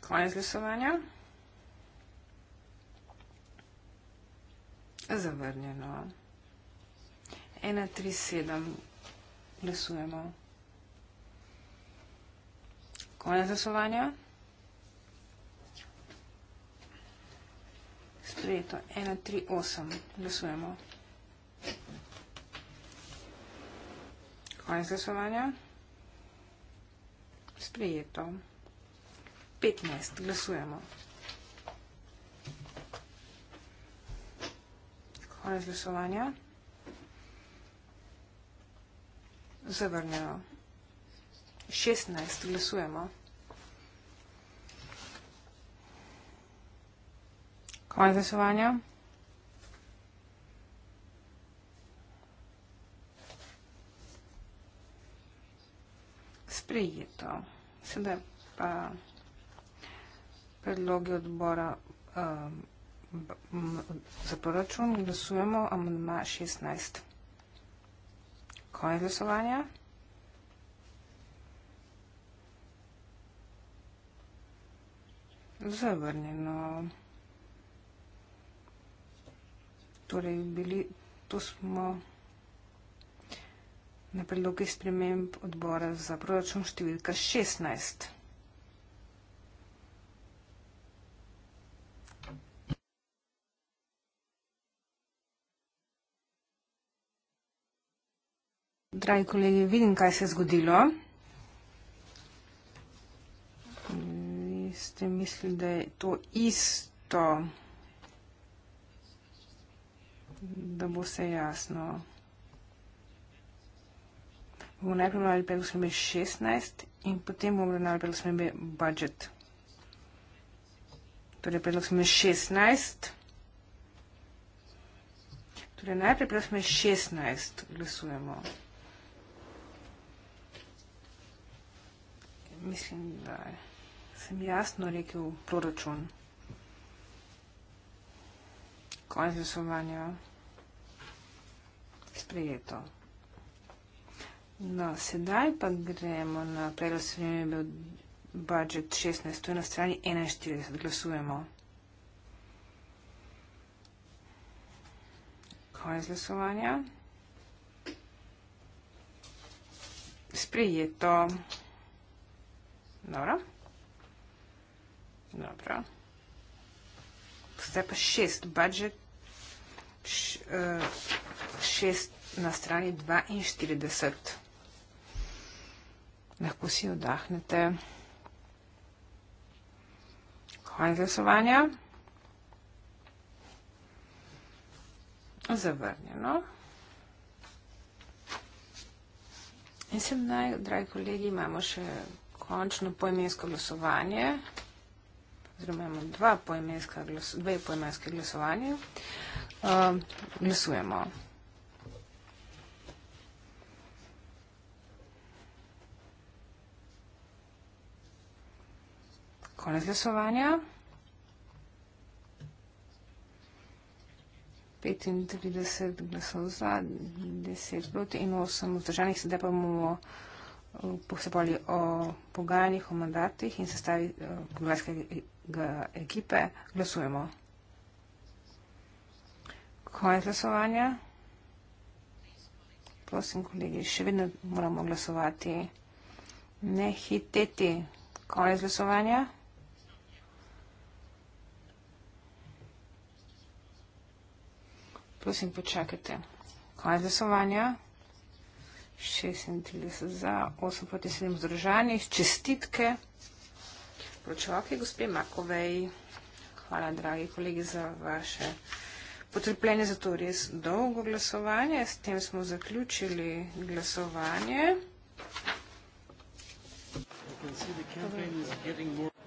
Konec glasovanja. Zavrnjeno. 1.37. Glasujemo. Konec glasovanja. Sprejeto. 1.38. Glasujemo. Glasujemo. Konec glasovanja. Sprejeto. 15. Glasujemo. Konec glasovanja. Zavrnjeno. 16. Glasujemo. Konec glasovanja. sprejeto. Sedaj pa predloge odbora um, za proračun glasujemo amandma 16. Konec glasovanja. Zavrnjeno. Torej, bili, to smo na predloge sprememb odbora za proračun številka 16. Dragi kolegi, vidim, kaj se je zgodilo. Vi ste mislili, da je to isto, da bo se jasno vsega bomo najprej morali pregled smembe 16 in potem bomo morali pregled smembe budget. Torej, pregled smembe 16. Torej, najprej pregled smembe 16 glasujemo. Mislim, da sem jasno rekel proračun. Konec glasovanja. Sprejeto. No, sedaj pa gremo na predlog spremembe v budžet 16, to je na strani 41, glasujemo. Konec glasovanja. Sprijeto. Dobro. Dobro. Zdaj pa šest, budžet š, uh, šest na strani 42 lahko si oddahnete. Konec glasovanja. Zavrnjeno. In sem naj, dragi kolegi, imamo še končno poimensko glasovanje. Oziroma imamo dva poimenska, dve poimenske glasovanje. Ehm, uh, glasujemo. Ne. Konec glasovanja. 35 glasov za, 10 proti in 8 vzdržanih. Sedaj pa bomo eh, posebali o pogajanjih, o mandatih in sestavi eh, poglavske ekipe. Glasujemo. Konec glasovanja. Prosim, kolegi, še vedno moramo glasovati. Ne hiteti. Konec glasovanja. Prosim, počakajte. Konec glasovanja. 36 za, 8 proti 7 vzdržanih. Čestitke. Pročevalke, gospe Makovej. Hvala, dragi kolegi, za vaše potrpljenje za to res dolgo glasovanje. S tem smo zaključili glasovanje. You can see the campaign is getting more...